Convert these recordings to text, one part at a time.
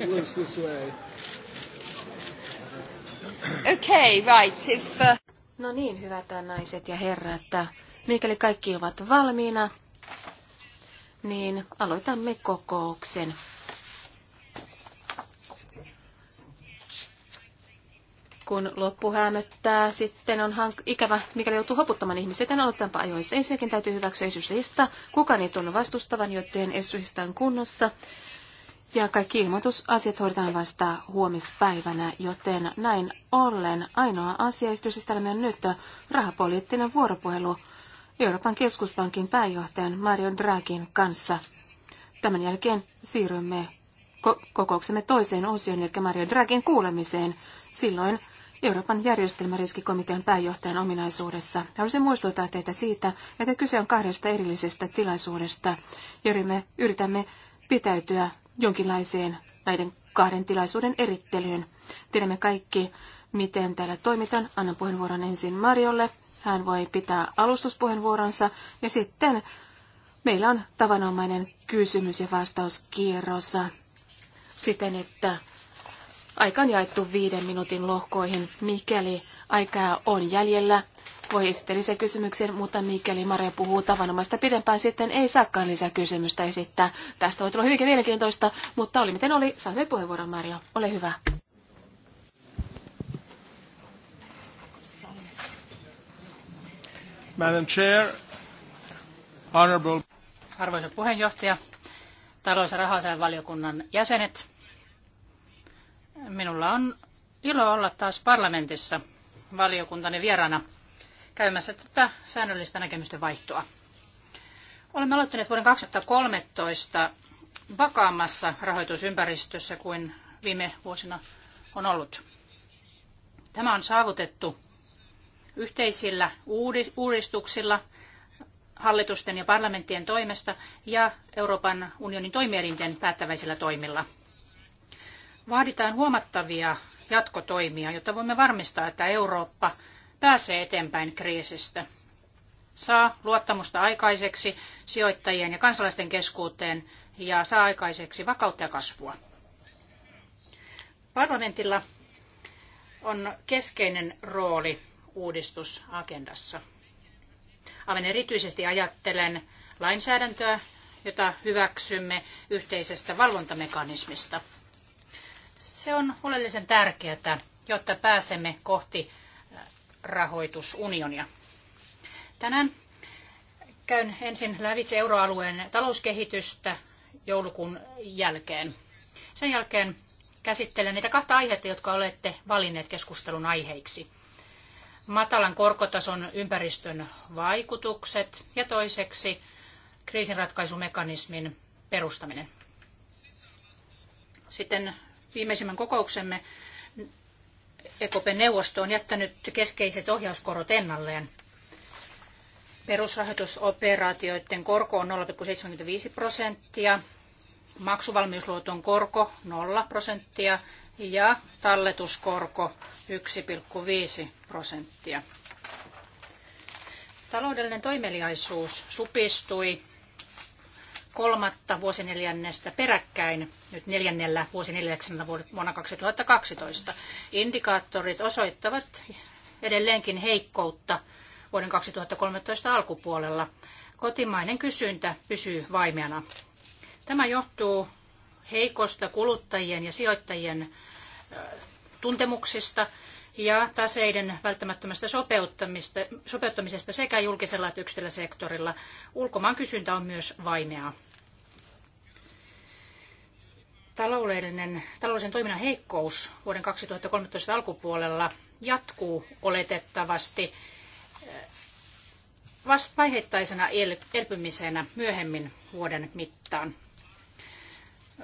Works this way. Okay, right. If, uh... No niin, hyvät naiset ja herrat. Mikäli kaikki ovat valmiina, niin aloitamme kokouksen. kun loppu hämöttää, sitten on hank- ikävä, mikäli joutuu hoputtamaan ihmisiä, joten aloitetaanpa ajoissa. Ensinnäkin täytyy hyväksyä esityslista. Kukaan ei tunnu vastustavan, joten esitysistä on kunnossa. Ja kaikki ilmoitusasiat hoidetaan vasta huomispäivänä, joten näin ollen ainoa asia esitysistelmä on nyt rahapoliittinen vuoropuhelu Euroopan keskuspankin pääjohtajan Mario Draghin kanssa. Tämän jälkeen siirrymme ko- kokouksemme toiseen osioon, eli Mario Draghin kuulemiseen. Silloin Euroopan järjestelmäriskikomitean pääjohtajan ominaisuudessa. Haluaisin muistuttaa teitä siitä, että kyse on kahdesta erillisestä tilaisuudesta, joiden me yritämme pitäytyä jonkinlaiseen näiden kahden tilaisuuden erittelyyn. Tiedämme kaikki, miten täällä toimitaan. Annan puheenvuoron ensin Marjolle. Hän voi pitää alustuspuheenvuoronsa ja sitten meillä on tavanomainen kysymys- ja vastauskierros siten, että aika on jaettu viiden minuutin lohkoihin, mikäli Aikaa on jäljellä. Voi esittää lisäkysymyksen, mutta mikäli Maria puhuu tavanomaista pidempään, sitten ei saakaan lisäkysymystä esittää. Tästä voi tulla hyvinkin mielenkiintoista, mutta oli miten oli. Saat nyt puheenvuoron, Maria. Ole hyvä. Madam Chair, Honorable... Arvoisa puheenjohtaja, talous- ja valiokunnan jäsenet, minulla on ilo olla taas parlamentissa – valiokuntanne vieraana käymässä tätä säännöllistä näkemysten vaihtoa. Olemme aloittaneet vuoden 2013 vakaammassa rahoitusympäristössä kuin viime vuosina on ollut. Tämä on saavutettu yhteisillä uudistuksilla hallitusten ja parlamenttien toimesta ja Euroopan unionin toimielinten päättäväisillä toimilla. Vaaditaan huomattavia jatkotoimia, jotta voimme varmistaa, että Eurooppa pääsee eteenpäin kriisistä, saa luottamusta aikaiseksi sijoittajien ja kansalaisten keskuuteen ja saa aikaiseksi vakautta ja kasvua. Parlamentilla on keskeinen rooli uudistusagendassa. Aivan erityisesti ajattelen lainsäädäntöä, jota hyväksymme yhteisestä valvontamekanismista – se on oleellisen tärkeää, jotta pääsemme kohti rahoitusunionia. Tänään käyn ensin lävitse euroalueen talouskehitystä joulukuun jälkeen. Sen jälkeen käsittelen niitä kahta aihetta, jotka olette valinneet keskustelun aiheiksi. Matalan korkotason ympäristön vaikutukset ja toiseksi kriisinratkaisumekanismin perustaminen. Sitten viimeisimmän kokouksemme EKP-neuvosto on jättänyt keskeiset ohjauskorot ennalleen. Perusrahoitusoperaatioiden korko on 0,75 prosenttia, maksuvalmiusluoton korko 0 prosenttia ja talletuskorko 1,5 prosenttia. Taloudellinen toimeliaisuus supistui kolmatta vuosineljännestä peräkkäin nyt neljännellä vuosineljäksellä vuonna 2012. Indikaattorit osoittavat edelleenkin heikkoutta vuoden 2013 alkupuolella. Kotimainen kysyntä pysyy vaimeana. Tämä johtuu heikosta kuluttajien ja sijoittajien tuntemuksista ja taseiden välttämättömästä sopeuttamisesta sekä julkisella että yksityisellä sektorilla. Ulkomaan kysyntä on myös vaimeaa taloudellinen, taloudellisen toiminnan heikkous vuoden 2013 alkupuolella jatkuu oletettavasti eh, vaiheittaisena elpymisenä myöhemmin vuoden mittaan.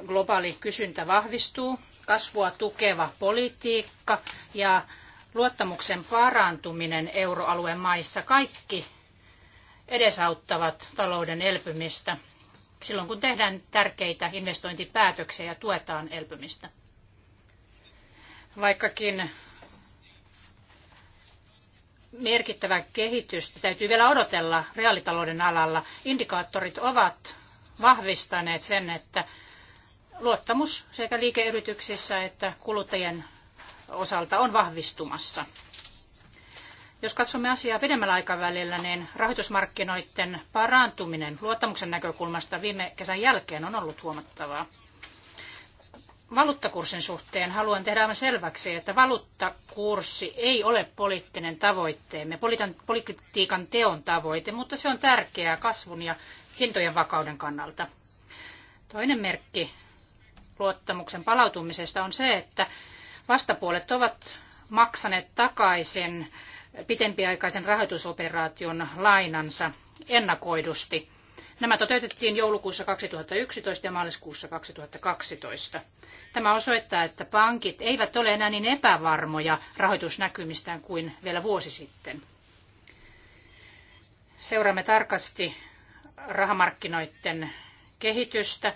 Globaali kysyntä vahvistuu, kasvua tukeva politiikka ja luottamuksen parantuminen euroalueen maissa kaikki edesauttavat talouden elpymistä silloin, kun tehdään tärkeitä investointipäätöksiä ja tuetaan elpymistä. Vaikkakin merkittävä kehitys täytyy vielä odotella reaalitalouden alalla. Indikaattorit ovat vahvistaneet sen, että luottamus sekä liikeyrityksissä että kuluttajien osalta on vahvistumassa. Jos katsomme asiaa pidemmällä aikavälillä, niin rahoitusmarkkinoiden parantuminen luottamuksen näkökulmasta viime kesän jälkeen on ollut huomattavaa. Valuuttakurssin suhteen haluan tehdä aivan selväksi, että valuuttakurssi ei ole poliittinen tavoitteemme, politiikan teon tavoite, mutta se on tärkeää kasvun ja hintojen vakauden kannalta. Toinen merkki luottamuksen palautumisesta on se, että vastapuolet ovat maksaneet takaisin pitempiaikaisen rahoitusoperaation lainansa ennakoidusti. Nämä toteutettiin joulukuussa 2011 ja maaliskuussa 2012. Tämä osoittaa, että pankit eivät ole enää niin epävarmoja rahoitusnäkymistään kuin vielä vuosi sitten. Seuraamme tarkasti rahamarkkinoiden kehitystä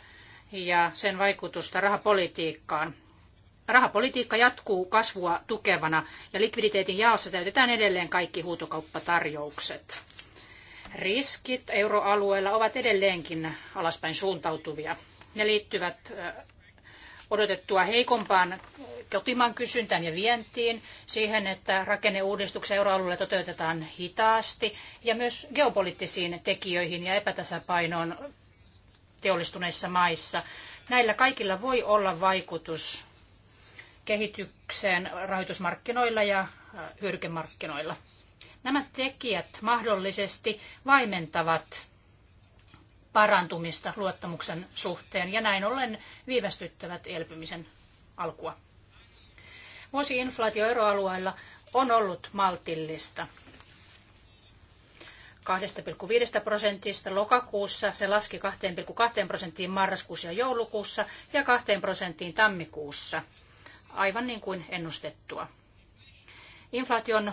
ja sen vaikutusta rahapolitiikkaan. Rahapolitiikka jatkuu kasvua tukevana ja likviditeetin jaossa täytetään edelleen kaikki huutokauppatarjoukset. Riskit euroalueella ovat edelleenkin alaspäin suuntautuvia. Ne liittyvät odotettua heikompaan kotimaan kysyntään ja vientiin, siihen, että rakenneuudistuksia euroalueella toteutetaan hitaasti ja myös geopoliittisiin tekijöihin ja epätasapainoon teollistuneissa maissa. Näillä kaikilla voi olla vaikutus kehitykseen rahoitusmarkkinoilla ja äh, hyödykemarkkinoilla. Nämä tekijät mahdollisesti vaimentavat parantumista luottamuksen suhteen ja näin ollen viivästyttävät elpymisen alkua. Vuosiinflaatio euroalueella on ollut maltillista. 2,5 prosentista lokakuussa se laski 2,2 prosenttiin marraskuussa ja joulukuussa ja 2 prosenttiin tammikuussa – aivan niin kuin ennustettua. Inflaation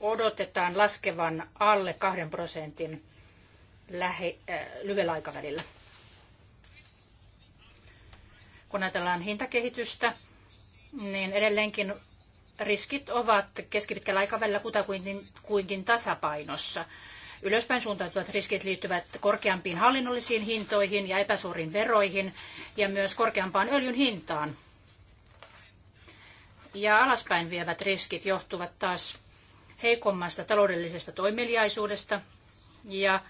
odotetaan laskevan alle 2 prosentin lähe, äh, lyhyellä aikavälillä. Kun ajatellaan hintakehitystä, niin edelleenkin riskit ovat keskipitkällä aikavälillä kutakuinkin tasapainossa. Ylöspäin suuntautuvat riskit liittyvät korkeampiin hallinnollisiin hintoihin ja epäsuuriin veroihin ja myös korkeampaan öljyn hintaan ja alaspäin vievät riskit johtuvat taas heikommasta taloudellisesta toimeliaisuudesta ja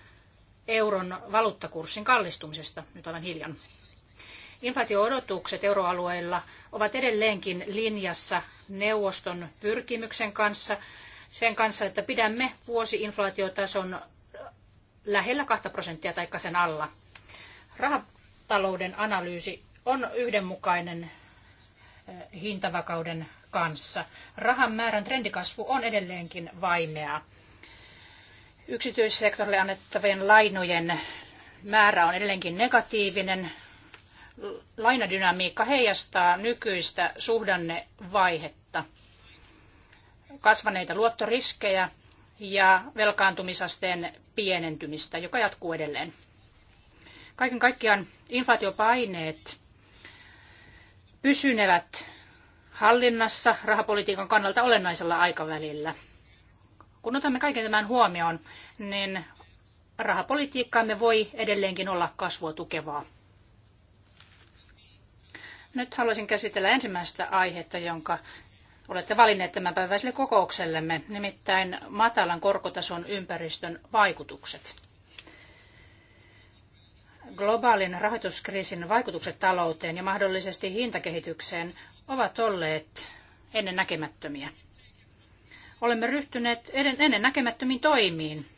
euron valuuttakurssin kallistumisesta nyt aivan hiljan. Inflaatio-odotukset euroalueella ovat edelleenkin linjassa neuvoston pyrkimyksen kanssa, sen kanssa, että pidämme vuosi-inflaatiotason lähellä 2 prosenttia tai sen alla. Rahatalouden analyysi on yhdenmukainen Eh, hintavakauden kanssa. Rahan määrän trendikasvu on edelleenkin vaimeaa. Yksityissektorille annettavien lainojen määrä on edelleenkin negatiivinen. Lainadynamiikka heijastaa nykyistä suhdannevaihetta, kasvaneita luottoriskejä ja velkaantumisasteen pienentymistä, joka jatkuu edelleen. Kaiken kaikkiaan inflaatiopaineet pysynevät hallinnassa rahapolitiikan kannalta olennaisella aikavälillä. Kun otamme kaiken tämän huomioon, niin rahapolitiikkaamme voi edelleenkin olla kasvua tukevaa. Nyt haluaisin käsitellä ensimmäistä aihetta, jonka olette valinneet tämän päiväiselle kokouksellemme, nimittäin matalan korkotason ympäristön vaikutukset globaalin rahoituskriisin vaikutukset talouteen ja mahdollisesti hintakehitykseen ovat olleet ennen näkemättömiä. Olemme ryhtyneet ennen näkemättömiin toimiin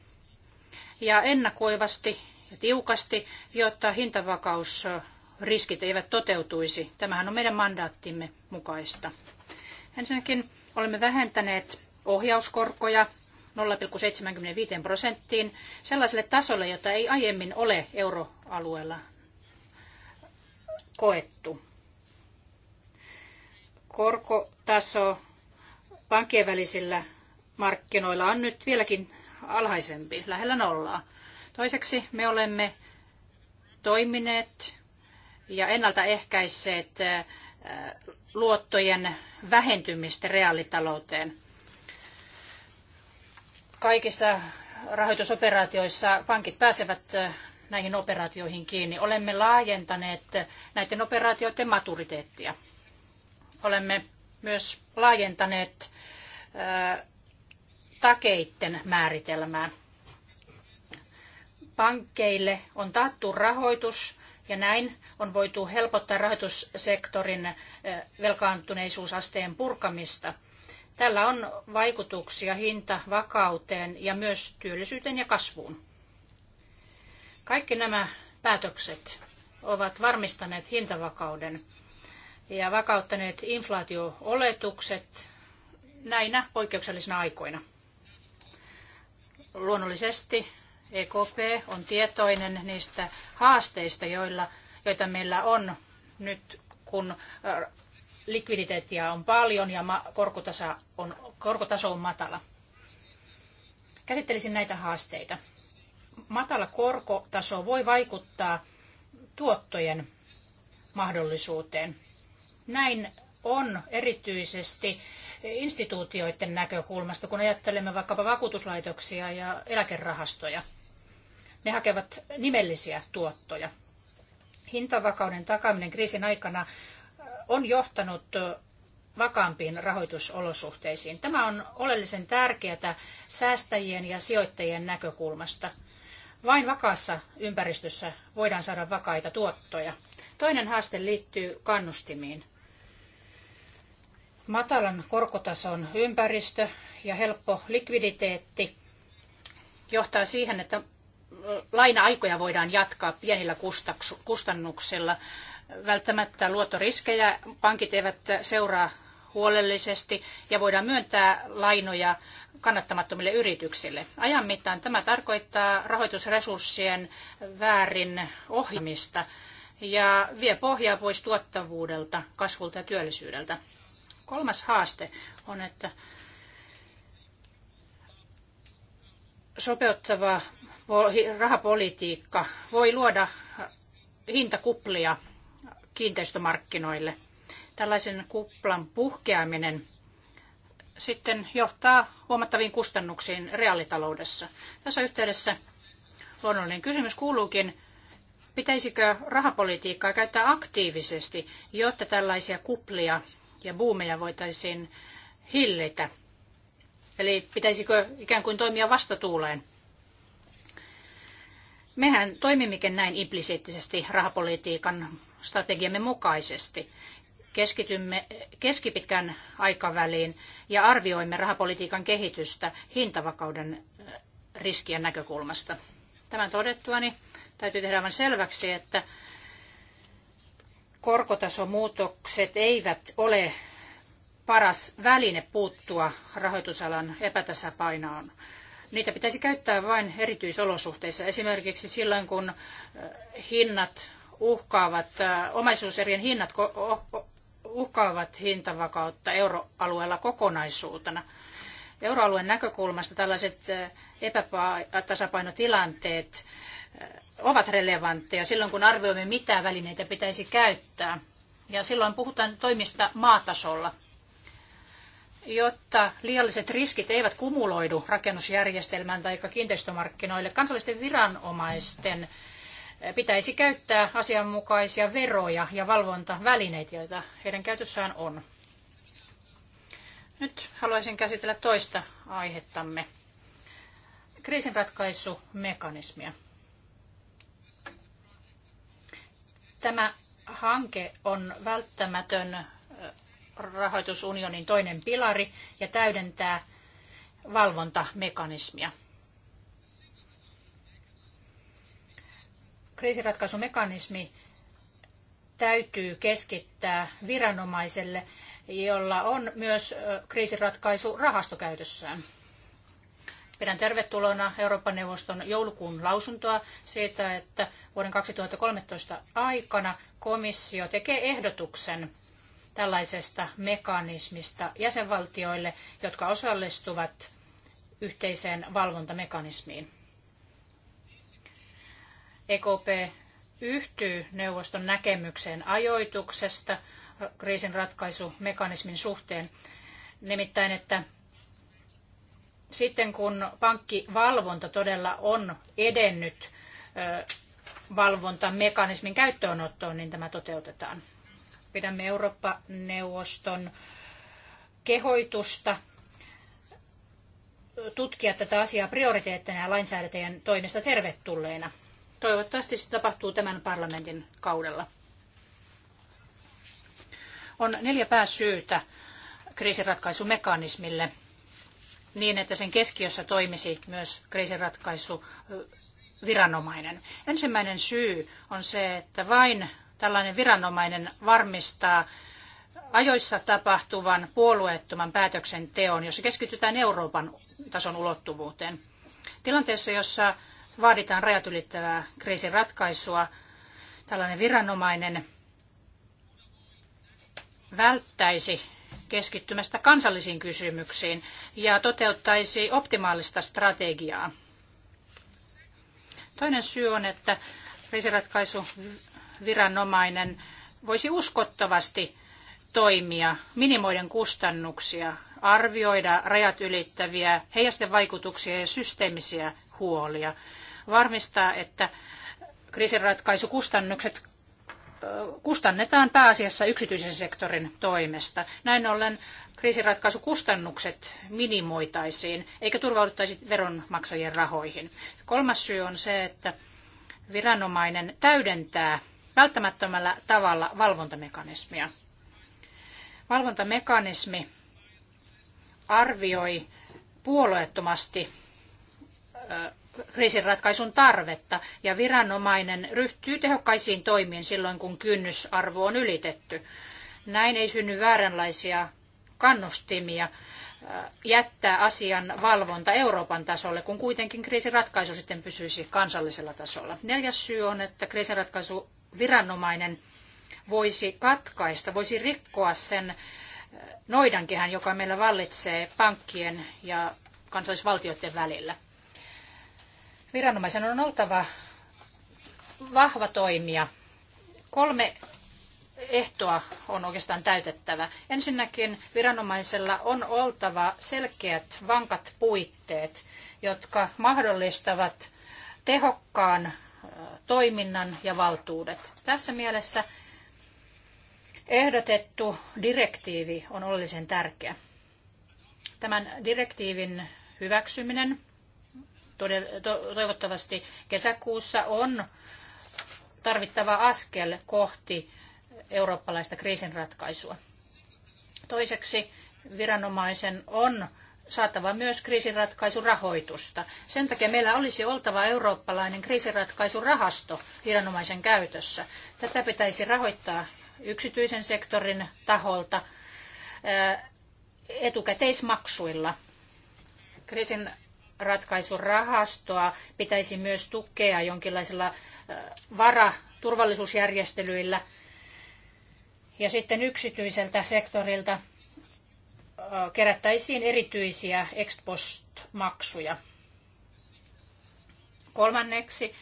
ja ennakoivasti ja tiukasti, jotta hintavakausriskit eivät toteutuisi. Tämähän on meidän mandaattimme mukaista. Ensinnäkin olemme vähentäneet ohjauskorkoja 0,75 prosenttiin sellaiselle tasolle, jota ei aiemmin ole euroalueella koettu. Korkotaso pankkien välisillä markkinoilla on nyt vieläkin alhaisempi, lähellä nollaa. Toiseksi me olemme toimineet ja ennaltaehkäisseet äh, luottojen vähentymistä reaalitalouteen kaikissa rahoitusoperaatioissa pankit pääsevät näihin operaatioihin kiinni. Olemme laajentaneet näiden operaatioiden maturiteettia. Olemme myös laajentaneet takeitten määritelmää. Pankkeille on taattu rahoitus ja näin on voitu helpottaa rahoitussektorin velkaantuneisuusasteen purkamista. Tällä on vaikutuksia hinta vakauteen ja myös työllisyyteen ja kasvuun. Kaikki nämä päätökset ovat varmistaneet hintavakauden ja vakauttaneet inflaatiooletukset näinä poikkeuksellisina aikoina. Luonnollisesti EKP on tietoinen niistä haasteista, joilla, joita meillä on nyt, kun likviditeettiä on paljon ja korkotaso on, korkotaso on matala. Käsittelisin näitä haasteita. Matala korkotaso voi vaikuttaa tuottojen mahdollisuuteen. Näin on erityisesti instituutioiden näkökulmasta, kun ajattelemme vaikkapa vakuutuslaitoksia ja eläkerahastoja. Ne hakevat nimellisiä tuottoja. Hintavakauden takaaminen kriisin aikana on johtanut vakaampiin rahoitusolosuhteisiin. Tämä on oleellisen tärkeää säästäjien ja sijoittajien näkökulmasta. Vain vakaassa ympäristössä voidaan saada vakaita tuottoja. Toinen haaste liittyy kannustimiin. Matalan korkotason ympäristö ja helppo likviditeetti johtaa siihen, että laina-aikoja voidaan jatkaa pienillä kustannuksilla välttämättä luottoriskejä. Pankit eivät seuraa huolellisesti ja voidaan myöntää lainoja kannattamattomille yrityksille. Ajan mittaan tämä tarkoittaa rahoitusresurssien väärin ohjaamista ja vie pohjaa pois tuottavuudelta, kasvulta ja työllisyydeltä. Kolmas haaste on, että sopeuttava rahapolitiikka voi luoda hintakuplia kiinteistömarkkinoille. Tällaisen kuplan puhkeaminen sitten johtaa huomattaviin kustannuksiin reaalitaloudessa. Tässä yhteydessä luonnollinen kysymys kuuluukin, pitäisikö rahapolitiikkaa käyttää aktiivisesti, jotta tällaisia kuplia ja buumeja voitaisiin hillitä? Eli pitäisikö ikään kuin toimia vastatuuleen? Mehän toimimmekin näin implisiittisesti rahapolitiikan strategiamme mukaisesti. Keskitymme keskipitkän aikaväliin ja arvioimme rahapolitiikan kehitystä hintavakauden äh, riskien näkökulmasta. Tämän todettuani täytyy tehdä aivan selväksi, että korkotasomuutokset eivät ole paras väline puuttua rahoitusalan epätasapainoon. Niitä pitäisi käyttää vain erityisolosuhteissa, esimerkiksi silloin kun äh, hinnat uhkaavat, äh, omaisuuserien hinnat uhkaavat hintavakautta euroalueella kokonaisuutena. Euroalueen näkökulmasta tällaiset äh, epätasapainotilanteet äh, ovat relevantteja silloin, kun arvioimme, mitä välineitä pitäisi käyttää. Ja silloin puhutaan toimista maatasolla, jotta liialliset riskit eivät kumuloidu rakennusjärjestelmään tai kiinteistömarkkinoille. Kansallisten viranomaisten pitäisi käyttää asianmukaisia veroja ja valvontavälineitä, joita heidän käytössään on. Nyt haluaisin käsitellä toista aihettamme, kriisinratkaisumekanismia. Tämä hanke on välttämätön rahoitusunionin toinen pilari ja täydentää valvontamekanismia. kriisiratkaisumekanismi täytyy keskittää viranomaiselle, jolla on myös kriisiratkaisu rahastokäytössään. Pidän tervetulona Euroopan neuvoston joulukuun lausuntoa siitä, että vuoden 2013 aikana komissio tekee ehdotuksen tällaisesta mekanismista jäsenvaltioille, jotka osallistuvat yhteiseen valvontamekanismiin. EKP yhtyy neuvoston näkemykseen ajoituksesta kriisinratkaisumekanismin suhteen. Nimittäin, että sitten kun pankkivalvonta todella on edennyt valvontamekanismin käyttöönottoon, niin tämä toteutetaan. Pidämme Eurooppa-neuvoston kehoitusta tutkia tätä asiaa prioriteettina ja lainsäädäntäjän toimesta tervetulleena. Toivottavasti se tapahtuu tämän parlamentin kaudella. On neljä pääsyytä kriisinratkaisumekanismille niin, että sen keskiössä toimisi myös kriisinratkaisuviranomainen. Ensimmäinen syy on se, että vain tällainen viranomainen varmistaa ajoissa tapahtuvan puolueettoman päätöksenteon, jossa keskitytään Euroopan tason ulottuvuuteen. Tilanteessa, jossa vaaditaan rajat ylittävää kriisin ratkaisua. Tällainen viranomainen välttäisi keskittymästä kansallisiin kysymyksiin ja toteuttaisi optimaalista strategiaa. Toinen syy on, että kriisiratkaisuviranomainen voisi uskottavasti toimia, minimoiden kustannuksia, arvioida rajat ylittäviä heijasten vaikutuksia ja systeemisiä huolia varmistaa, että kriisinratkaisukustannukset kustannetaan pääasiassa yksityisen sektorin toimesta. Näin ollen kriisinratkaisukustannukset minimoitaisiin, eikä turvauduttaisi veronmaksajien rahoihin. Kolmas syy on se, että viranomainen täydentää välttämättömällä tavalla valvontamekanismia. Valvontamekanismi arvioi puolueettomasti kriisinratkaisun tarvetta ja viranomainen ryhtyy tehokkaisiin toimiin silloin, kun kynnysarvo on ylitetty. Näin ei synny vääränlaisia kannustimia äh, jättää asian valvonta Euroopan tasolle, kun kuitenkin kriisiratkaisu sitten pysyisi kansallisella tasolla. Neljäs syy on, että kriisinratkaisuviranomainen voisi katkaista, voisi rikkoa sen äh, noidankehän, joka meillä vallitsee pankkien ja kansallisvaltioiden välillä. Viranomaisen on oltava vahva toimija. Kolme ehtoa on oikeastaan täytettävä. Ensinnäkin viranomaisella on oltava selkeät, vankat puitteet, jotka mahdollistavat tehokkaan toiminnan ja valtuudet. Tässä mielessä ehdotettu direktiivi on oleellisen tärkeä. Tämän direktiivin hyväksyminen toivottavasti kesäkuussa on tarvittava askel kohti eurooppalaista kriisinratkaisua. Toiseksi viranomaisen on saatava myös kriisinratkaisurahoitusta. Sen takia meillä olisi oltava eurooppalainen kriisinratkaisurahasto viranomaisen käytössä. Tätä pitäisi rahoittaa yksityisen sektorin taholta etukäteismaksuilla. Kriisin ratkaisurahastoa pitäisi myös tukea jonkinlaisilla varaturvallisuusjärjestelyillä. Ja sitten yksityiseltä sektorilta kerättäisiin erityisiä ex post-maksuja. Kolmanneksi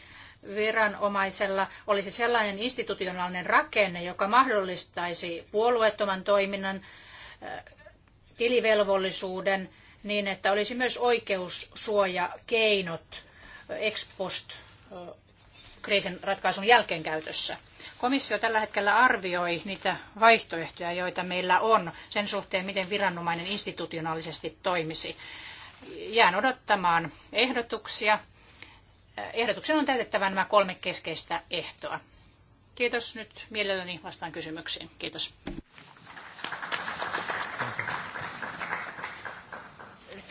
viranomaisella olisi sellainen institutionaalinen rakenne, joka mahdollistaisi puolueettoman toiminnan, tilivelvollisuuden – niin että olisi myös oikeussuojakeinot ex post kriisin ratkaisun jälkeen käytössä. Komissio tällä hetkellä arvioi niitä vaihtoehtoja, joita meillä on sen suhteen, miten viranomainen institutionaalisesti toimisi. Jään odottamaan ehdotuksia. Äh, ehdotuksen on täytettävä nämä kolme keskeistä ehtoa. Kiitos nyt mielelläni vastaan kysymyksiin. Kiitos.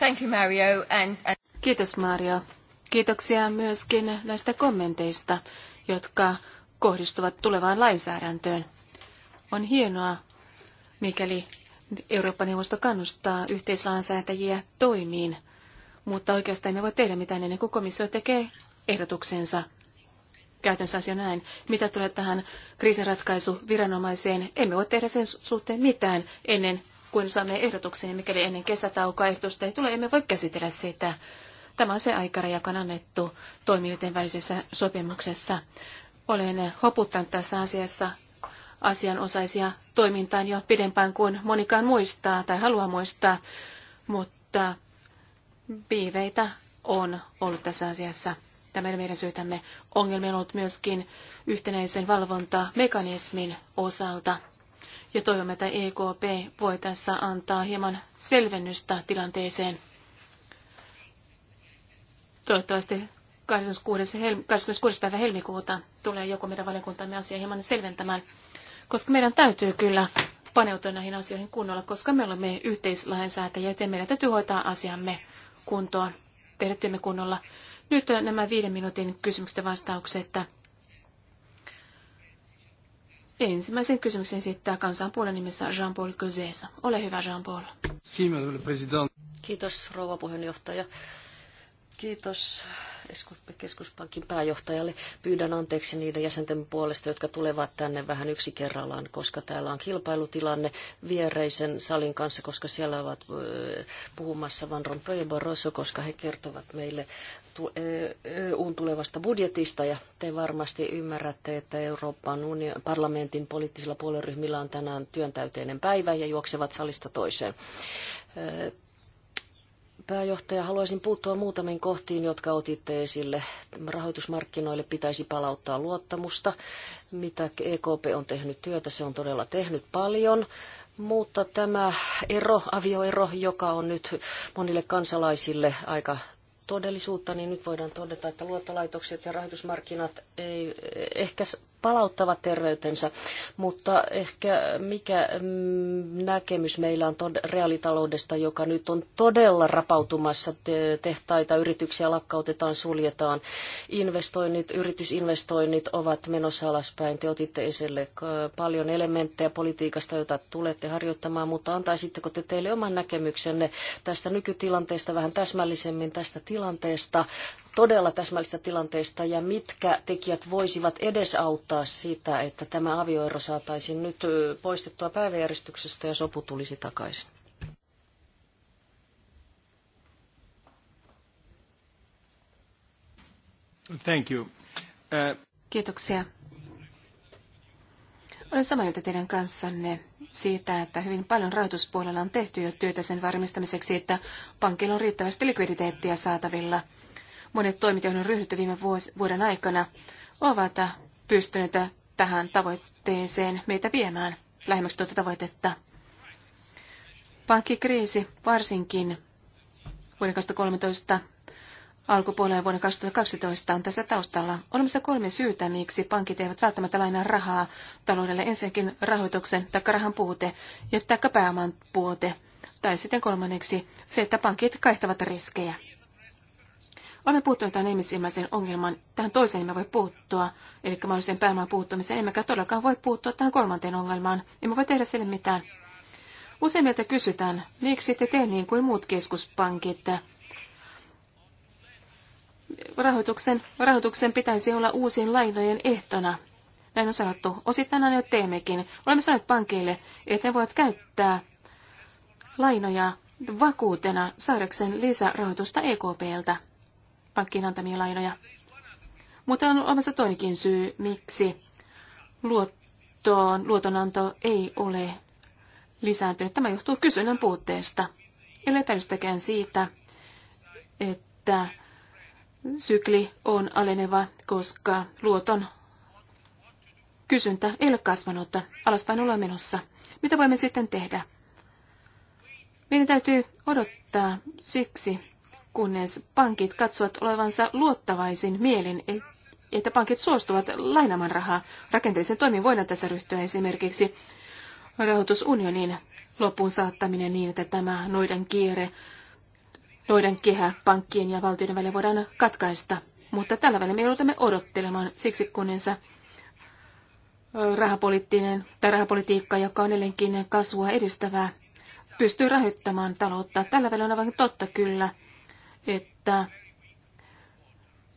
Thank you, Mario. And, and... Kiitos, Mario. Kiitoksia myöskin näistä kommenteista, jotka kohdistuvat tulevaan lainsäädäntöön. On hienoa, mikäli Eurooppa-neuvosto kannustaa yhteislainsäätäjiä toimiin, mutta oikeastaan me voi tehdä mitään ennen kuin komissio tekee ehdotuksensa. Käytännössä asia näin. Mitä tulee tähän kriisinratkaisuviranomaiseen, emme voi tehdä sen suhteen mitään ennen kuin saamme ehdotuksia, mikäli ennen kesätaukoa ehdotusta ei tule, emme voi käsitellä sitä. Tämä on se aikaraja, joka on annettu toimijoiden välisessä sopimuksessa. Olen hoputtanut tässä asiassa asianosaisia toimintaan jo pidempään kuin monikaan muistaa tai haluaa muistaa, mutta viiveitä on ollut tässä asiassa. Tämä meidän syytämme. Ongelmia on ollut myöskin yhtenäisen valvontamekanismin osalta ja toivomme, että EKP voi tässä antaa hieman selvennystä tilanteeseen. Toivottavasti 26. Helmi, 26. päivä helmikuuta tulee joku meidän valiokuntamme asia hieman selventämään, koska meidän täytyy kyllä paneutua näihin asioihin kunnolla, koska me olemme yhteislainsäätäjiä, joten meidän täytyy hoitaa asiamme kuntoon, tehdä kunnolla. Nyt nämä viiden minuutin kysymykset ja vastaukset, että Ensimmäisen kysymyksen esittää kansanpuolen nimessä Jean-Paul Cosesa. Ole hyvä, Jean-Paul. Kiitos, rouva puheenjohtaja. Kiitos keskuspankin pääjohtajalle. Pyydän anteeksi niiden jäsenten puolesta, jotka tulevat tänne vähän yksi kerrallaan, koska täällä on kilpailutilanne viereisen salin kanssa, koska siellä ovat puhumassa Van Rompuy ja Barroso, koska he kertovat meille EUn tulevasta budjetista ja te varmasti ymmärrätte, että Euroopan union, parlamentin poliittisilla puolueryhmillä on tänään työntäyteinen päivä ja juoksevat salista toiseen. Pääjohtaja, haluaisin puuttua muutamiin kohtiin, jotka otitte esille. Rahoitusmarkkinoille pitäisi palauttaa luottamusta, mitä EKP on tehnyt työtä, se on todella tehnyt paljon. Mutta tämä ero, avioero, joka on nyt monille kansalaisille aika todellisuutta, niin nyt voidaan todeta, että luottolaitokset ja rahoitusmarkkinat ei eh, ehkä palauttavat terveytensä, mutta ehkä mikä mm, näkemys meillä on reaalitaloudesta, joka nyt on todella rapautumassa, tehtaita, yrityksiä lakkautetaan, suljetaan, investoinnit, yritysinvestoinnit ovat menossa alaspäin. Te otitte esille äh, paljon elementtejä politiikasta, jota tulette harjoittamaan, mutta antaisitteko te teille oman näkemyksenne tästä nykytilanteesta vähän täsmällisemmin tästä tilanteesta? todella täsmällistä tilanteista ja mitkä tekijät voisivat edesauttaa sitä, että tämä avioero saataisiin nyt poistettua päiväjärjestyksestä ja sopu tulisi takaisin? Thank you. Uh... Kiitoksia. Olen samaa mieltä teidän kanssanne siitä, että hyvin paljon rahoituspuolella on tehty jo työtä sen varmistamiseksi, että pankilla on riittävästi likviditeettiä saatavilla – monet toimet, joihin on ryhdytty viime vuos, vuoden aikana, ovat pystyneet tähän tavoitteeseen meitä viemään lähemmäksi tuota tavoitetta. Pankkikriisi varsinkin vuoden 2013 alkupuolella vuoden 2012 on tässä taustalla. On olemassa kolme syytä, miksi pankit eivät välttämättä lainaa rahaa taloudelle. Ensinnäkin rahoituksen tai rahan puute ja taikka pääoman puute. Tai sitten kolmanneksi se, että pankit kaihtavat riskejä. Olemme puuttuneet tämän ihmisimmäisen ongelman. Tähän toiseen emme voi puuttua, eli mahdolliseen pääomaan puuttumiseen. Emmekä todellakaan voi puuttua tähän kolmanteen ongelmaan. Emme voi tehdä sille mitään. meiltä kysytään, miksi te tee niin kuin muut keskuspankit. Rahoituksen, rahoituksen pitäisi olla uusien lainojen ehtona. Näin on sanottu. Osittain aina jo teemmekin. Olemme sanoneet pankeille, että ne voivat käyttää lainoja vakuutena saadakseen lisärahoitusta EKPltä pankkien antamia lainoja. Mutta on olemassa toinenkin syy, miksi luottoon, luotonanto ei ole lisääntynyt. Tämä johtuu kysynnän puutteesta. Ei epäilystäkään siitä, että sykli on aleneva, koska luoton kysyntä ei ole kasvanut. Alaspäin ollaan menossa. Mitä voimme sitten tehdä? Meidän täytyy odottaa siksi, kunnes pankit katsovat olevansa luottavaisin mielin, e- että pankit suostuvat lainamaan rahaa. Rakenteellisen toimin voidaan tässä ryhtyä esimerkiksi rahoitusunionin loppuun saattaminen niin, että tämä noiden kierre, noiden kehä pankkien ja valtioiden välillä voidaan katkaista. Mutta tällä välillä me joudumme odottelemaan siksi kunnensa rahapoliittinen tai rahapolitiikka, joka on edelleenkin kasvua edistävää, pystyy rahoittamaan taloutta. Tällä välillä on aivan totta kyllä, että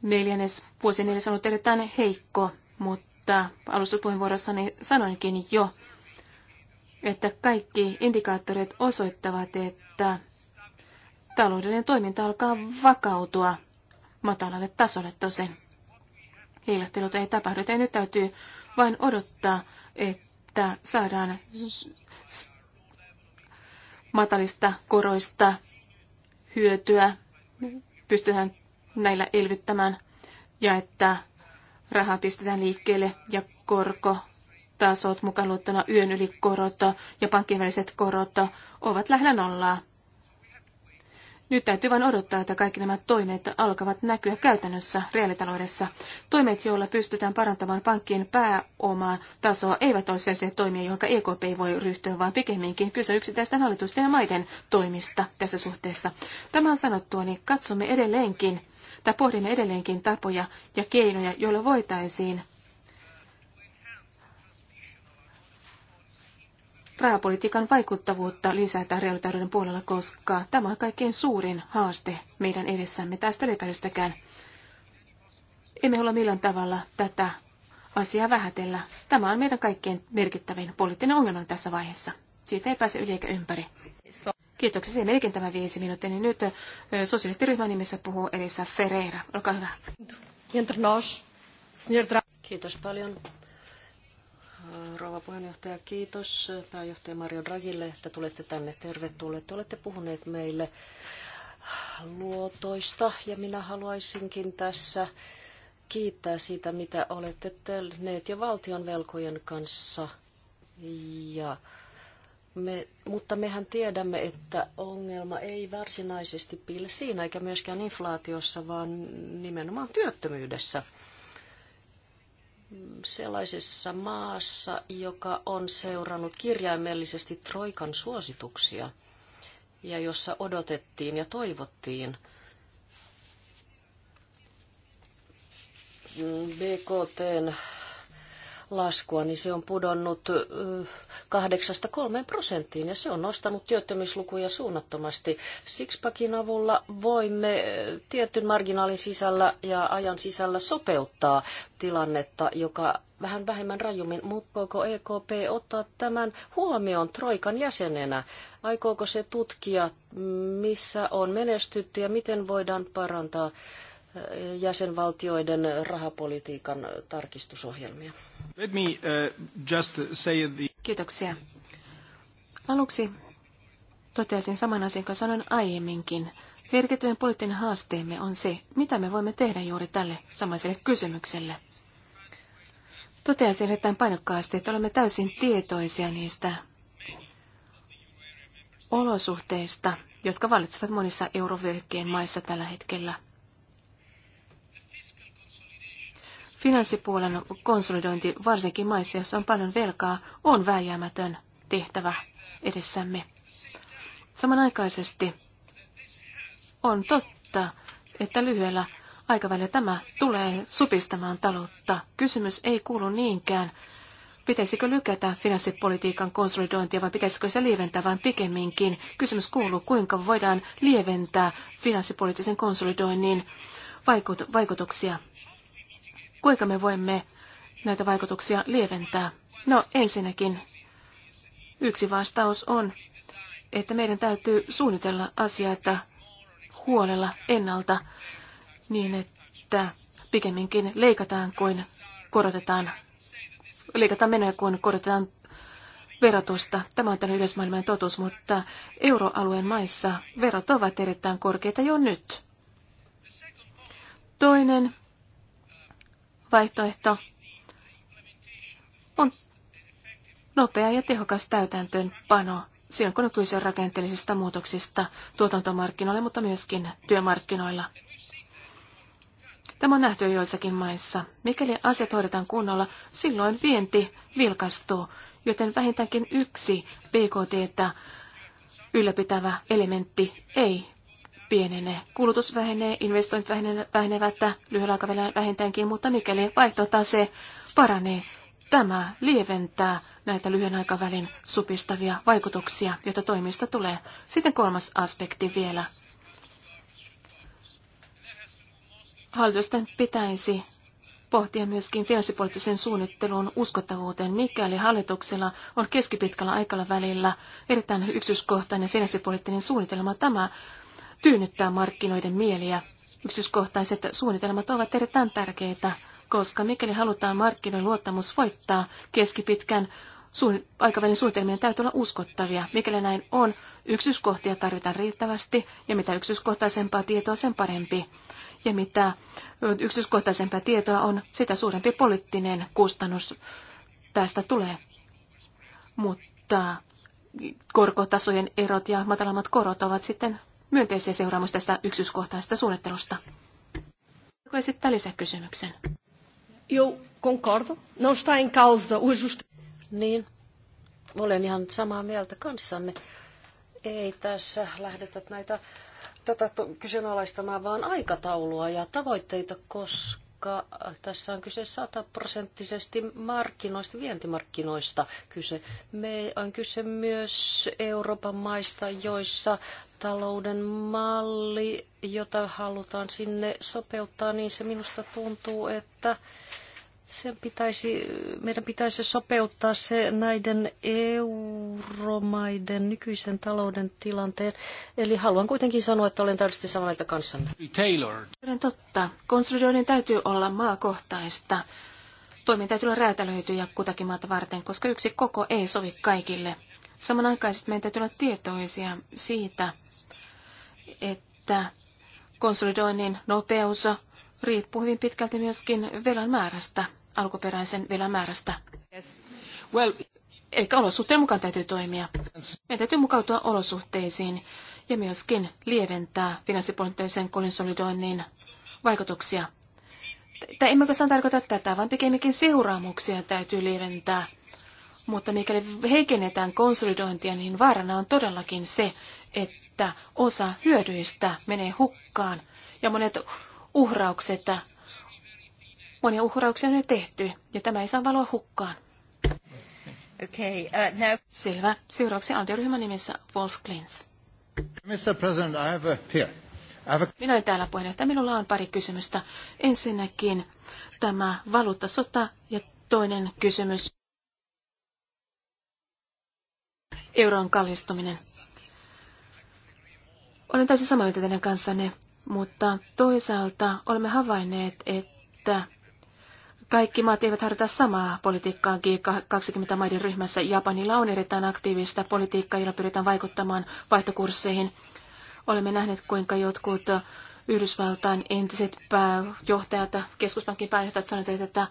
neljännes, vuosi neljäs on ollut erittäin heikko, mutta alustuspuheenvuorossani sanoinkin jo, että kaikki indikaattorit osoittavat, että taloudellinen toiminta alkaa vakautua matalalle tasolle tosin. Heilahtelut ei tapahdu, ei nyt täytyy vain odottaa, että saadaan matalista koroista hyötyä pystytään näillä elvyttämään ja että raha pistetään liikkeelle ja korko tasot mukaan luettuna yön yli korot ja pankkien väliset korot ovat lähellä nollaa. Nyt täytyy vain odottaa, että kaikki nämä toimet alkavat näkyä käytännössä reaalitaloudessa. Toimet, joilla pystytään parantamaan pankkien pääomaa tasoa, eivät ole sellaisia toimia, joihin EKP voi ryhtyä, vaan pikemminkin kyse yksittäisten hallitusten ja maiden toimista tässä suhteessa. Tämän sanottua, niin katsomme edelleenkin tai pohdimme edelleenkin tapoja ja keinoja, joilla voitaisiin rahapolitiikan vaikuttavuutta lisätä reaalitalouden puolella, koska tämä on kaikkein suurin haaste meidän edessämme tästä lepäilystäkään. Emme halua millään tavalla tätä asiaa vähätellä. Tämä on meidän kaikkein merkittävin poliittinen ongelma tässä vaiheessa. Siitä ei pääse yli eikä ympäri. Kiitoksia. Se melkein tämä viisi minuuttia. Niin nyt sosiaaliryhmän nimessä puhuu Elisa Ferreira. Olkaa hyvä. Kiitos paljon rouva puheenjohtaja, kiitos pääjohtaja Mario Dragille, että tulette tänne. Tervetuloa. Te olette puhuneet meille luotoista ja minä haluaisinkin tässä kiittää siitä, mitä olette tehneet jo valtion velkojen kanssa. Ja me, mutta mehän tiedämme, että ongelma ei varsinaisesti piile siinä eikä myöskään inflaatiossa, vaan nimenomaan työttömyydessä – sellaisessa maassa, joka on seurannut kirjaimellisesti Troikan suosituksia ja jossa odotettiin ja toivottiin BKTn laskua, niin se on pudonnut 8-3 prosenttiin ja se on nostanut työttömyyslukuja suunnattomasti. Sixpackin avulla voimme tietyn marginaalin sisällä ja ajan sisällä sopeuttaa tilannetta, joka vähän vähemmän rajummin, mutta EKP ottaa tämän huomioon Troikan jäsenenä? Aikooko se tutkia, missä on menestytty ja miten voidaan parantaa jäsenvaltioiden rahapolitiikan tarkistusohjelmia. Let me, uh, just say the... Kiitoksia. Aluksi toteaisin saman asian kuin sanoin aiemminkin. Merkittävin poliittinen haasteemme on se, mitä me voimme tehdä juuri tälle samaiselle kysymykselle. Toteaisin erittäin painokkaasti, että olemme täysin tietoisia niistä olosuhteista, jotka vallitsevat monissa eurovyöhykkeen maissa tällä hetkellä. Finanssipuolen konsolidointi, varsinkin maissa, joissa on paljon velkaa, on vääjäämätön tehtävä edessämme. Samanaikaisesti on totta, että lyhyellä aikavälillä tämä tulee supistamaan taloutta. Kysymys ei kuulu niinkään, pitäisikö lykätä finanssipolitiikan konsolidointia vai pitäisikö se lieventää vain pikemminkin. Kysymys kuuluu, kuinka voidaan lieventää finanssipoliittisen konsolidoinnin vaikutuksia. Kuinka me voimme näitä vaikutuksia lieventää? No ensinnäkin yksi vastaus on, että meidän täytyy suunnitella asioita huolella ennalta niin, että pikemminkin leikataan kuin korotetaan, leikataan menoja kuin korotetaan verotusta. Tämä on tämän yleismaailman totuus, mutta euroalueen maissa verot ovat erittäin korkeita jo nyt. Toinen vaihtoehto on nopea ja tehokas täytäntöönpano silloin, kun on kyse rakenteellisista muutoksista tuotantomarkkinoilla, mutta myöskin työmarkkinoilla. Tämä on nähty joissakin maissa. Mikäli asiat hoidetaan kunnolla, silloin vienti vilkastuu, joten vähintäänkin yksi BKT ylläpitävä elementti ei pienenee. Kulutus vähenee, investoinnit vähenevät lyhyellä aikavälillä vähintäänkin, mutta mikäli vaihtotase paranee, tämä lieventää näitä lyhyen aikavälin supistavia vaikutuksia, joita toimista tulee. Sitten kolmas aspekti vielä. Hallitusten pitäisi pohtia myöskin finanssipoliittisen suunnittelun uskottavuuteen, mikäli hallituksella on keskipitkällä aikavälillä erittäin yksityiskohtainen finanssipoliittinen suunnitelma. Tämä tyynnyttää markkinoiden mieliä. Yksityiskohtaiset suunnitelmat ovat erittäin tärkeitä, koska mikäli halutaan markkinoiden luottamus voittaa keskipitkän suun, aikavälin suunnitelmien täytyy olla uskottavia. Mikäli näin on, yksityiskohtia tarvitaan riittävästi ja mitä yksityiskohtaisempaa tietoa, sen parempi. Ja mitä yksityiskohtaisempaa tietoa on, sitä suurempi poliittinen kustannus tästä tulee. Mutta korkotasojen erot ja matalammat korot ovat sitten myönteisiä seuraamuksia tästä yksityiskohtaisesta suunnittelusta. Voiko esittää lisäkysymyksen? Joo, concordo. Non sta in causa uususta. Niin, olen ihan samaa mieltä kanssanne. Ei tässä lähdetä näitä tätä kyseenalaistamaan, vaan aikataulua ja tavoitteita, koska koska tässä on kyse sataprosenttisesti markkinoista, vientimarkkinoista kyse. Me on kyse myös Euroopan maista, joissa talouden malli, jota halutaan sinne sopeuttaa, niin se minusta tuntuu, että sen pitäisi, meidän pitäisi sopeuttaa se näiden euromaiden nykyisen talouden tilanteen. Eli haluan kuitenkin sanoa, että olen täydellisesti samaa mieltä kanssanne. Taylor. Totta. Konsolidoinnin täytyy olla maakohtaista. Toiminta täytyy olla räätälöityjä kutakin maata varten, koska yksi koko ei sovi kaikille. Samanaikaisesti meidän täytyy olla tietoisia siitä, että konsolidoinnin nopeus riippuu hyvin pitkälti myöskin velan määrästä alkuperäisen velan määrästä. Yes. Well, Eli olosuhteen mukaan täytyy toimia. Meidän täytyy mukautua olosuhteisiin ja myöskin lieventää finanssipoliittisen konsolidoinnin vaikutuksia. Tämä ei oikeastaan tarkoita tätä, vaan pikemminkin seuraamuksia täytyy lieventää. Mutta mikäli heikennetään konsolidointia, niin vaarana on todellakin se, että osa hyödyistä menee hukkaan ja monet uhraukset Monia uhrauksia on jo tehty, ja tämä ei saa valoa hukkaan. Okay, uh, now... Selvä. Seuraavaksi Alde-ryhmän nimessä Wolf Klins. Mr. President, I have a Minä olen täällä puheenjohtaja. Minulla on pari kysymystä. Ensinnäkin tämä valuuttasota ja toinen kysymys. Euron kallistuminen. Olen täysin samaa mieltä teidän kanssanne, mutta toisaalta olemme havainneet, että kaikki maat eivät harjoita samaa politiikkaa G20 maiden ryhmässä. Japanilla on erittäin aktiivista politiikkaa, jolla pyritään vaikuttamaan vaihtokursseihin. Olemme nähneet, kuinka jotkut Yhdysvaltain entiset pääjohtajat, keskuspankin pääjohtajat sanoivat, että,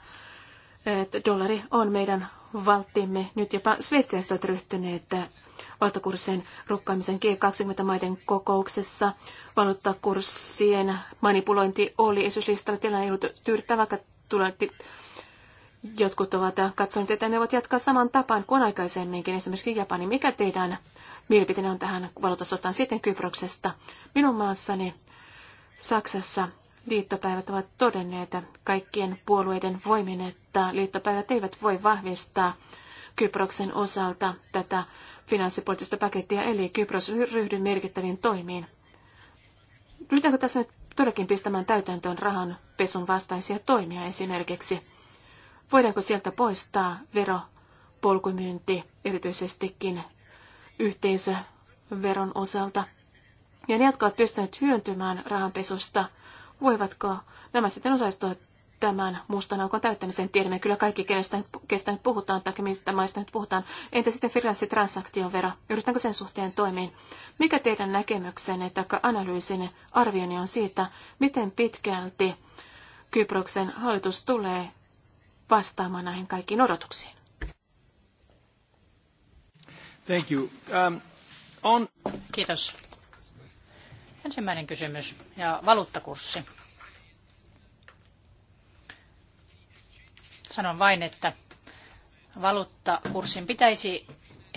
että dollari on meidän valttimme. Nyt jopa sveitsiläiset ovat ryhtyneet valtakurssien rukkaamisen G20-maiden kokouksessa. Valuuttakurssien manipulointi oli esityslistalla. Tilanne ei ollut tyydyttävä, vaikka tulevat, jotkut ovat katsoneet, että ne voivat jatkaa saman tapaan kuin aikaisemminkin, esimerkiksi Japani. Mikä teidän mielipiteenne on tähän valuutasotaan sitten Kyproksesta? Minun maassani Saksassa liittopäivät ovat todenneet kaikkien puolueiden voimin, että liittopäivät eivät voi vahvistaa Kyproksen osalta tätä finanssipoliittista pakettia, eli Kypros ryhdy merkittäviin toimiin. Yritänkö tässä nyt todellakin pistämään täytäntöön rahan pesun vastaisia toimia esimerkiksi. Voidaanko sieltä poistaa vero, polkumyynti, erityisestikin yhteisöveron osalta? Ja ne, jotka ovat pystyneet hyöntymään rahanpesusta, voivatko nämä sitten osallistua tämän mustan aukon täyttämisen. Tiedämme kyllä kaikki, kenestä kestä nyt puhutaan tai mistä maista nyt puhutaan. Entä sitten finanssitransaktiovero? Yritetäänkö sen suhteen toimiin? Mikä teidän näkemyksenne tai analyysin arvioni on siitä, miten pitkälti Kyproksen hallitus tulee vastaamaan näihin kaikkiin odotuksiin? Thank you. Um, on... Kiitos. Ensimmäinen kysymys ja valuuttakurssi. Sanon vain, että valuuttakurssin pitäisi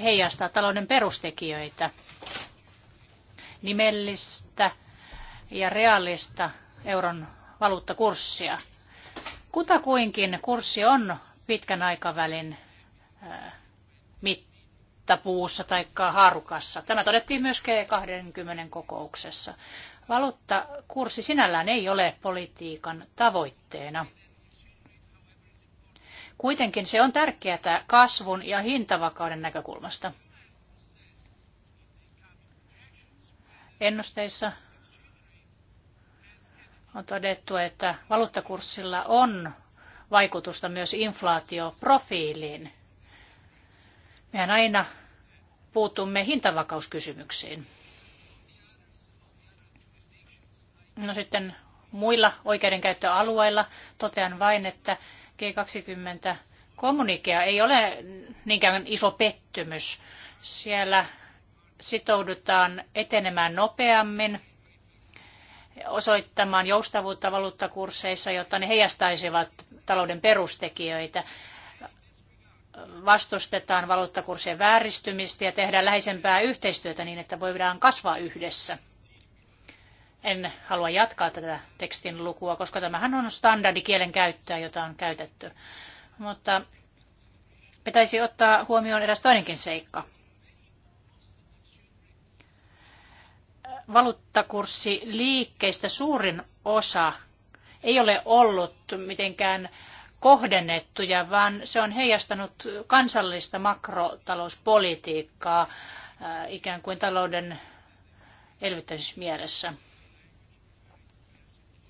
heijastaa talouden perustekijöitä, nimellistä ja reaalista euron valuuttakurssia. Kutakuinkin kurssi on pitkän aikavälin äh, mittapuussa tai haarukassa. Tämä todettiin myös G20 kokouksessa. Valuuttakurssi sinällään ei ole politiikan tavoitteena – Kuitenkin se on tärkeää kasvun ja hintavakauden näkökulmasta. Ennusteissa on todettu, että valuuttakurssilla on vaikutusta myös inflaatioprofiiliin. Mehän aina puutumme hintavakauskysymyksiin. No sitten muilla oikeudenkäyttöalueilla totean vain, että G20 kommunikea ei ole niinkään iso pettymys. Siellä sitoudutaan etenemään nopeammin, osoittamaan joustavuutta valuuttakursseissa, jotta ne heijastaisivat talouden perustekijöitä. Vastustetaan valuuttakurssien vääristymistä ja tehdään läheisempää yhteistyötä niin, että voidaan kasvaa yhdessä en halua jatkaa tätä tekstin lukua, koska tämähän on standardikielen käyttöä, jota on käytetty. Mutta pitäisi ottaa huomioon eräs toinenkin seikka. liikkeistä suurin osa ei ole ollut mitenkään kohdennettuja, vaan se on heijastanut kansallista makrotalouspolitiikkaa äh, ikään kuin talouden elvyttämismielessä. mielessä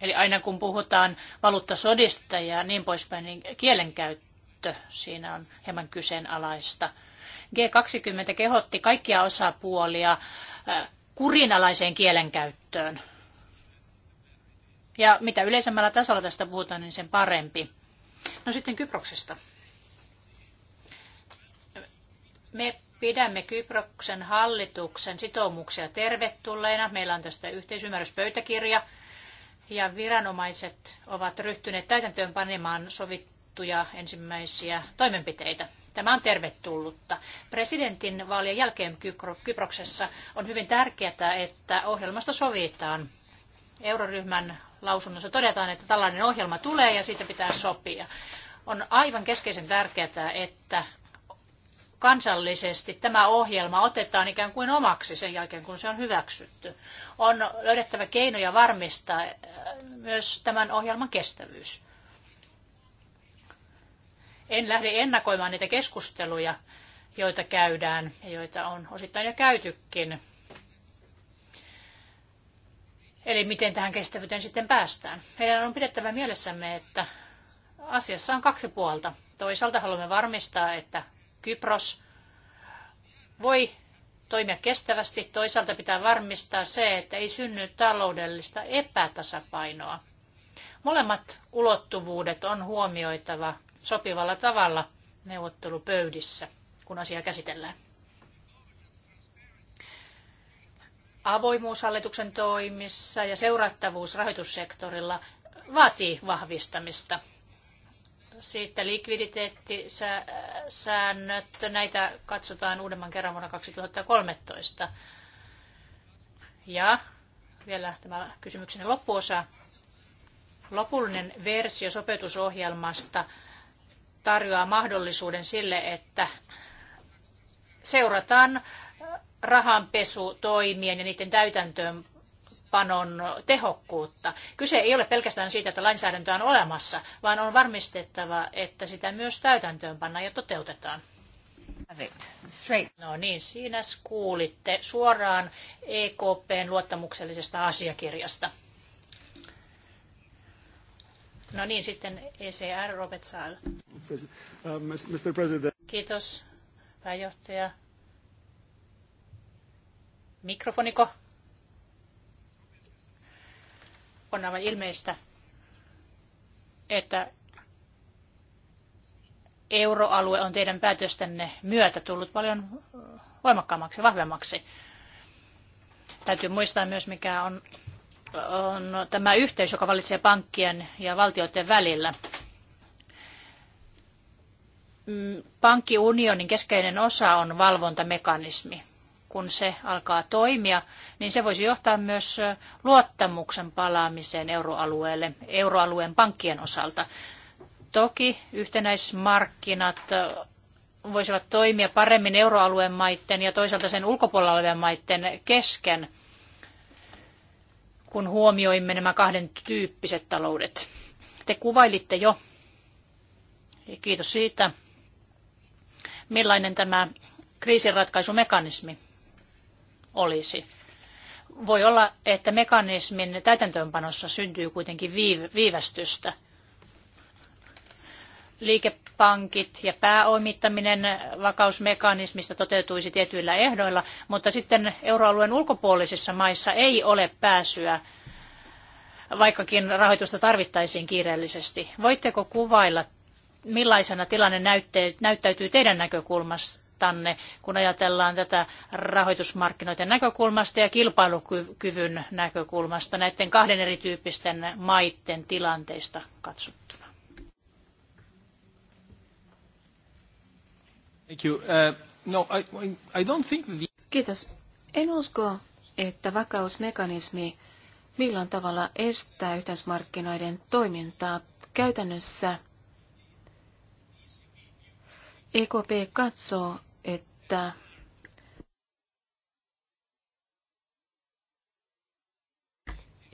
Eli aina kun puhutaan valuuttasodista ja niin poispäin, niin kielenkäyttö siinä on hieman kyseenalaista. G20 kehotti kaikkia osapuolia kurinalaiseen kielenkäyttöön. Ja mitä yleisemmällä tasolla tästä puhutaan, niin sen parempi. No sitten Kyproksesta. Me pidämme Kyproksen hallituksen sitoumuksia tervetulleina. Meillä on tästä yhteisymmärryspöytäkirja ja viranomaiset ovat ryhtyneet täytäntöön panemaan sovittuja ensimmäisiä toimenpiteitä. Tämä on tervetullutta. Presidentin vaalien jälkeen Kyproksessa on hyvin tärkeää, että ohjelmasta sovitaan. Euroryhmän lausunnossa todetaan, että tällainen ohjelma tulee ja siitä pitää sopia. On aivan keskeisen tärkeää, että kansallisesti tämä ohjelma otetaan ikään kuin omaksi sen jälkeen, kun se on hyväksytty. On löydettävä keinoja varmistaa äh, myös tämän ohjelman kestävyys. En lähde ennakoimaan niitä keskusteluja, joita käydään ja joita on osittain jo käytykin. Eli miten tähän kestävyyteen sitten päästään. Meidän on pidettävä mielessämme, että asiassa on kaksi puolta. Toisaalta haluamme varmistaa, että Kypros voi toimia kestävästi. Toisaalta pitää varmistaa se, että ei synny taloudellista epätasapainoa. Molemmat ulottuvuudet on huomioitava sopivalla tavalla neuvottelupöydissä, kun asiaa käsitellään. Avoimuus hallituksen toimissa ja seurattavuus rahoitussektorilla vaatii vahvistamista. Sitten likviditeettisäännöt, näitä katsotaan uudemman kerran vuonna 2013. Ja vielä tämä kysymyksen loppuosa. Lopullinen versio sopeutusohjelmasta tarjoaa mahdollisuuden sille, että seurataan rahanpesutoimien ja niiden täytäntöön toimeenpanon tehokkuutta. Kyse ei ole pelkästään siitä, että lainsäädäntöä on olemassa, vaan on varmistettava, että sitä myös täytäntöönpannaan ja toteutetaan. No niin, siinä kuulitte suoraan EKPn luottamuksellisesta asiakirjasta. No niin, sitten ECR Robert Saal. Mr. President. Kiitos, pääjohtaja. Mikrofoniko? on aivan ilmeistä, että euroalue on teidän päätöstenne myötä tullut paljon äh, voimakkaammaksi, vahvemmaksi. Täytyy muistaa myös, mikä on, on tämä yhteys, joka valitsee pankkien ja valtioiden välillä. Mm, pankkiunionin keskeinen osa on valvontamekanismi kun se alkaa toimia, niin se voisi johtaa myös luottamuksen palaamiseen euroalueelle, euroalueen pankkien osalta. Toki yhtenäismarkkinat voisivat toimia paremmin euroalueen maiden ja toisaalta sen ulkopuolella olevien maiden kesken, kun huomioimme nämä kahden tyyppiset taloudet. Te kuvailitte jo, ja kiitos siitä, millainen tämä kriisinratkaisumekanismi olisi. Voi olla, että mekanismin täytäntöönpanossa syntyy kuitenkin viivästystä. Liikepankit ja pääomittaminen vakausmekanismista toteutuisi tietyillä ehdoilla, mutta sitten euroalueen ulkopuolisissa maissa ei ole pääsyä vaikkakin rahoitusta tarvittaisiin kiireellisesti. Voitteko kuvailla, millaisena tilanne näyttäytyy teidän näkökulmastanne? tänne, kun ajatellaan tätä rahoitusmarkkinoiden näkökulmasta ja kilpailukyvyn näkökulmasta näiden kahden erityyppisten maiden tilanteista katsottuna? Thank you. Uh, no, I, I don't think the... Kiitos. En usko, että vakausmekanismi millään tavalla estää yhteismarkkinoiden toimintaa käytännössä. EKP katsoo, että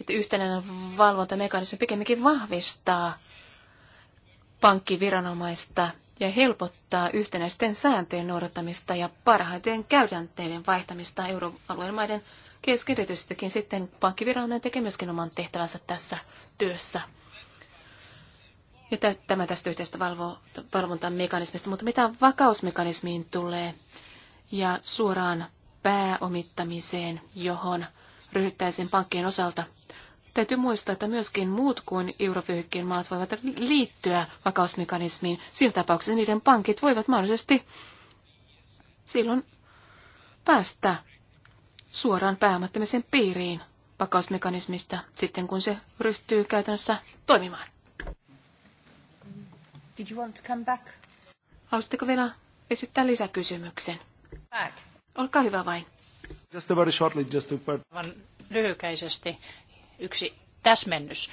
että yhtenäinen valvontamekanismi pikemminkin vahvistaa pankkiviranomaista ja helpottaa yhtenäisten sääntöjen noudattamista ja parhaiten käytänteiden vaihtamista euroalueen maiden kesken. sitten pankkiviranomainen tekee myöskin oman tehtävänsä tässä työssä. Ja tämä tästä yhteistä valvontamekanismista, mutta mitä vakausmekanismiin tulee, ja suoraan pääomittamiseen, johon ryhdyttäisiin pankkien osalta. Täytyy muistaa, että myöskin muut kuin eurovyöhykkeen maat voivat liittyä vakausmekanismiin. Siinä tapauksessa niiden pankit voivat mahdollisesti silloin päästä suoraan pääomittamisen piiriin vakausmekanismista sitten, kun se ryhtyy käytännössä toimimaan. Did you want to come back? Haluaisitteko vielä esittää lisäkysymyksen? Back. Olkaa hyvä vain. Just very shortly, just to... lyhykäisesti yksi täsmennys.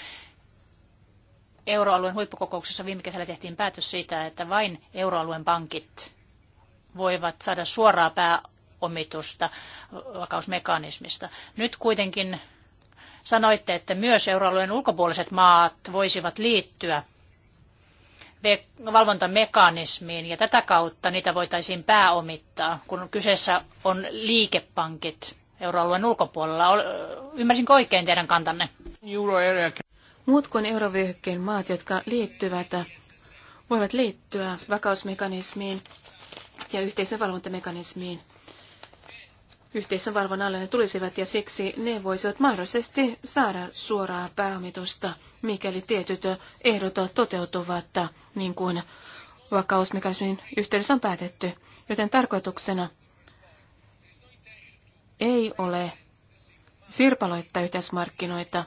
Euroalueen huippukokouksessa viime kesällä tehtiin päätös siitä, että vain euroalueen pankit voivat saada suoraa pääomitusta vakausmekanismista. Nyt kuitenkin sanoitte, että myös euroalueen ulkopuoliset maat voisivat liittyä valvontamekanismiin ja tätä kautta niitä voitaisiin pääomittaa, kun kyseessä on liikepankit euroalueen ulkopuolella. Ymmärsinkö oikein teidän kantanne? Muut kuin eurovyöhykkeen maat, jotka liittyvät, voivat liittyä vakausmekanismiin ja yhteisen valvontamekanismiin yhteisen valvonnan alle tulisivat ja siksi ne voisivat mahdollisesti saada suoraa pääomitusta, mikäli tietyt ehdot toteutuvat niin kuin vakausmekanismin yhteydessä on päätetty. Joten tarkoituksena ei ole sirpaloittaa yhteismarkkinoita,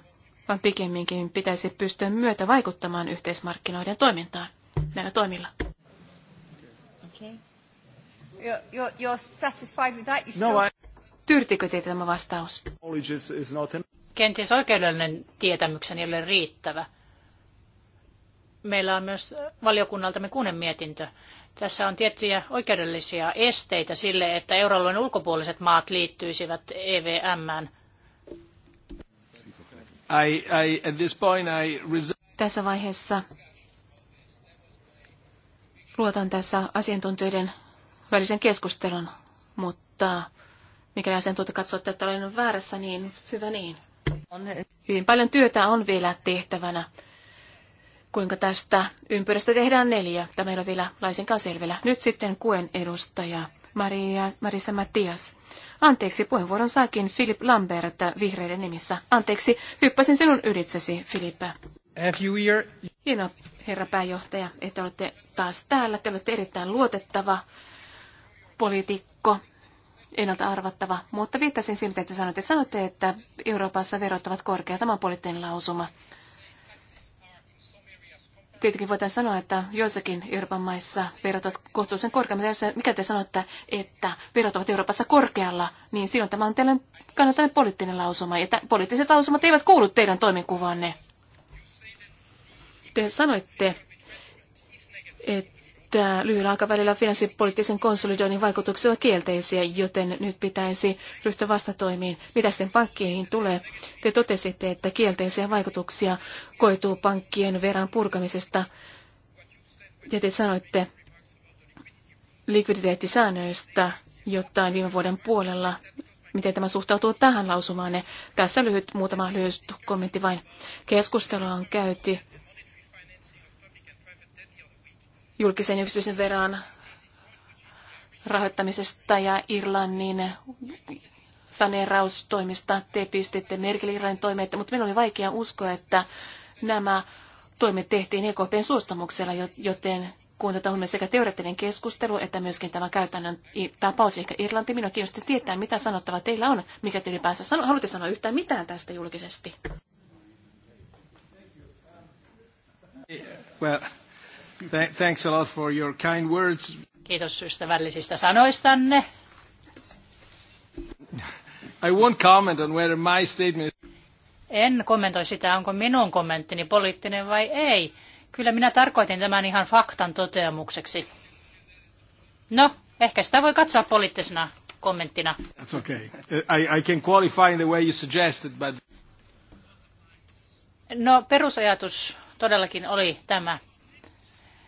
vaan pikemminkin pitäisi pystyä myötä vaikuttamaan yhteismarkkinoiden toimintaan näillä toimilla. Okay. You're, you're, you're satisfied with that? You no, still... no, I... Tyrtikö teitä tämä vastaus? Kenties oikeudellinen tietämykseni ei ole riittävä. Meillä on myös valiokunnaltamme kuunen mietintö. Tässä on tiettyjä oikeudellisia esteitä sille, että euroalueen ulkopuoliset maat liittyisivät EVMään. I, I, at this point I tässä vaiheessa luotan tässä asiantuntijoiden välisen keskustelun, mutta Mikäli asiantuntija katsoo, että olen väärässä, niin hyvä niin. Hyvin paljon työtä on vielä tehtävänä. Kuinka tästä ympyrästä tehdään neljä, tämä ei ole vielä laisinkaan selvillä. Nyt sitten kuen edustaja Maria, Marisa Mattias. Anteeksi, puheenvuoron saakin Philip Lambert vihreiden nimissä. Anteeksi, hyppäsin sinun ylitsesi, Filippa. Hieno herra pääjohtaja, että olette taas täällä. Te olette erittäin luotettava poliitikko ennalta arvattava, mutta viittasin siltä, että te että, Sanoitte, että Euroopassa verot ovat korkeat. Tämä on poliittinen lausuma. Tietenkin voidaan sanoa, että joissakin Euroopan maissa verot ovat kohtuullisen korkeat. Mikä te sanotte, että verot ovat Euroopassa korkealla, niin silloin tämä on teille kannattaa poliittinen lausuma. Ja poliittiset lausumat eivät kuulu teidän toimenkuvaanne. Te sanoitte, että tämä lyhyellä aikavälillä finanssipoliittisen konsolidoinnin vaikutukset ovat kielteisiä, joten nyt pitäisi ryhtyä vastatoimiin. Mitä sitten pankkeihin tulee? Te totesitte, että kielteisiä vaikutuksia koituu pankkien veran purkamisesta. Ja te sanoitte likviditeettisäännöistä jotain viime vuoden puolella. Miten tämä suhtautuu tähän lausumaan? Tässä lyhyt, muutama lyhyt kommentti vain. Keskustelua on käyty julkisen yksityisen veran rahoittamisesta ja Irlannin saneeraustoimista. Te pistitte merkille Irlannin toimet, mutta minun oli vaikea uskoa, että nämä toimet tehtiin EKPn suostumuksella, joten kun tätä on sekä teoreettinen keskustelu että myöskin tämä käytännön tapaus, ehkä Irlanti, minua kiinnosti tietää, mitä sanottavaa teillä on, mikä te ylipäänsä sano, haluatte sanoa yhtään mitään tästä julkisesti. Well, Thanks a lot for your kind words. Kiitos ystävällisistä sanoistanne. I won't comment on whether my statement... En kommentoi sitä, onko minun kommenttini poliittinen vai ei. Kyllä minä tarkoitin tämän ihan faktan toteamukseksi. No, ehkä sitä voi katsoa poliittisena kommenttina. That's okay. I, I can qualify in the way you suggested, but... No, perusajatus todellakin oli tämä.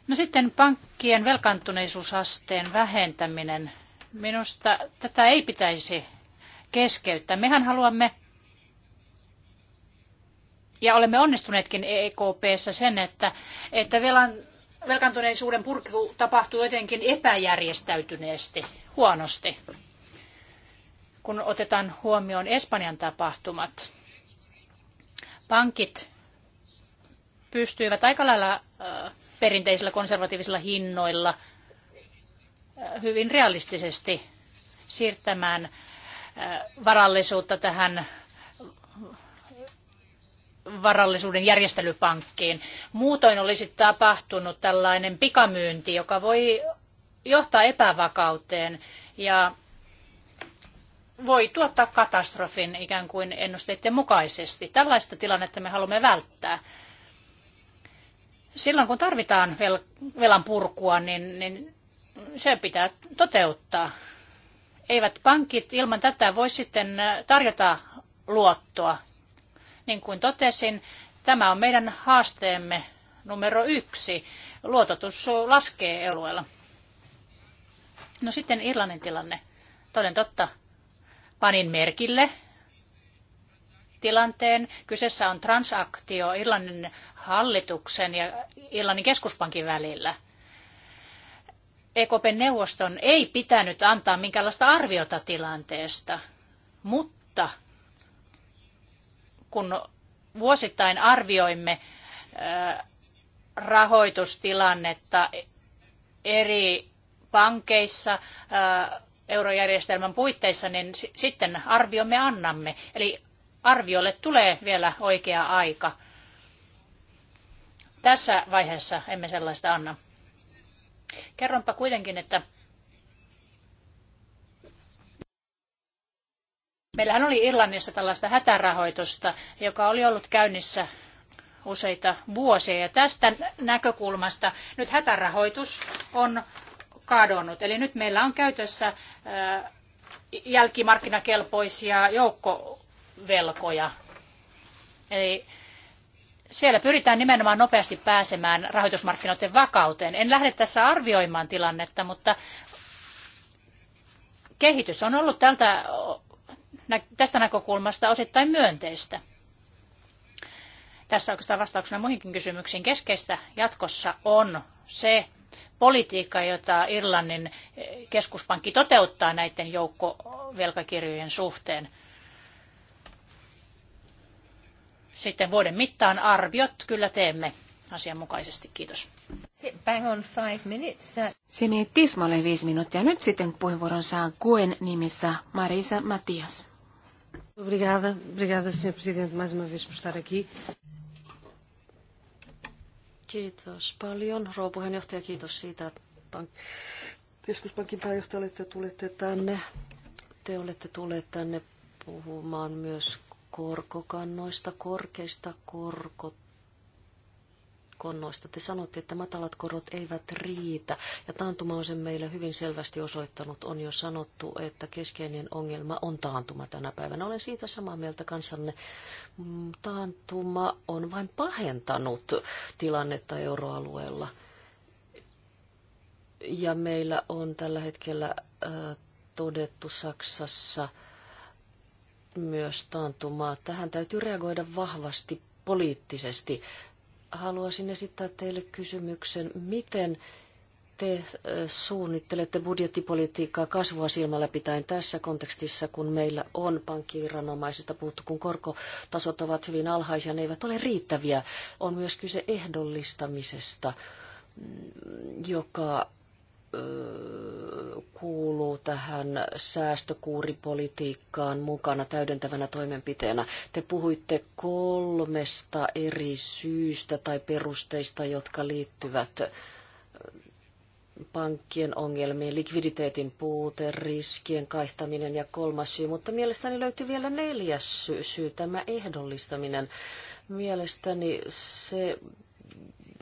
No sitten pankkien velkaantuneisuusasteen vähentäminen. Minusta tätä ei pitäisi keskeyttää. Mehän haluamme ja olemme onnistuneetkin EKPssä sen, että, että velan, velkantuneisuuden purku tapahtuu jotenkin epäjärjestäytyneesti, huonosti, kun otetaan huomioon Espanjan tapahtumat. Pankit pystyivät aika lailla perinteisillä konservatiivisilla hinnoilla hyvin realistisesti siirtämään varallisuutta tähän varallisuuden järjestelypankkiin. Muutoin olisi tapahtunut tällainen pikamyynti, joka voi johtaa epävakauteen ja voi tuottaa katastrofin ikään kuin ennusteiden mukaisesti. Tällaista tilannetta me haluamme välttää silloin kun tarvitaan velan purkua, niin, niin se pitää toteuttaa. Eivät pankit ilman tätä voi sitten äh, tarjota luottoa. Niin kuin totesin, tämä on meidän haasteemme numero yksi. Luototus laskee alueella. No sitten Irlannin tilanne. Toden totta, panin merkille tilanteen. Kyseessä on transaktio Irlannin hallituksen ja Irlannin keskuspankin välillä. EKPn neuvoston ei pitänyt antaa minkäänlaista arviota tilanteesta, mutta kun vuosittain arvioimme äh, rahoitustilannetta eri pankeissa, äh, eurojärjestelmän puitteissa, niin sitten arviomme annamme. Eli arviolle tulee vielä oikea aika. Tässä vaiheessa emme sellaista anna. Kerronpa kuitenkin, että meillähän oli Irlannissa tällaista hätärahoitusta, joka oli ollut käynnissä useita vuosia. Ja tästä näkökulmasta nyt hätärahoitus on kadonnut. Eli nyt meillä on käytössä jälkimarkkinakelpoisia joukkovelkoja. Eli siellä pyritään nimenomaan nopeasti pääsemään rahoitusmarkkinoiden vakauteen. En lähde tässä arvioimaan tilannetta, mutta kehitys on ollut tältä, tästä näkökulmasta osittain myönteistä. Tässä oikeastaan vastauksena muihinkin kysymyksiin. Keskeistä jatkossa on se politiikka, jota Irlannin keskuspankki toteuttaa näiden joukkovelkakirjojen suhteen. sitten vuoden mittaan arviot kyllä teemme asianmukaisesti. Kiitos. Bang on five minutes. Uh, Se meni tismalle viisi minuuttia. Nyt sitten puheenvuoron saa Kuen nimissä Marisa Matias. Obrigada, obrigada, senhor presidente, mais uma vez por estar aqui. Kiitos paljon, rouva puheenjohtaja. Kiitos siitä, pank- keskuspankin pääjohtaja, että tulette tänne. Te olette tulleet tänne puhumaan myös korkokannoista, korkeista korkokannoista. Te sanotte, että matalat korot eivät riitä, ja taantuma on sen meille hyvin selvästi osoittanut. On jo sanottu, että keskeinen ongelma on taantuma tänä päivänä. Olen siitä samaa mieltä kanssanne. Mm, taantuma on vain pahentanut tilannetta euroalueella. Ja meillä on tällä hetkellä todettu Saksassa – myös taantumaa. Tähän täytyy reagoida vahvasti poliittisesti. Haluaisin esittää teille kysymyksen, miten te äh, suunnittelette budjettipolitiikkaa kasvua silmällä pitäen tässä kontekstissa, kun meillä on pankkiviranomaisista puhuttu, kun korkotasot ovat hyvin alhaisia, ne eivät ole riittäviä. On myös kyse ehdollistamisesta, mm, joka kuuluu tähän säästökuuripolitiikkaan mukana täydentävänä toimenpiteenä. Te puhuitte kolmesta eri syystä tai perusteista, jotka liittyvät pankkien ongelmiin, likviditeetin puute, riskien kaihtaminen ja kolmas syy, mutta mielestäni löytyy vielä neljäs syy, syy tämä ehdollistaminen. Mielestäni se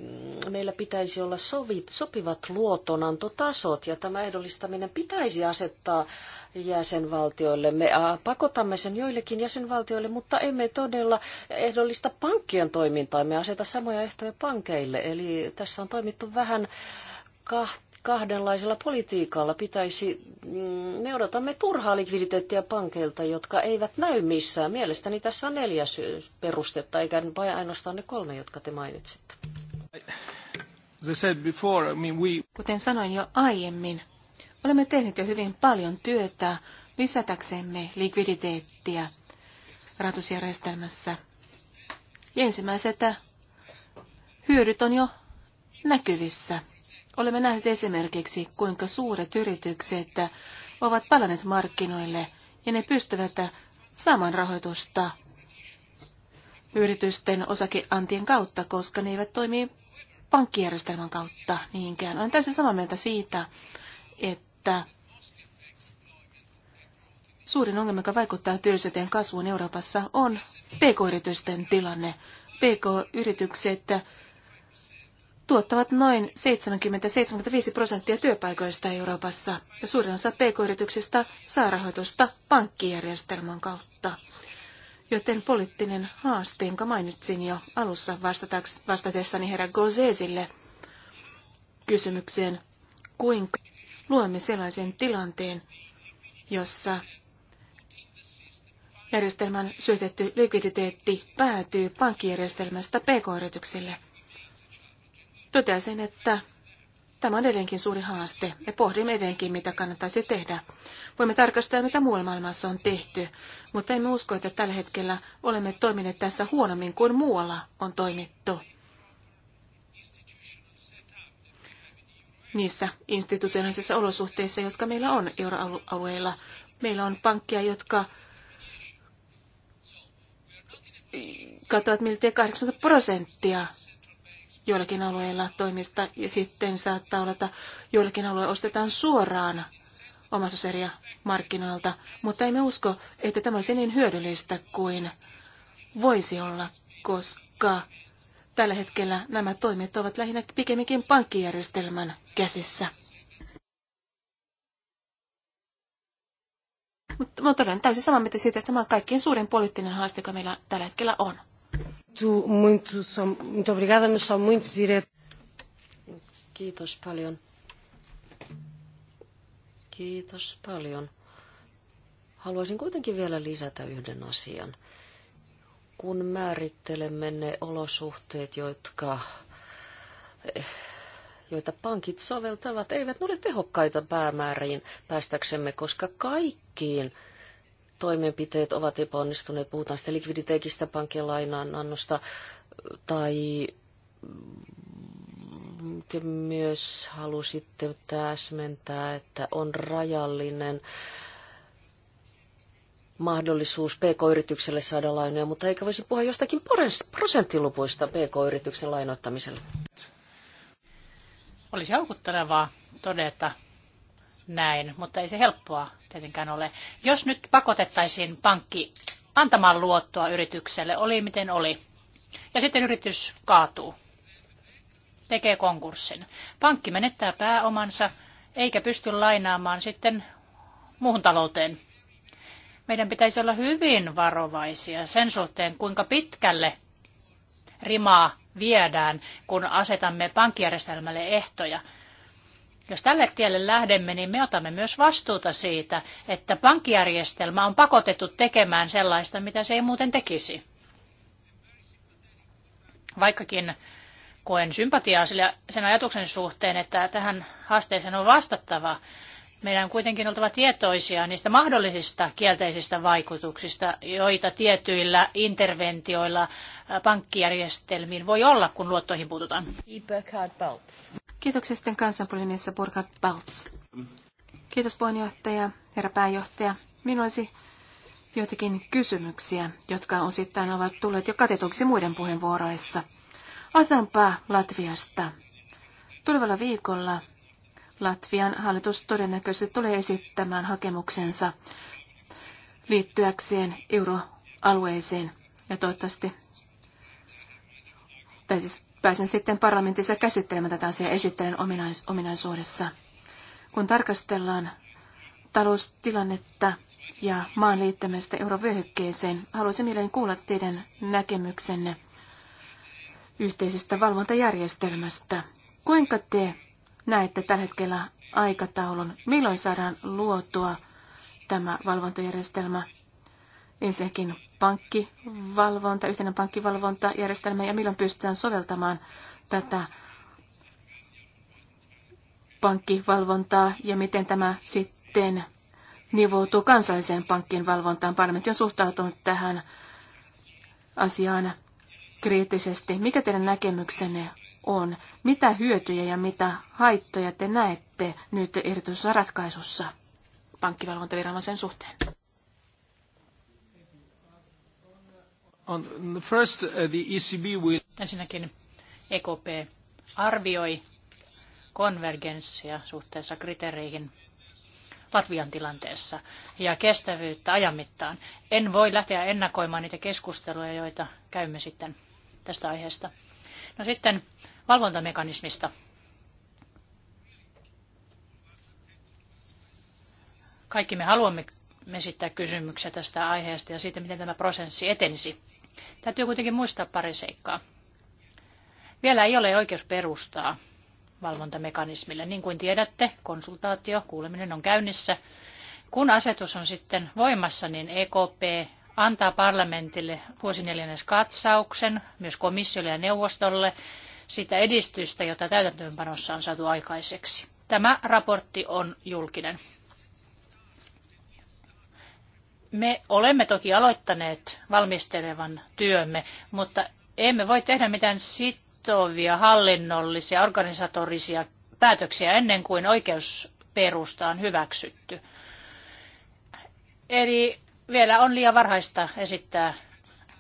Mm, meillä pitäisi olla sovi, sopivat luotonantotasot ja tämä ehdollistaminen pitäisi asettaa jäsenvaltioille. Me pakotamme sen joillekin jäsenvaltioille, mutta emme todella ehdollista pankkien toimintaa. Me aseta samoja ehtoja pankeille. Eli tässä on toimittu vähän kahdenlaisella politiikalla pitäisi, mm, me odotamme turhaa likviditeettiä pankeilta, jotka eivät näy missään. Mielestäni tässä on neljäs perustetta, eikä vain ainoastaan ne kolme, jotka te mainitsitte. Kuten sanoin jo aiemmin, olemme tehneet jo hyvin paljon työtä lisätäksemme likviditeettiä rahoitusjärjestelmässä. Ja ensimmäiset hyödyt on jo näkyvissä. Olemme nähneet esimerkiksi, kuinka suuret yritykset ovat palanneet markkinoille ja ne pystyvät saamaan rahoitusta yritysten osakeantien kautta, koska ne eivät toimi pankkijärjestelmän kautta niinkään. Olen täysin samaa mieltä siitä, että suurin ongelma, joka vaikuttaa työllisyyteen kasvuun Euroopassa, on pk-yritysten tilanne. PK-yritykset tuottavat noin 70-75 prosenttia työpaikoista Euroopassa, ja suurin osa pk-yrityksistä saa rahoitusta pankkijärjestelmän kautta. Joten poliittinen haaste, jonka mainitsin jo alussa vastatessani herra Gozesille kysymykseen, kuinka luomme sellaisen tilanteen, jossa järjestelmän syötetty likviditeetti päätyy pankkijärjestelmästä pk-yrityksille. Totesin, että Tämä on edelleenkin suuri haaste ja pohdimme edelleenkin, mitä kannattaisi tehdä. Voimme tarkastaa, mitä muualla maailmassa on tehty, mutta emme usko, että tällä hetkellä olemme toimineet tässä huonommin kuin muualla on toimittu. Niissä institutionaalisissa olosuhteissa, jotka meillä on euroalueilla, meillä on pankkia, jotka kattavat miltei 80 prosenttia joillakin alueilla toimista ja sitten saattaa olla, että joillakin alueilla ostetaan suoraan omaisuuseriä markkinoilta, mutta emme usko, että tämä olisi niin hyödyllistä kuin voisi olla, koska tällä hetkellä nämä toimet ovat lähinnä pikemminkin pankkijärjestelmän käsissä. Mutta olen täysin samaa mieltä siitä, että tämä on kaikkein suurin poliittinen haaste, joka meillä tällä hetkellä on. Muito, muito, só, muito obrigada, mas só muito direto. Kiitos paljon. Kiitos paljon. Haluaisin kuitenkin vielä lisätä yhden asian. Kun määrittelemme ne olosuhteet, jotka, eh, joita pankit soveltavat, eivät ne ole tehokkaita päämääriin päästäksemme, koska kaikkiin toimenpiteet ovat epäonnistuneet. Puhutaan sitten likviditeetistä, pankkien lainanannosta tai te mm, myös halusitte täsmentää, että on rajallinen mahdollisuus PK-yritykselle saada lainoja, mutta eikä voisi puhua jostakin prosenttiluvuista PK-yrityksen lainoittamiselle. Olisi houkuttelevaa todeta, näin, mutta ei se helppoa tietenkään ole. Jos nyt pakotettaisiin pankki antamaan luottoa yritykselle, oli miten oli, ja sitten yritys kaatuu, tekee konkurssin. Pankki menettää pääomansa eikä pysty lainaamaan sitten muuhun talouteen. Meidän pitäisi olla hyvin varovaisia sen suhteen, kuinka pitkälle rimaa viedään, kun asetamme pankkijärjestelmälle ehtoja – jos tälle tielle lähdemme, niin me otamme myös vastuuta siitä, että pankkijärjestelmä on pakotettu tekemään sellaista, mitä se ei muuten tekisi. Vaikkakin koen sympatiaa sen ajatuksen suhteen, että tähän haasteeseen on vastattava, meidän on kuitenkin oltava tietoisia niistä mahdollisista kielteisistä vaikutuksista, joita tietyillä interventioilla äh, pankkijärjestelmiin voi olla, kun luottoihin puututaan. Kiitoksia sitten kansanpuolinessa Burkhard Baltz. Kiitos puheenjohtaja, herra pääjohtaja. Minulla olisi joitakin kysymyksiä, jotka osittain ovat tulleet jo katetuksi muiden puheenvuoroissa. Otetaanpa Latviasta. Tulevalla viikolla Latvian hallitus todennäköisesti tulee esittämään hakemuksensa liittyäkseen euroalueeseen ja toivottavasti, tai siis pääsen sitten parlamentissa käsittelemään tätä asiaa esittelen ominais- ominaisuudessa. Kun tarkastellaan taloustilannetta ja maan liittämistä eurovyöhykkeeseen, haluaisin mielelläni kuulla teidän näkemyksenne yhteisestä valvontajärjestelmästä. Kuinka te näette tällä hetkellä aikataulun, milloin saadaan luotua tämä valvontajärjestelmä? Ensinnäkin pankkivalvonta, yhteinen pankkivalvontajärjestelmä ja milloin pystytään soveltamaan tätä pankkivalvontaa ja miten tämä sitten nivoutuu kansalliseen pankkien valvontaan. Parlamentti on suhtautunut tähän asiaan kriittisesti. Mikä teidän näkemyksenne on? Mitä hyötyjä ja mitä haittoja te näette nyt ehdotussa ratkaisussa pankkivalvontaviranomaisen suhteen? ECB uh, e Ensinnäkin EKP arvioi konvergenssia suhteessa kriteereihin Latvian tilanteessa ja kestävyyttä ajan mittaan. En voi lähteä ennakoimaan niitä keskusteluja, joita käymme sitten tästä aiheesta. No sitten valvontamekanismista. Kaikki me haluamme esittää kysymyksiä tästä aiheesta ja siitä, miten tämä prosessi etenisi. Täytyy kuitenkin muistaa pari seikkaa. Vielä ei ole oikeus perustaa valvontamekanismille. Niin kuin tiedätte, konsultaatio, kuuleminen on käynnissä. Kun asetus on sitten voimassa, niin EKP antaa parlamentille vuosineljännes katsauksen, myös komissiolle ja neuvostolle, sitä edistystä, jota täytäntöönpanossa on saatu aikaiseksi. Tämä raportti on julkinen. Me olemme toki aloittaneet valmistelevan työmme, mutta emme voi tehdä mitään sitovia hallinnollisia, organisatorisia päätöksiä ennen kuin oikeusperusta on hyväksytty. Eli vielä on liian varhaista esittää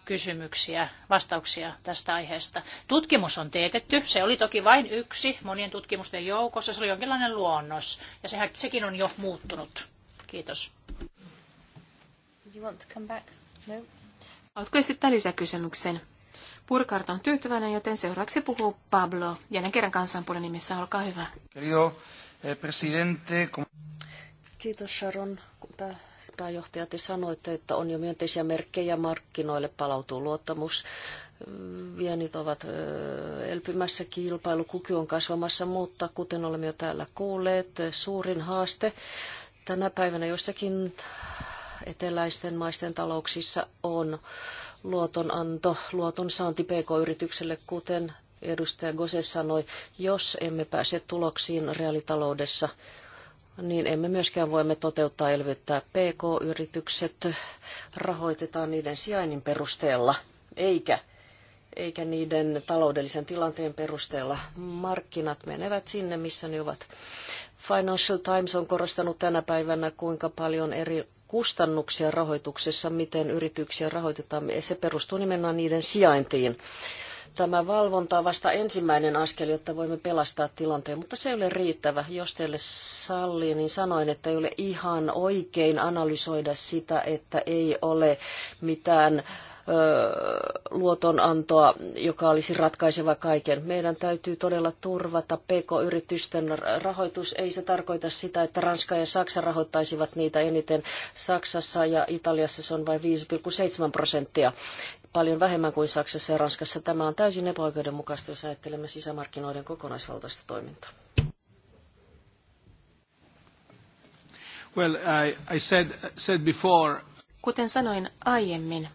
kysymyksiä, vastauksia tästä aiheesta. Tutkimus on teetetty. Se oli toki vain yksi monien tutkimusten joukossa. Se oli jonkinlainen luonnos ja sehän, sekin on jo muuttunut. Kiitos. You want to come back? No. Haluatko esittää lisäkysymyksen? Burkhardt on tyytyväinen, joten seuraavaksi puhuu Pablo. Jälleen kerran kansanpuolen nimissä, olkaa hyvä. Querido eh, presidente... Kiitos Sharon, pääjohtaja, te sanoitte, että on jo myönteisiä merkkejä, markkinoille palautuu luottamus, mm, viennit ovat eh, elpymässä, kilpailukyky on kasvamassa, mutta kuten olemme jo täällä kuulleet, suurin haaste tänä päivänä joissakin eteläisten maisten talouksissa on luotonanto, luoton saanti pk-yritykselle, kuten edustaja Gose sanoi, jos emme pääse tuloksiin reaalitaloudessa, niin emme myöskään voimme toteuttaa elvyttää pk-yritykset. Rahoitetaan niiden sijainnin perusteella, eikä eikä niiden taloudellisen tilanteen perusteella. Markkinat menevät sinne, missä ne ovat. Financial Times on korostanut tänä päivänä, kuinka paljon eri kustannuksia rahoituksessa, miten yrityksiä rahoitetaan. Se perustuu nimenomaan niiden sijaintiin. Tämä valvonta on vasta ensimmäinen askel, jotta voimme pelastaa tilanteen, mutta se ei ole riittävä. Jos teille sallii, niin sanoin, että ei ole ihan oikein analysoida sitä, että ei ole mitään luotonantoa, joka olisi ratkaiseva kaiken. Meidän täytyy todella turvata PK-yritysten rahoitus. Ei se tarkoita sitä, että Ranska ja Saksa rahoittaisivat niitä eniten. Saksassa ja Italiassa se on vain 5,7 prosenttia paljon vähemmän kuin Saksassa ja Ranskassa. Tämä on täysin epäoikeudenmukaista, jos ajattelemme sisämarkkinoiden kokonaisvaltaista toimintaa. Well, I, I said, said before... Kuten sanoin aiemmin,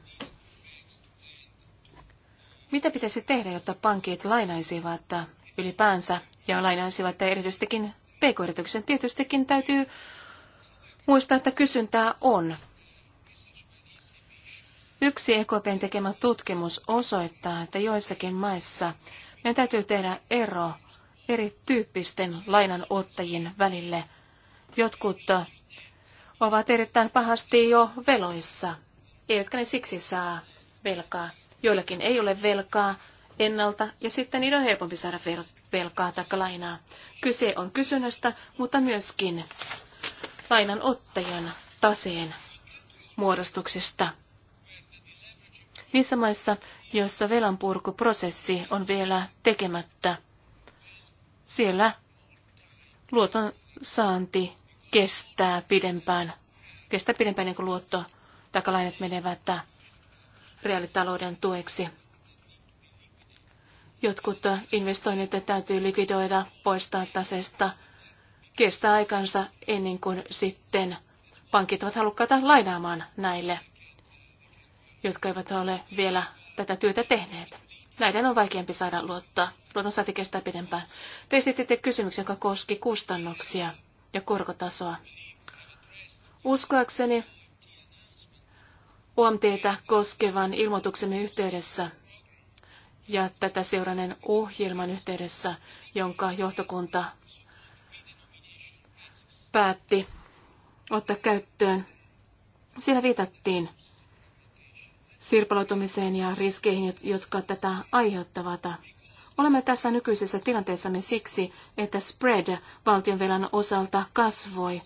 mitä pitäisi tehdä, jotta pankit lainaisivat ylipäänsä ja lainaisivat erityisestikin pk-yrityksen? Tietystikin täytyy muistaa, että kysyntää on. Yksi EKPn tekemä tutkimus osoittaa, että joissakin maissa meidän täytyy tehdä ero erityyppisten lainanottajien välille. Jotkut ovat erittäin pahasti jo veloissa, eivätkä ne siksi saa velkaa. Joillakin ei ole velkaa ennalta ja sitten niiden on helpompi saada velkaa tai lainaa. Kyse on kysynnöstä, mutta myöskin lainan ottajan taseen muodostuksesta. Niissä maissa, joissa velanpurkuprosessi on vielä tekemättä, siellä luoton saanti kestää pidempään. Kestää pidempään, niin kuin luotto lainat menevät reaalitalouden tueksi. Jotkut investoinnit täytyy likvidoida, poistaa tasesta. Kestää aikansa ennen kuin sitten pankit ovat halukkaita lainaamaan näille, jotka eivät ole vielä tätä työtä tehneet. Näiden on vaikeampi saada luottaa. Luoton saati kestää pidempään. Te esititte kysymyksen, joka koski kustannuksia ja korkotasoa. Uskoakseni OMTtä koskevan ilmoituksemme yhteydessä ja tätä seuranneen ohjelman yhteydessä, jonka johtokunta päätti ottaa käyttöön. Siellä viitattiin sirpaloitumiseen ja riskeihin, jotka tätä aiheuttavat. Olemme tässä nykyisessä tilanteessamme siksi, että spread valtionvelan osalta kasvoi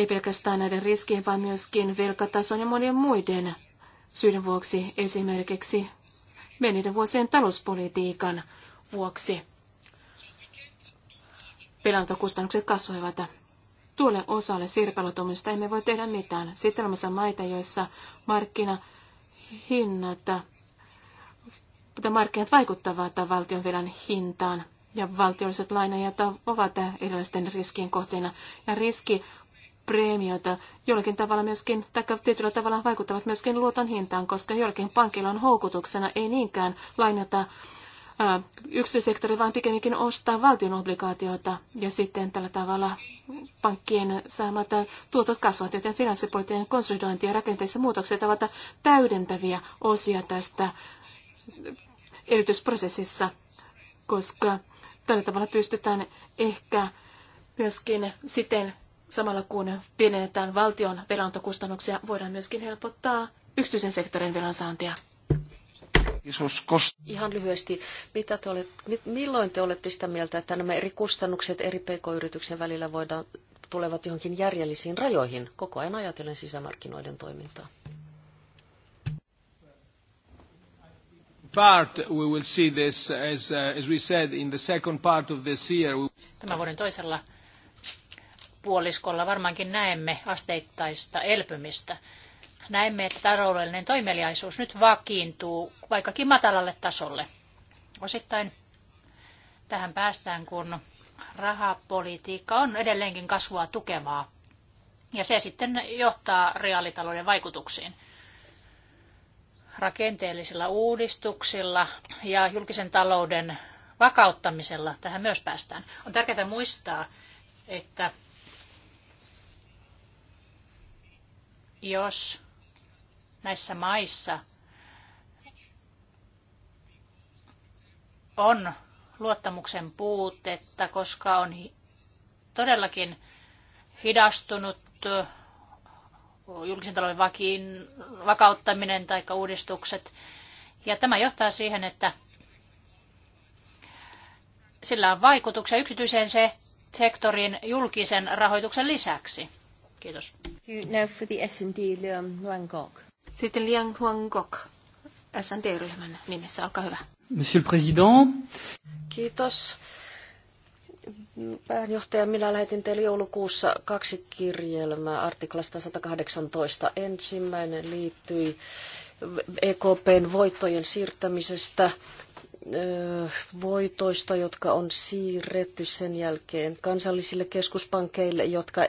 ei pelkästään näiden riskien, vaan myöskin velkatason ja monien muiden syiden vuoksi, esimerkiksi menneiden vuosien talouspolitiikan vuoksi. Pelantokustannukset kasvoivat. Tuolle osalle sirpaloitumista emme voi tehdä mitään. Sitten olemassa maita, joissa markkinahinnat, mutta markkinat vaikuttavat valtionvelan hintaan ja valtiolliset lainajat ovat erilaisten riskien kohteena. Ja riski preemioita jollakin tavalla myöskin, tai tietyllä tavalla vaikuttavat myöskin luoton hintaan, koska jollakin pankilla on houkutuksena ei niinkään lainata yksityissektori, vaan pikemminkin ostaa valtion obligaatioita ja sitten tällä tavalla pankkien saamat tuotot kasvavat, joten finanssipoliittinen konsolidointi ja rakenteissa muutokset ovat täydentäviä osia tästä erityisprosessissa, koska tällä tavalla pystytään ehkä myöskin siten Samalla kun pienennetään valtion velantokustannuksia, voidaan myöskin helpottaa yksityisen sektorin velansaantia. Ihan lyhyesti, mitä te olet, milloin te olette sitä mieltä, että nämä eri kustannukset eri pk-yrityksen välillä voidaan, tulevat johonkin järjellisiin rajoihin, koko ajan ajatellen sisämarkkinoiden toimintaa? Uh, Tämän vuoden toisella puoliskolla varmaankin näemme asteittaista elpymistä. Näemme, että taloudellinen toimeliaisuus nyt vakiintuu vaikkakin matalalle tasolle. Osittain tähän päästään, kun rahapolitiikka on edelleenkin kasvua tukevaa. Ja se sitten johtaa reaalitalouden vaikutuksiin. Rakenteellisilla uudistuksilla ja julkisen talouden vakauttamisella tähän myös päästään. On tärkeää muistaa, että jos näissä maissa on luottamuksen puutetta, koska on todellakin hidastunut julkisen talouden vakiin, vakauttaminen tai uudistukset. Ja tämä johtaa siihen, että sillä on vaikutuksia yksityiseen sektoriin julkisen rahoituksen lisäksi. Kiitos. Now for the S&D, Liang Huangkok. Sitten Liang Huangkok, S&D-ryhmän nimessä, olkaa hyvä. Monsieur le Président. Kiitos. Pääjohtaja, minä lähetin teille joulukuussa kaksi kirjelmää artiklasta 118. Ensimmäinen liittyi EKPn voittojen siirtämisestä voitoista, jotka on siirretty sen jälkeen kansallisille keskuspankeille, jotka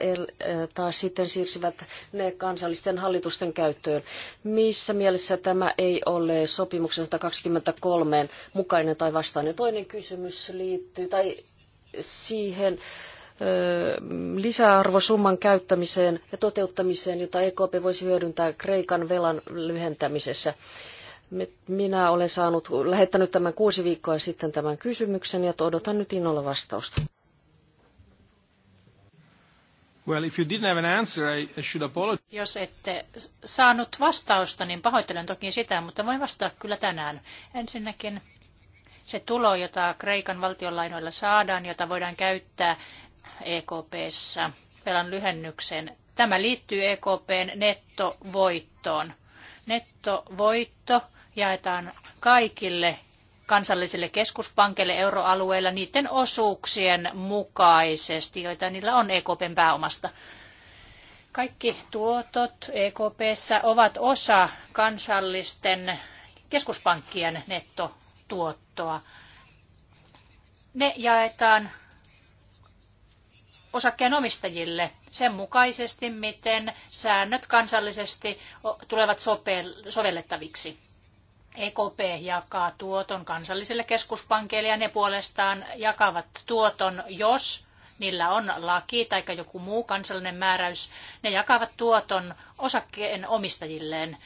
taas sitten siirsivät ne kansallisten hallitusten käyttöön. Missä mielessä tämä ei ole sopimuksen 123 mukainen tai vastainen? Toinen kysymys liittyy tai siihen lisäarvosumman käyttämiseen ja toteuttamiseen, jota EKP voisi hyödyntää Kreikan velan lyhentämisessä. Minä olen saanut, lähettänyt tämän kuusi viikkoa sitten tämän kysymyksen ja odotan nyt innolla vastausta. Well, if you didn't have an answer, I should apologize. Jos ette saanut vastausta, niin pahoittelen toki sitä, mutta voin vastata kyllä tänään. Ensinnäkin se tulo, jota Kreikan valtionlainoilla saadaan, jota voidaan käyttää EKPssä velan lyhennykseen, tämä liittyy EKPn nettovoittoon. Nettovoitto jaetaan kaikille kansallisille keskuspankeille euroalueella niiden osuuksien mukaisesti, joita niillä on EKPn pääomasta. Kaikki tuotot EKPssä ovat osa kansallisten keskuspankkien nettotuottoa. Ne jaetaan osakkeenomistajille sen mukaisesti, miten säännöt kansallisesti tulevat sovellettaviksi. EKP jakaa tuoton kansallisille keskuspankeille ja ne puolestaan jakavat tuoton, jos niillä on laki tai joku muu kansallinen määräys. Ne jakavat tuoton osakkeen omistajilleen.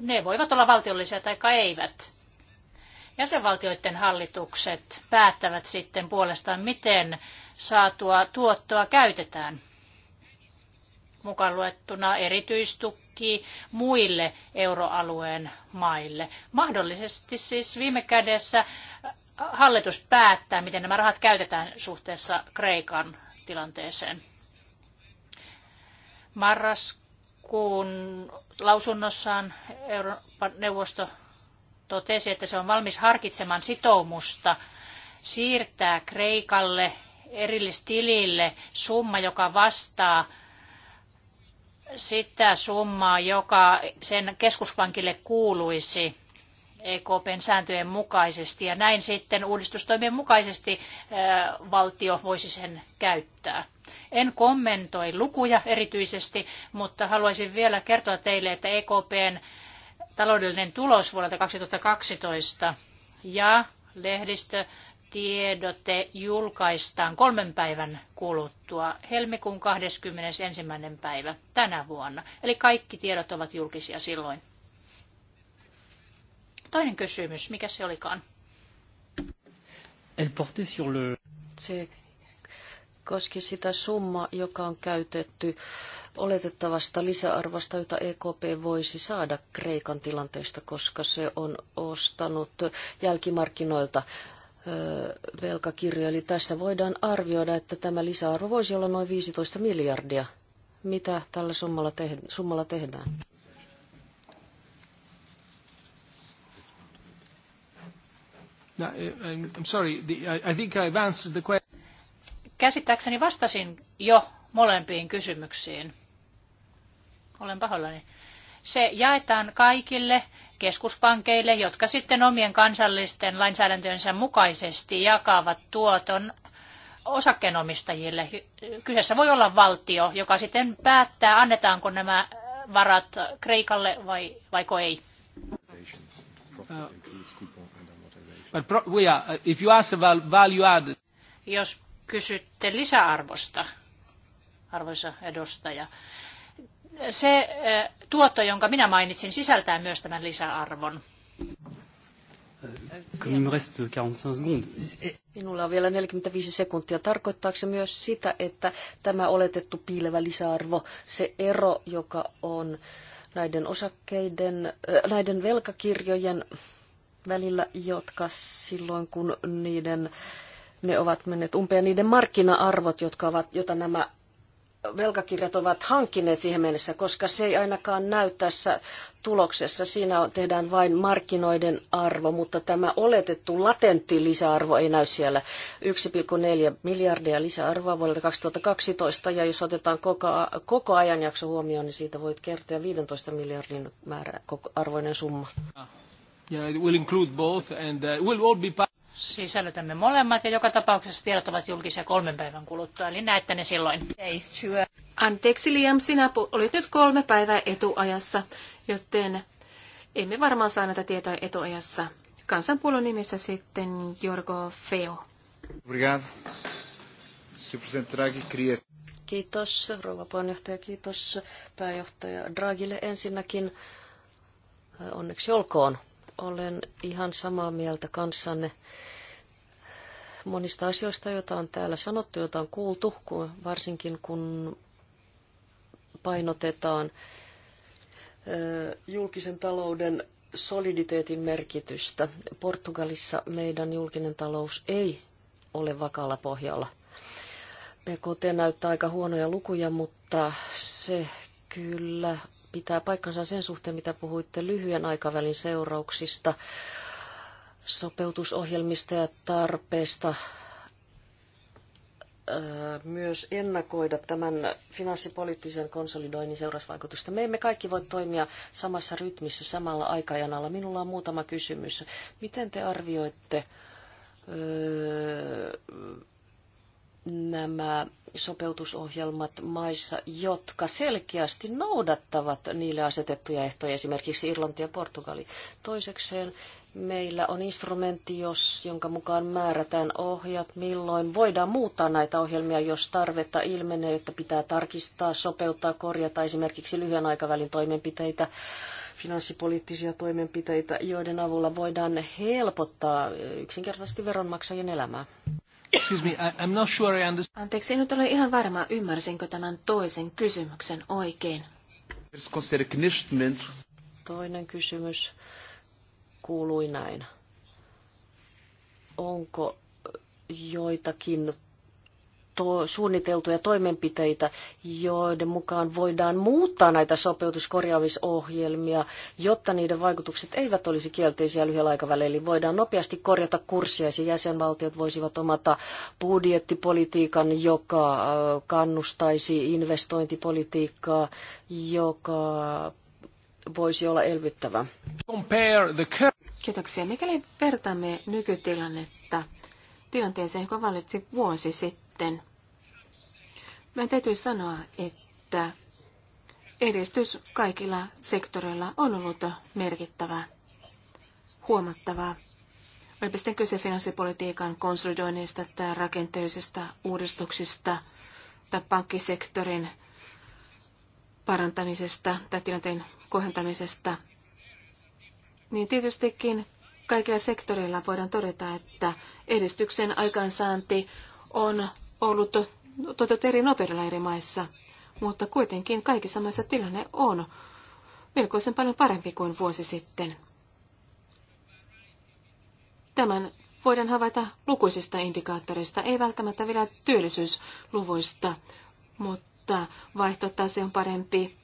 Ne voivat olla valtiollisia tai eivät. Jäsenvaltioiden hallitukset päättävät sitten puolestaan, miten saatua tuottoa käytetään mukaan luettuna erityistuki pyrkii muille euroalueen maille. Mahdollisesti siis viime kädessä äh, hallitus päättää, miten nämä rahat käytetään suhteessa Kreikan tilanteeseen. Marraskuun lausunnossaan Euroopan neuvosto totesi, että se on valmis harkitsemaan sitoumusta siirtää Kreikalle erillistilille summa, joka vastaa sitä summaa, joka sen keskuspankille kuuluisi EKPn sääntöjen mukaisesti. Ja näin sitten uudistustoimien mukaisesti valtio voisi sen käyttää. En kommentoi lukuja erityisesti, mutta haluaisin vielä kertoa teille, että EKPn taloudellinen tulos vuodelta 2012 ja lehdistö tiedote julkaistaan kolmen päivän kuluttua, helmikuun 21. päivä tänä vuonna. Eli kaikki tiedot ovat julkisia silloin. Toinen kysymys, mikä se olikaan? Elle portait sur le... Se koski sitä summa, joka on käytetty oletettavasta lisäarvosta, jota EKP voisi saada Kreikan tilanteesta, koska se on ostanut jälkimarkkinoilta velkakirjoja. Eli tässä voidaan arvioida, että tämä lisäarvo voisi olla noin 15 miljardia. Mitä tällä summalla, te- summalla tehdään? No, I'm sorry, I think I've answered the question. Käsittääkseni vastasin jo molempiin kysymyksiin. Olen pahoillani. Se jaetaan kaikille keskuspankeille, jotka sitten omien kansallisten lainsäädäntöönsä mukaisesti jakavat tuoton osakkeenomistajille. Kyseessä voi olla valtio, joka sitten päättää, annetaanko nämä varat Kreikalle vai, vaiko ei. Jos kysytte lisäarvosta, arvoisa edustaja, se tuotto, jonka minä mainitsin, sisältää myös tämän lisäarvon. Minulla on vielä 45 sekuntia. Tarkoittaako se myös sitä, että tämä oletettu piilevä lisäarvo, se ero, joka on näiden osakkeiden, näiden velkakirjojen välillä, jotka silloin kun niiden, ne ovat menneet umpeen, niiden markkina-arvot, jotka ovat, jota nämä velkakirjat ovat hankkineet siihen mennessä, koska se ei ainakaan näy tässä tuloksessa. Siinä tehdään vain markkinoiden arvo, mutta tämä oletettu latentti lisäarvo ei näy siellä. 1,4 miljardia lisäarvoa vuodelta 2012, ja jos otetaan koko, koko ajanjakso huomioon, niin siitä voit kertoa 15 miljardin määrä arvoinen summa. Yeah, it will include both and uh, will all be sisällytämme molemmat ja joka tapauksessa tiedot ovat julkisia kolmen päivän kuluttua, eli näette ne silloin. Anteeksi Liam, sinä olit nyt kolme päivää etuajassa, joten emme varmaan saa näitä tietoja etuajassa. Kansanpuolon nimissä sitten Jorgo Feo. Kiitos rouva puheenjohtaja, kiitos pääjohtaja Dragille ensinnäkin. Onneksi olkoon olen ihan samaa mieltä kanssanne monista asioista, joita on täällä sanottu, joita on kuultu, kun, varsinkin kun painotetaan julkisen talouden soliditeetin merkitystä. Portugalissa meidän julkinen talous ei ole vakalla pohjalla. PKT näyttää aika huonoja lukuja, mutta se kyllä pitää paikkansa sen suhteen, mitä puhuitte lyhyen aikavälin seurauksista, sopeutusohjelmista ja tarpeesta myös ennakoida tämän finanssipoliittisen konsolidoinnin seurausvaikutusta. Me emme kaikki voi toimia samassa rytmissä samalla aikajanalla. Minulla on muutama kysymys. Miten te arvioitte nämä sopeutusohjelmat maissa, jotka selkeästi noudattavat niille asetettuja ehtoja, esimerkiksi Irlanti ja Portugali. Toisekseen meillä on instrumentti, jos, jonka mukaan määrätään ohjat, milloin voidaan muuttaa näitä ohjelmia, jos tarvetta ilmenee, että pitää tarkistaa, sopeuttaa, korjata esimerkiksi lyhyen aikavälin toimenpiteitä, finanssipoliittisia toimenpiteitä, joiden avulla voidaan helpottaa yksinkertaisesti veronmaksajien elämää. Excuse me, I, I'm not sure I understand. Anteeksi, en nyt ole ihan varma, ymmärsinkö tämän toisen kysymyksen oikein. Toinen kysymys kuului näin. Onko joitakin to- suunniteltuja toimenpiteitä, joiden mukaan voidaan muuttaa näitä sopeutuskorjaamisohjelmia, jotta niiden vaikutukset eivät olisi kielteisiä lyhyellä aikavälillä. Eli voidaan nopeasti korjata kurssia ja jäsenvaltiot voisivat omata budjettipolitiikan, joka äh, kannustaisi investointipolitiikkaa, joka voisi olla elvyttävä. Kiitoksia. Mikäli vertaamme nykytilannetta tilanteeseen, joka vallitsi vuosi sitten, sitten. Mä täytyy sanoa, että edistys kaikilla sektoreilla on ollut merkittävä, huomattavaa. Olipa sitten kyse finanssipolitiikan konsolidoinnista tai rakenteellisista uudistuksista tai pankkisektorin parantamisesta tai tilanteen kohentamisesta, niin tietystikin kaikilla sektoreilla voidaan todeta, että edistyksen aikaansaanti on ollut toteutettu eri nopeudella eri maissa, mutta kuitenkin kaikissa maissa tilanne on melkoisen paljon parempi kuin vuosi sitten. Tämän voidaan havaita lukuisista indikaattoreista, ei välttämättä vielä työllisyysluvuista, mutta vaihtotase on parempi,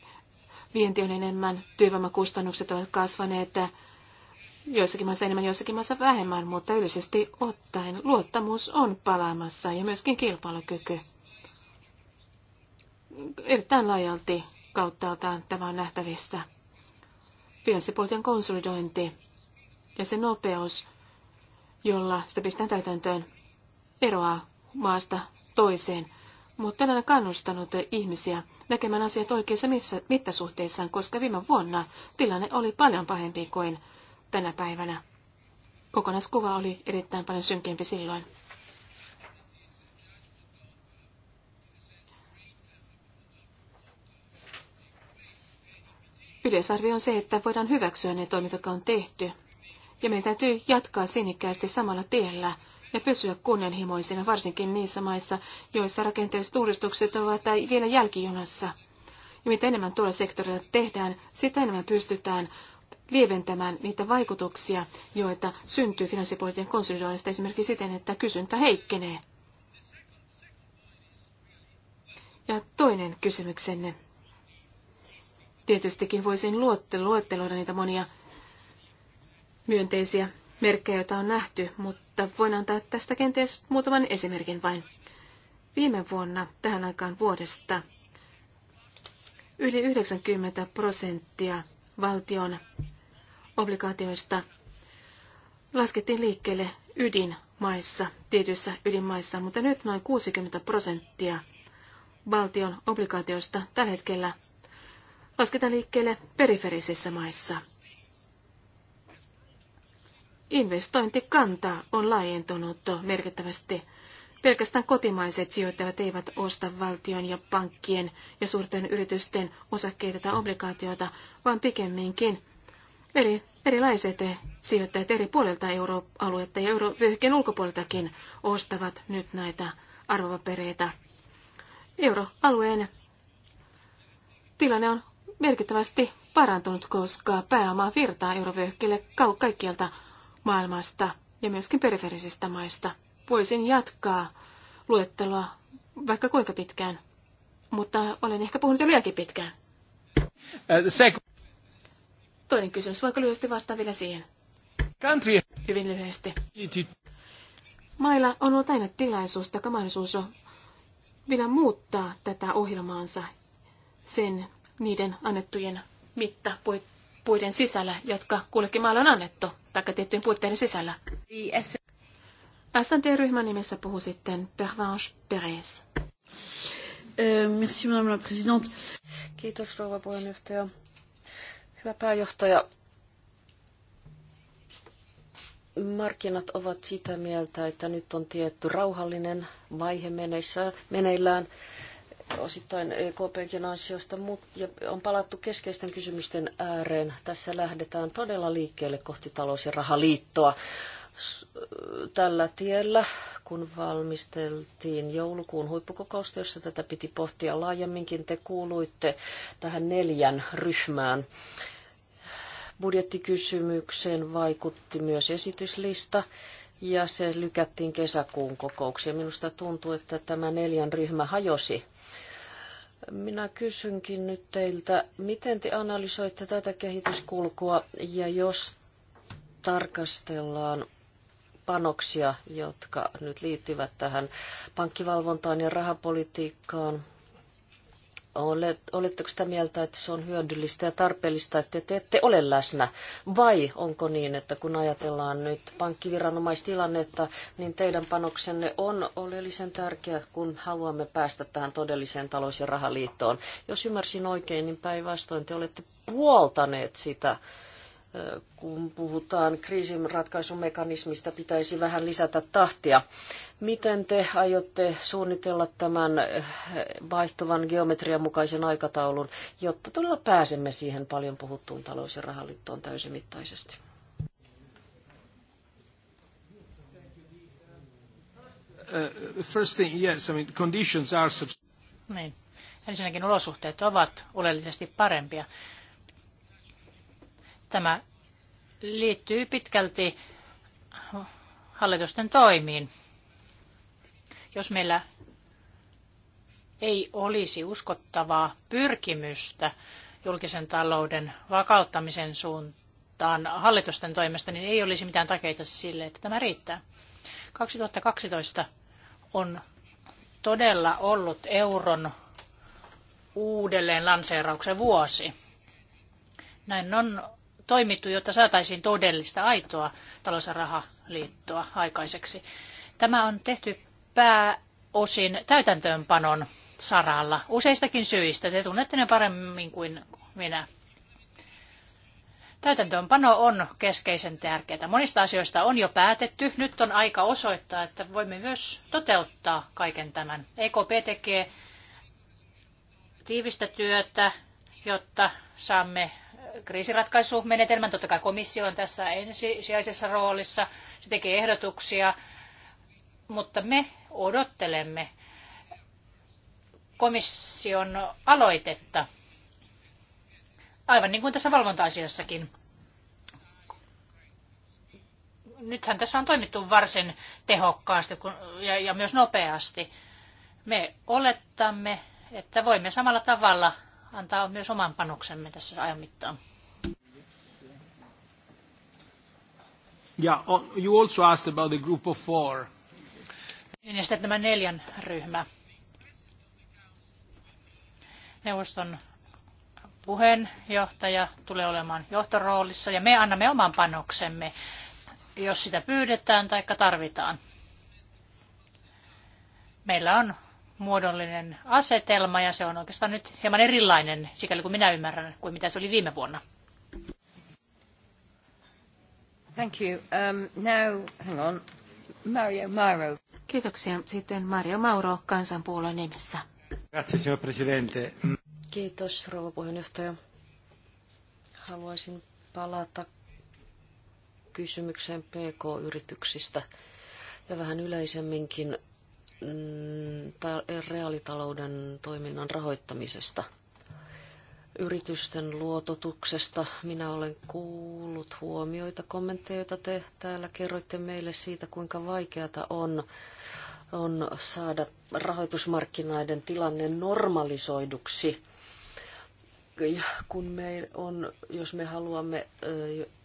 vienti on enemmän, työvoimakustannukset ovat kasvaneet, joissakin maissa enemmän, joissakin maissa vähemmän, mutta yleisesti ottaen luottamus on palaamassa ja myöskin kilpailukyky. Erittäin laajalti kauttaaltaan tämä on nähtävissä. Finanssipolitiikan konsolidointi ja se nopeus, jolla sitä pistetään täytäntöön, eroaa maasta toiseen, mutta olen kannustanut ihmisiä näkemään asiat oikeissa mittasuhteissaan, koska viime vuonna tilanne oli paljon pahempi kuin tänä päivänä. Kokonaiskuva oli erittäin paljon synkempi silloin. Yleisarvio on se, että voidaan hyväksyä ne toimet, jotka on tehty. Ja meidän täytyy jatkaa sinikkäästi samalla tiellä ja pysyä kunnianhimoisina, varsinkin niissä maissa, joissa rakenteelliset uudistukset ovat vielä jälkijunassa. Ja mitä enemmän tuolla sektorilla tehdään, sitä enemmän pystytään lieventämään niitä vaikutuksia, joita syntyy finanssipolitiikan konsolidoinnista esimerkiksi siten, että kysyntä heikkenee. Ja toinen kysymyksenne. Tietystikin voisin luetteloida niitä monia myönteisiä merkkejä, joita on nähty, mutta voin antaa tästä kenties muutaman esimerkin vain. Viime vuonna tähän aikaan vuodesta yli 90 prosenttia valtion obligaatioista laskettiin liikkeelle ydinmaissa, tietyissä ydinmaissa, mutta nyt noin 60 prosenttia valtion obligaatioista tällä hetkellä lasketaan liikkeelle periferisissä maissa. Investointikanta on laajentunut merkittävästi. Pelkästään kotimaiset sijoittajat eivät osta valtion ja pankkien ja suurten yritysten osakkeita tai obligaatioita, vaan pikemminkin. Eli Erilaiset sijoittajat eri puolilta euroaluetta ja eurovyöhykkeen ulkopuoleltakin ostavat nyt näitä arvopapereita. Euroalueen tilanne on merkittävästi parantunut, koska pääoma virtaa eurovyöhykkeelle kaikkialta maailmasta ja myöskin periferisistä maista. Voisin jatkaa luettelua vaikka kuinka pitkään, mutta olen ehkä puhunut jo liiankin pitkään. Uh, Toinen kysymys, voiko lyhyesti vastaa vielä siihen? Country. Hyvin lyhyesti. Mailla on ollut aina tilaisuus tai mahdollisuus on vielä muuttaa tätä ohjelmaansa sen niiden annettujen mittapuiden sisällä, jotka kullekin maalla on annettu, tai tiettyjen puitteiden sisällä. SNT-ryhmän nimessä puhuu sitten Pervanche Perez. Euh, merci, madame la présidente. Kiitos, rouva puheenjohtaja. Hyvä pääjohtaja, markkinat ovat sitä mieltä, että nyt on tietty rauhallinen vaihe meneissä, meneillään osittain EKPkin ansiosta, mutta on palattu keskeisten kysymysten ääreen. Tässä lähdetään todella liikkeelle kohti talous- ja rahaliittoa tällä tiellä, kun valmisteltiin joulukuun huippukokousta, jossa tätä piti pohtia laajemminkin. Te kuuluitte tähän neljän ryhmään. Budjettikysymykseen vaikutti myös esityslista ja se lykättiin kesäkuun kokoukseen. Minusta tuntuu, että tämä neljän ryhmä hajosi. Minä kysynkin nyt teiltä, miten te analysoitte tätä kehityskulkua ja jos tarkastellaan panoksia, jotka nyt liittyvät tähän pankkivalvontaan ja rahapolitiikkaan. Oletteko sitä mieltä, että se on hyödyllistä ja tarpeellista, että te ette ole läsnä? Vai onko niin, että kun ajatellaan nyt pankkiviranomaistilannetta, niin teidän panoksenne on oleellisen tärkeä, kun haluamme päästä tähän todelliseen talous- ja rahaliittoon? Jos ymmärsin oikein, niin päinvastoin te olette puoltaneet sitä, kun puhutaan kriisinratkaisumekanismista, pitäisi vähän lisätä tahtia. Miten te aiotte suunnitella tämän eh, vaihtuvan geometrian mukaisen aikataulun, jotta todella pääsemme siihen paljon puhuttuun talous- ja rahaliittoon täysimittaisesti? Uh, first thing, yes, I mean, conditions are... Niin. Ensinnäkin olosuhteet ovat oleellisesti parempia. Tämä liittyy pitkälti hallitusten toimiin. Jos meillä ei olisi uskottavaa pyrkimystä julkisen talouden vakauttamisen suuntaan hallitusten toimesta, niin ei olisi mitään takeita sille, että tämä riittää. 2012 on todella ollut euron uudelleen lanseerauksen vuosi. Näin on toimittu, jotta saataisiin todellista aitoa talous- ja rahaliittoa aikaiseksi. Tämä on tehty pääosin täytäntöönpanon saralla useistakin syistä. Te tunnette ne paremmin kuin minä. Täytäntöönpano on keskeisen tärkeää. Monista asioista on jo päätetty. Nyt on aika osoittaa, että voimme myös toteuttaa kaiken tämän. EKP tekee tiivistä työtä, jotta saamme kriisiratkaisumenetelmän. Totta kai komissio on tässä ensisijaisessa roolissa, se tekee ehdotuksia, mutta me odottelemme komission aloitetta, aivan niin kuin tässä valvonta-asiassakin. Nythän tässä on toimittu varsin tehokkaasti ja myös nopeasti. Me olettamme, että voimme samalla tavalla antaa myös oman panoksemme tässä ajan mittaan. Yeah, oh, you also asked about the group of four. Niin, ja sitten tämä neljän ryhmä. Neuvoston puheenjohtaja tulee olemaan johtoroolissa ja me annamme oman panoksemme, jos sitä pyydetään tai tarvitaan. Meillä on muodollinen asetelma ja se on oikeastaan nyt hieman erilainen, sikäli kuin minä ymmärrän, kuin mitä se oli viime vuonna. Thank you. Um, now, hang on. Mario Mauro. Kiitoksia. Sitten Mario Mauro kansanpuolueen nimessä. Grazie, signor Presidente. Kiitos, rouva puheenjohtaja. Haluaisin palata kysymykseen PK-yrityksistä ja vähän yleisemminkin reaalitalouden toiminnan rahoittamisesta, yritysten luototuksesta. Minä olen kuullut huomioita, kommentteja, joita te täällä kerroitte meille siitä, kuinka vaikeata on, on saada rahoitusmarkkinoiden tilanne normalisoiduksi. Ja kun me on, jos me haluamme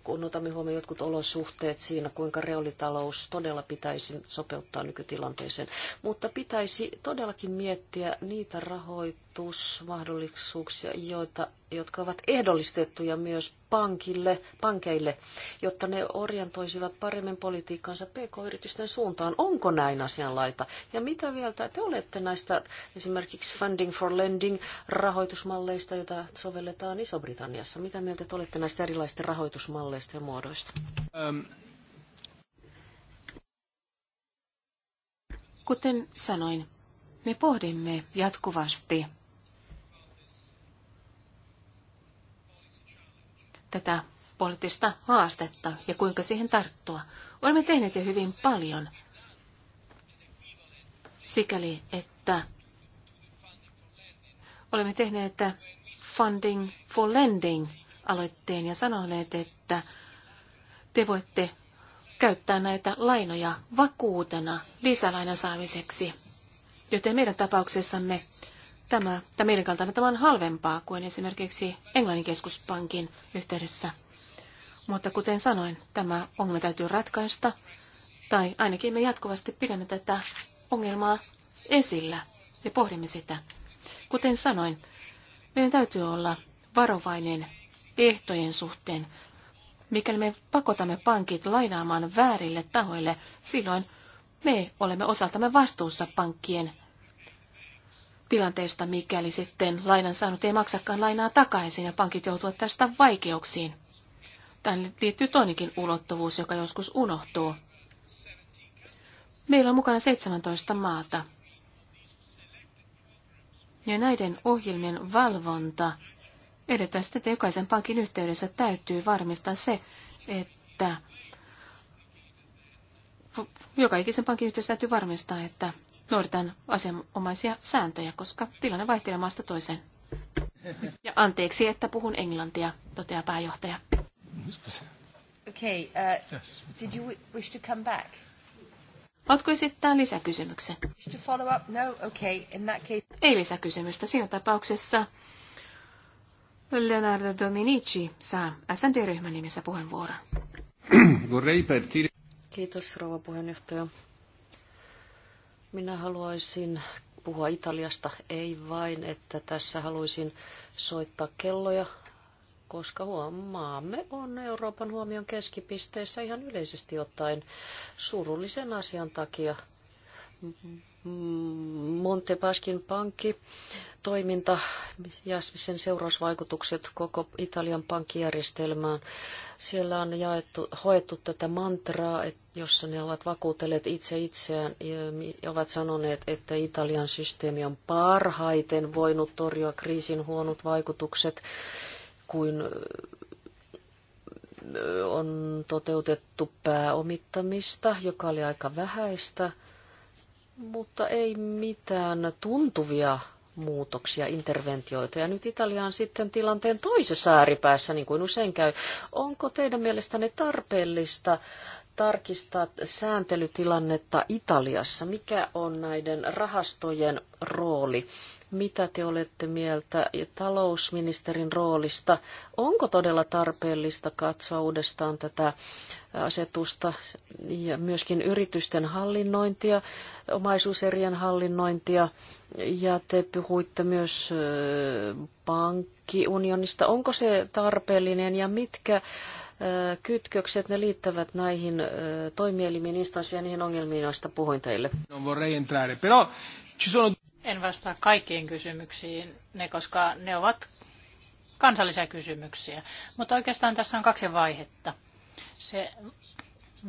kun otamme huomioon jotkut olosuhteet siinä, kuinka reaalitalous todella pitäisi sopeuttaa nykytilanteeseen. Mutta pitäisi todellakin miettiä niitä rahoitusmahdollisuuksia, joita, jotka ovat ehdollistettuja myös pankille, pankeille, jotta ne orientoisivat paremmin politiikkansa pk-yritysten suuntaan. Onko näin asianlaita? Ja mitä vielä te olette näistä esimerkiksi Funding for Lending rahoitusmalleista, joita sovelletaan Iso-Britanniassa? Mitä mieltä te olette näistä erilaisista rahoitusmalleista? puolesta ja muodoista. Um. Kuten sanoin, me pohdimme jatkuvasti tätä poliittista haastetta ja kuinka siihen tarttua. Olemme tehneet jo hyvin paljon sikäli, että olemme tehneet funding for lending aloitteen ja sanoneet, että te voitte käyttää näitä lainoja vakuutena lisälainan saamiseksi. Joten meidän tapauksessamme tämä, tai meidän kantamme tämä on halvempaa kuin esimerkiksi Englannin keskuspankin yhteydessä. Mutta kuten sanoin, tämä ongelma täytyy ratkaista, tai ainakin me jatkuvasti pidämme tätä ongelmaa esillä ja pohdimme sitä. Kuten sanoin, meidän täytyy olla varovainen ehtojen suhteen. Mikäli me pakotamme pankit lainaamaan väärille tahoille, silloin me olemme osaltamme vastuussa pankkien tilanteesta, mikäli sitten lainan saanut ei maksakaan lainaa takaisin ja pankit joutuvat tästä vaikeuksiin. Tähän liittyy toinenkin ulottuvuus, joka joskus unohtuu. Meillä on mukana 17 maata. Ja näiden ohjelmien valvonta Erityisesti, että jokaisen pankin yhteydessä täytyy varmistaa se, että joka ikisen pankin yhteydessä täytyy varmistaa, että noudatetaan asianomaisia sääntöjä, koska tilanne vaihtelee maasta toiseen. Ja anteeksi, että puhun englantia, toteaa pääjohtaja. Okay, uh, did you wish to come back? Haluatko esittää lisäkysymyksen? No, okay, case... Ei lisäkysymystä. Siinä tapauksessa Leonardo Dominici saa SND-ryhmän nimessä puheenvuoron. Kiitos rouva puheenjohtaja. Minä haluaisin puhua Italiasta, ei vain, että tässä haluaisin soittaa kelloja, koska huomaamme on Euroopan huomion keskipisteessä ihan yleisesti ottaen surullisen asian takia Montepaskin pankki toiminta ja sen seurausvaikutukset koko Italian pankkijärjestelmään. Siellä on jaettu, hoettu tätä mantraa, jossa ne ovat vakuutelleet itse itseään ja ovat sanoneet, että Italian systeemi on parhaiten voinut torjua kriisin huonot vaikutukset kuin on toteutettu pääomittamista, joka oli aika vähäistä – mutta ei mitään tuntuvia muutoksia, interventioita. Ja nyt Italiaan sitten tilanteen toisessa ääripäässä, niin kuin usein käy. Onko teidän mielestänne tarpeellista tarkistaa sääntelytilannetta Italiassa? Mikä on näiden rahastojen rooli? Mitä te olette mieltä talousministerin roolista? Onko todella tarpeellista katsoa uudestaan tätä asetusta ja myöskin yritysten hallinnointia, omaisuuserien hallinnointia ja te puhuitte myös pankkiunionista. Onko se tarpeellinen ja mitkä kytkökset ne liittävät näihin toimielimiin instansseihin ja niihin ongelmiin, joista puhuin teille? En vastaa kaikkiin kysymyksiin, ne, koska ne ovat kansallisia kysymyksiä. Mutta oikeastaan tässä on kaksi vaihetta se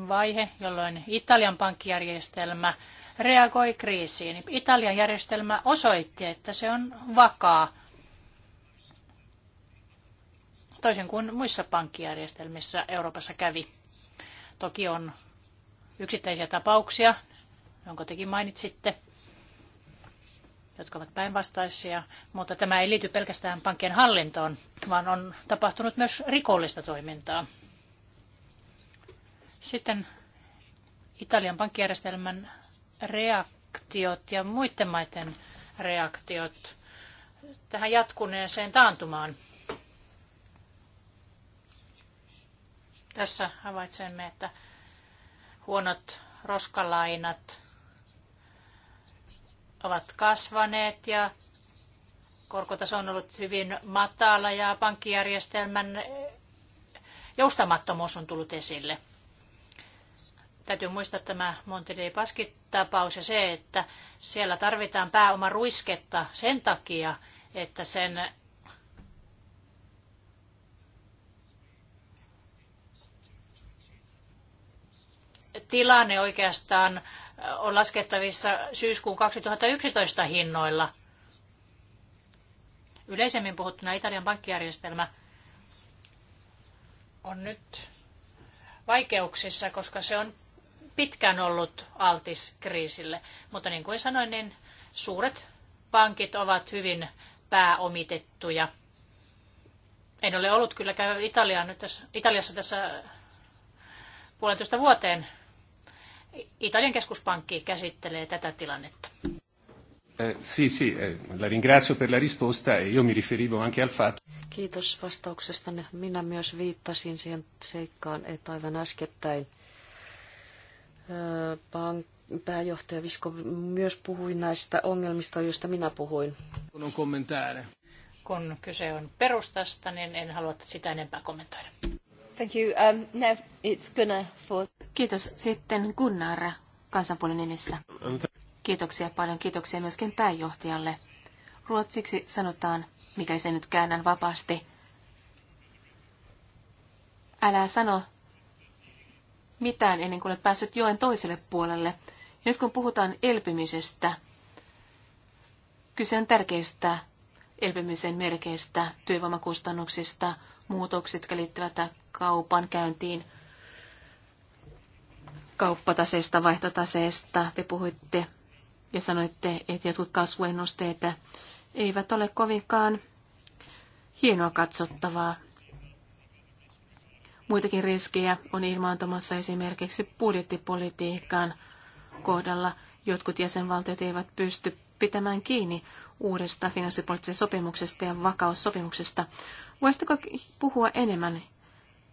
vaihe, jolloin Italian pankkijärjestelmä reagoi kriisiin. Italian järjestelmä osoitti, että se on vakaa, toisin kuin muissa pankkijärjestelmissä Euroopassa kävi. Toki on yksittäisiä tapauksia, jonka tekin mainitsitte, jotka ovat päinvastaisia, mutta tämä ei liity pelkästään pankkien hallintoon, vaan on tapahtunut myös rikollista toimintaa. Sitten Italian pankkijärjestelmän reaktiot ja muiden maiden reaktiot tähän jatkuneeseen taantumaan. Tässä havaitsemme, että huonot roskalainat ovat kasvaneet ja korkotaso on ollut hyvin matala ja pankkijärjestelmän joustamattomuus on tullut esille. Täytyy muistaa tämä Monterey Paskit-tapaus ja se, että siellä tarvitaan pääomaruisketta sen takia, että sen tilanne oikeastaan on laskettavissa syyskuun 2011 hinnoilla. Yleisemmin puhuttuna Italian pankkijärjestelmä on nyt vaikeuksissa, koska se on pitkään ollut altis kriisille. Mutta niin kuin sanoin, niin suuret pankit ovat hyvin pääomitettuja. En ole ollut kyllä käy Italiaan nyt tässä, Italiassa tässä puolentoista vuoteen. Italian keskuspankki käsittelee tätä tilannetta. Eh, eh, la ringrazio per la risposta e io mi riferivo anche al fatto. Kiitos vastauksestanne. Minä myös viittasin siihen seikkaan, että aivan äskettäin pääjohtaja Visko myös puhui näistä ongelmista, joista minä puhuin. Kun Kun kyse on perustasta, niin en halua sitä enempää kommentoida. Thank you. Um, now it's gonna for... Kiitos. Sitten Gunnar kansanpuolen nimissä. Kiitoksia paljon. Kiitoksia myöskin pääjohtajalle. Ruotsiksi sanotaan, mikä se nyt käännän vapaasti. Älä sano mitään ennen kuin olet päässyt joen toiselle puolelle. Ja nyt kun puhutaan elpymisestä, kyse on tärkeistä elpymisen merkeistä, työvoimakustannuksista, muutokset, jotka liittyvät kaupan käyntiin, kauppataseesta, vaihtotaseesta. Te puhuitte ja sanoitte, että jotkut kasvuennusteet eivät ole kovinkaan hienoa katsottavaa. Muitakin riskejä on ilmaantumassa esimerkiksi budjettipolitiikan kohdalla. Jotkut jäsenvaltiot eivät pysty pitämään kiinni uudesta finanssipoliittisesta sopimuksesta ja vakaussopimuksesta. Voisitko puhua enemmän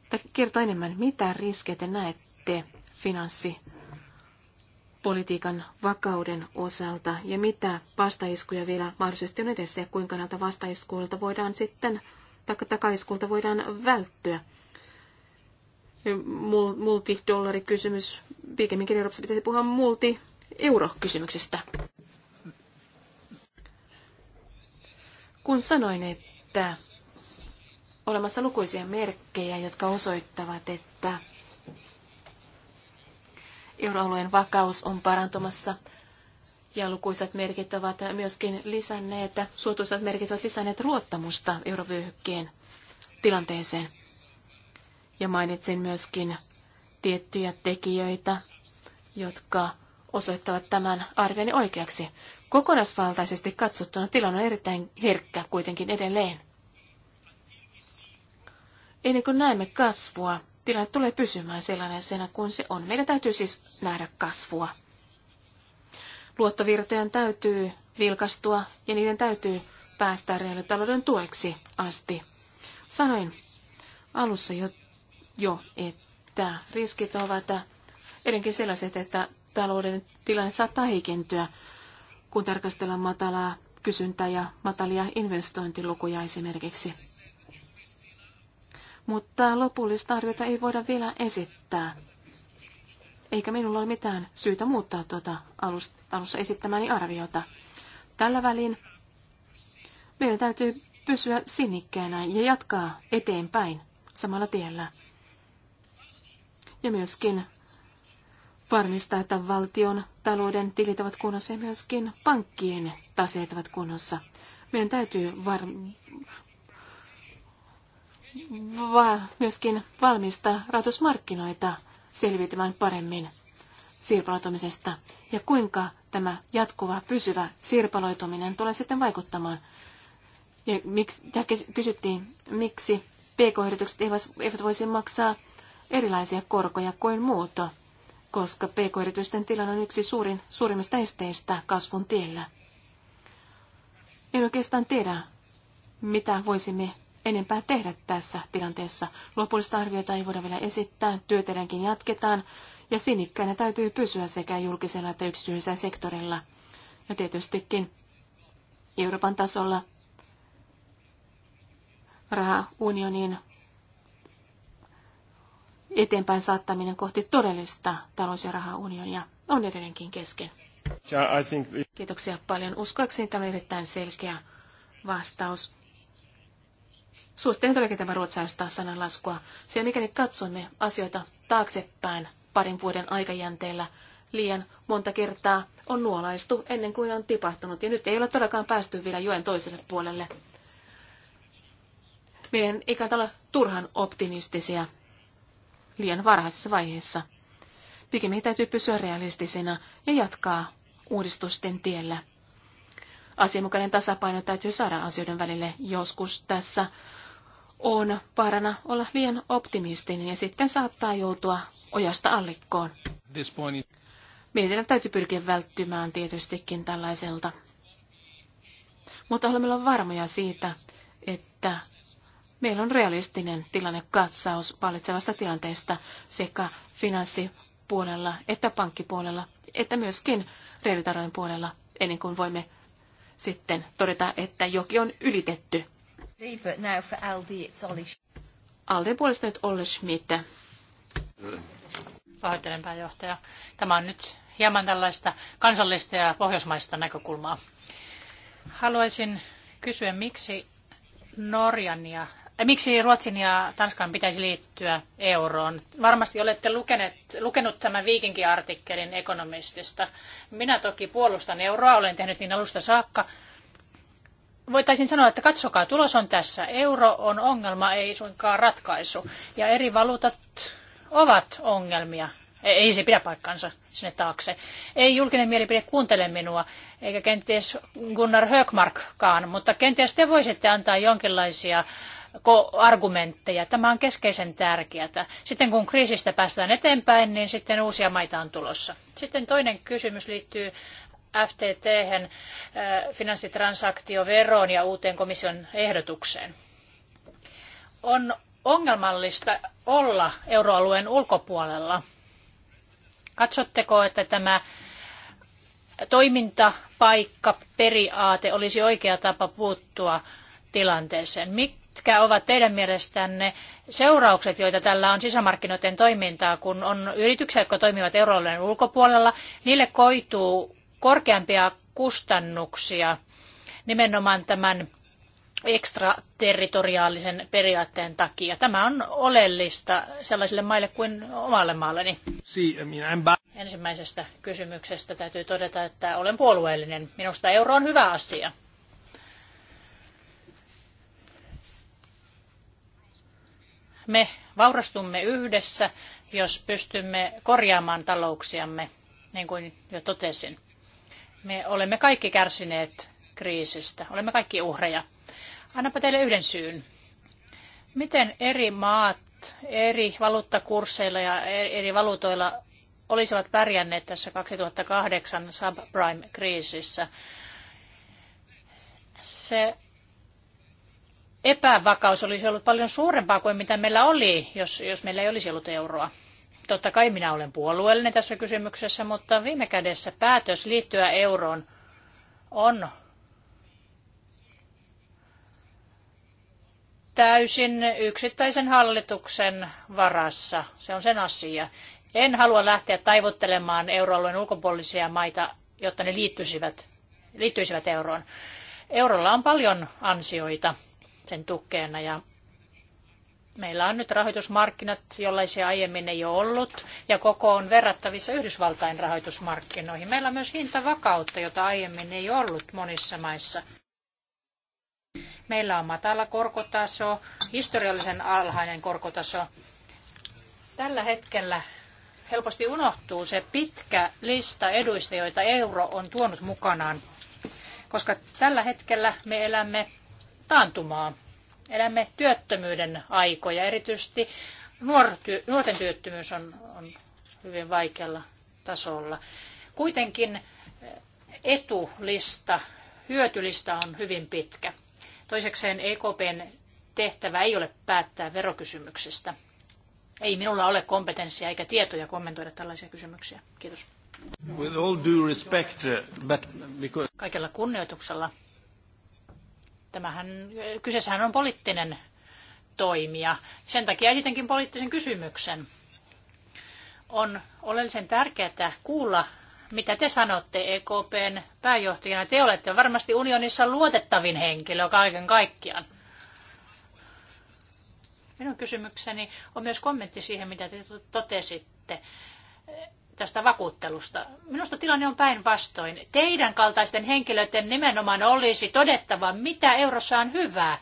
tai kertoa enemmän, mitä riskejä te näette finanssipolitiikan vakauden osalta ja mitä vastaiskuja vielä mahdollisesti on edessä ja kuinka näiltä vastaiskuilta voidaan sitten, tai takaiskulta voidaan välttyä? multidollarikysymys. Pikemminkin Euroopassa pitäisi puhua multi-eurokysymyksestä. Kun sanoin, että olemassa lukuisia merkkejä, jotka osoittavat, että euroalueen vakaus on parantumassa ja lukuisat merkit ovat myöskin lisänneet, suotuisat merkit ovat lisänneet luottamusta eurovyöhykkeen tilanteeseen ja mainitsin myöskin tiettyjä tekijöitä, jotka osoittavat tämän arvioni oikeaksi. Kokonaisvaltaisesti katsottuna tilanne on erittäin herkkä kuitenkin edelleen. Ennen kuin näemme kasvua, tilanne tulee pysymään sellaisena kuin se on. Meidän täytyy siis nähdä kasvua. Luottovirtojen täytyy vilkastua ja niiden täytyy päästä reaalitalouden tueksi asti. Sanoin alussa jo jo, että riskit ovat edenkin sellaiset, että talouden tilanne saattaa heikentyä, kun tarkastellaan matalaa kysyntää ja matalia investointilukuja esimerkiksi. Mutta lopullista arviota ei voida vielä esittää. Eikä minulla ole mitään syytä muuttaa tuota alussa esittämäni arviota. Tällä välin meidän täytyy pysyä sinnikkäänä ja jatkaa eteenpäin samalla tiellä ja myöskin varmistaa, että valtion talouden tilit ovat kunnossa ja myöskin pankkien taseet ovat kunnossa. Meidän täytyy var... Va... myöskin valmistaa rahoitusmarkkinoita selviytymään paremmin sirpaloitumisesta ja kuinka tämä jatkuva pysyvä sirpaloituminen tulee sitten vaikuttamaan. Ja, miksi, ja kysyttiin, miksi pk-yritykset eivät voisi maksaa erilaisia korkoja kuin muut, koska pk-yritysten tilanne on yksi suurin, suurimmista esteistä kasvun tiellä. En oikeastaan tiedä, mitä voisimme enempää tehdä tässä tilanteessa. Lopullista arviota ei voida vielä esittää, työtelenkin jatketaan, ja sinikkäinä täytyy pysyä sekä julkisella että yksityisellä sektorilla. Ja tietystikin Euroopan tasolla rahaunionin eteenpäin saattaminen kohti todellista talous- ja rahaunionia on edelleenkin kesken. Kiitoksia paljon. Uskoakseni tämä on erittäin selkeä vastaus. Suosittelen todellakin tämä ruotsalaista sananlaskua, Se, mikäli katsomme asioita taaksepäin parin vuoden aikajänteellä, liian monta kertaa on nuolaistu ennen kuin on tipahtunut, ja nyt ei ole todellakaan päästy vielä joen toiselle puolelle. Meidän ei kannata olla turhan optimistisia liian varhaisessa vaiheessa. Pikemmin täytyy pysyä realistisena ja jatkaa uudistusten tiellä. Asianmukainen tasapaino täytyy saada asioiden välille. Joskus tässä on parana olla liian optimistinen ja sitten saattaa joutua ojasta allikkoon. Mietinnän täytyy pyrkiä välttymään tietystikin tällaiselta. Mutta olemme olla varmoja siitä, että Meillä on realistinen tilannekatsaus valitsevasta tilanteesta sekä finanssipuolella että pankkipuolella, että myöskin reaalitalouden puolella, ennen kuin voimme sitten todeta, että joki on ylitetty. Alden puolesta nyt Olle Schmidt. Pahoittelen pääjohtaja. Tämä on nyt hieman tällaista kansallista ja pohjoismaista näkökulmaa. Haluaisin kysyä, miksi Norjan ja Äh, miksi Ruotsin ja Tanskan pitäisi liittyä euroon? Varmasti olette lukeneet, lukenut tämän viikinkiartikkelin ekonomistista. Minä toki puolustan euroa, olen tehnyt niin alusta saakka. Voitaisiin sanoa, että katsokaa, tulos on tässä. Euro on ongelma, ei suinkaan ratkaisu. Ja eri valuutat ovat ongelmia. Ei se pidä paikkansa sinne taakse. Ei julkinen mielipide kuuntele minua, eikä kenties Gunnar Högmarkkaan, mutta kenties te voisitte antaa jonkinlaisia argumentteja. Tämä on keskeisen tärkeää. Sitten kun kriisistä päästään eteenpäin, niin sitten uusia maita on tulossa. Sitten toinen kysymys liittyy FTT, äh, finanssitransaktioveroon ja uuteen komission ehdotukseen. On ongelmallista olla euroalueen ulkopuolella. Katsotteko, että tämä toimintapaikka, periaate olisi oikea tapa puuttua tilanteeseen? mitkä ovat teidän mielestänne seuraukset, joita tällä on sisämarkkinoiden toimintaa, kun on yrityksiä, jotka toimivat euroalueen ulkopuolella, niille koituu korkeampia kustannuksia nimenomaan tämän ekstraterritoriaalisen periaatteen takia. Tämä on oleellista sellaisille maille kuin omalle maalleni. Ensimmäisestä kysymyksestä täytyy todeta, että olen puolueellinen. Minusta euro on hyvä asia. me vaurastumme yhdessä, jos pystymme korjaamaan talouksiamme, niin kuin jo totesin. Me olemme kaikki kärsineet kriisistä, olemme kaikki uhreja. Annapa teille yhden syyn. Miten eri maat eri valuuttakursseilla ja eri valuutoilla olisivat pärjänneet tässä 2008 subprime-kriisissä? Se epävakaus olisi ollut paljon suurempaa kuin mitä meillä oli, jos, jos meillä ei olisi ollut euroa. Totta kai minä olen puolueellinen tässä kysymyksessä, mutta viime kädessä päätös liittyä euroon on täysin yksittäisen hallituksen varassa. Se on sen asia. En halua lähteä taivuttelemaan euroalueen ulkopuolisia maita, jotta ne liittyisivät, liittyisivät euroon. Eurolla on paljon ansioita sen tukena ja Meillä on nyt rahoitusmarkkinat, jollaisia aiemmin ei ole ollut, ja koko on verrattavissa Yhdysvaltain rahoitusmarkkinoihin. Meillä on myös hintavakautta, jota aiemmin ei ollut monissa maissa. Meillä on matala korkotaso, historiallisen alhainen korkotaso. Tällä hetkellä helposti unohtuu se pitkä lista eduista, joita euro on tuonut mukanaan, koska tällä hetkellä me elämme taantumaa. Elämme työttömyyden aikoja. Erityisesti nuorten työttömyys on, on hyvin vaikealla tasolla. Kuitenkin eh, etulista, hyötylista on hyvin pitkä. Toisekseen EKPn tehtävä ei ole päättää verokysymyksistä. Ei minulla ole kompetenssia eikä tietoja kommentoida tällaisia kysymyksiä. Kiitos. With all due respect, eh, but because... Kaikella kunnioituksella Tämähän, kyseessähän on poliittinen toimija. Sen takia esitänkin poliittisen kysymyksen. On oleellisen tärkeää kuulla, mitä te sanotte EKPn pääjohtajana. Te olette varmasti unionissa luotettavin henkilö kaiken kaikkiaan. Minun kysymykseni on myös kommentti siihen, mitä te totesitte tästä vakuuttelusta. Minusta tilanne on päinvastoin. Teidän kaltaisten henkilöiden nimenomaan olisi todettava, mitä eurossa on hyvää.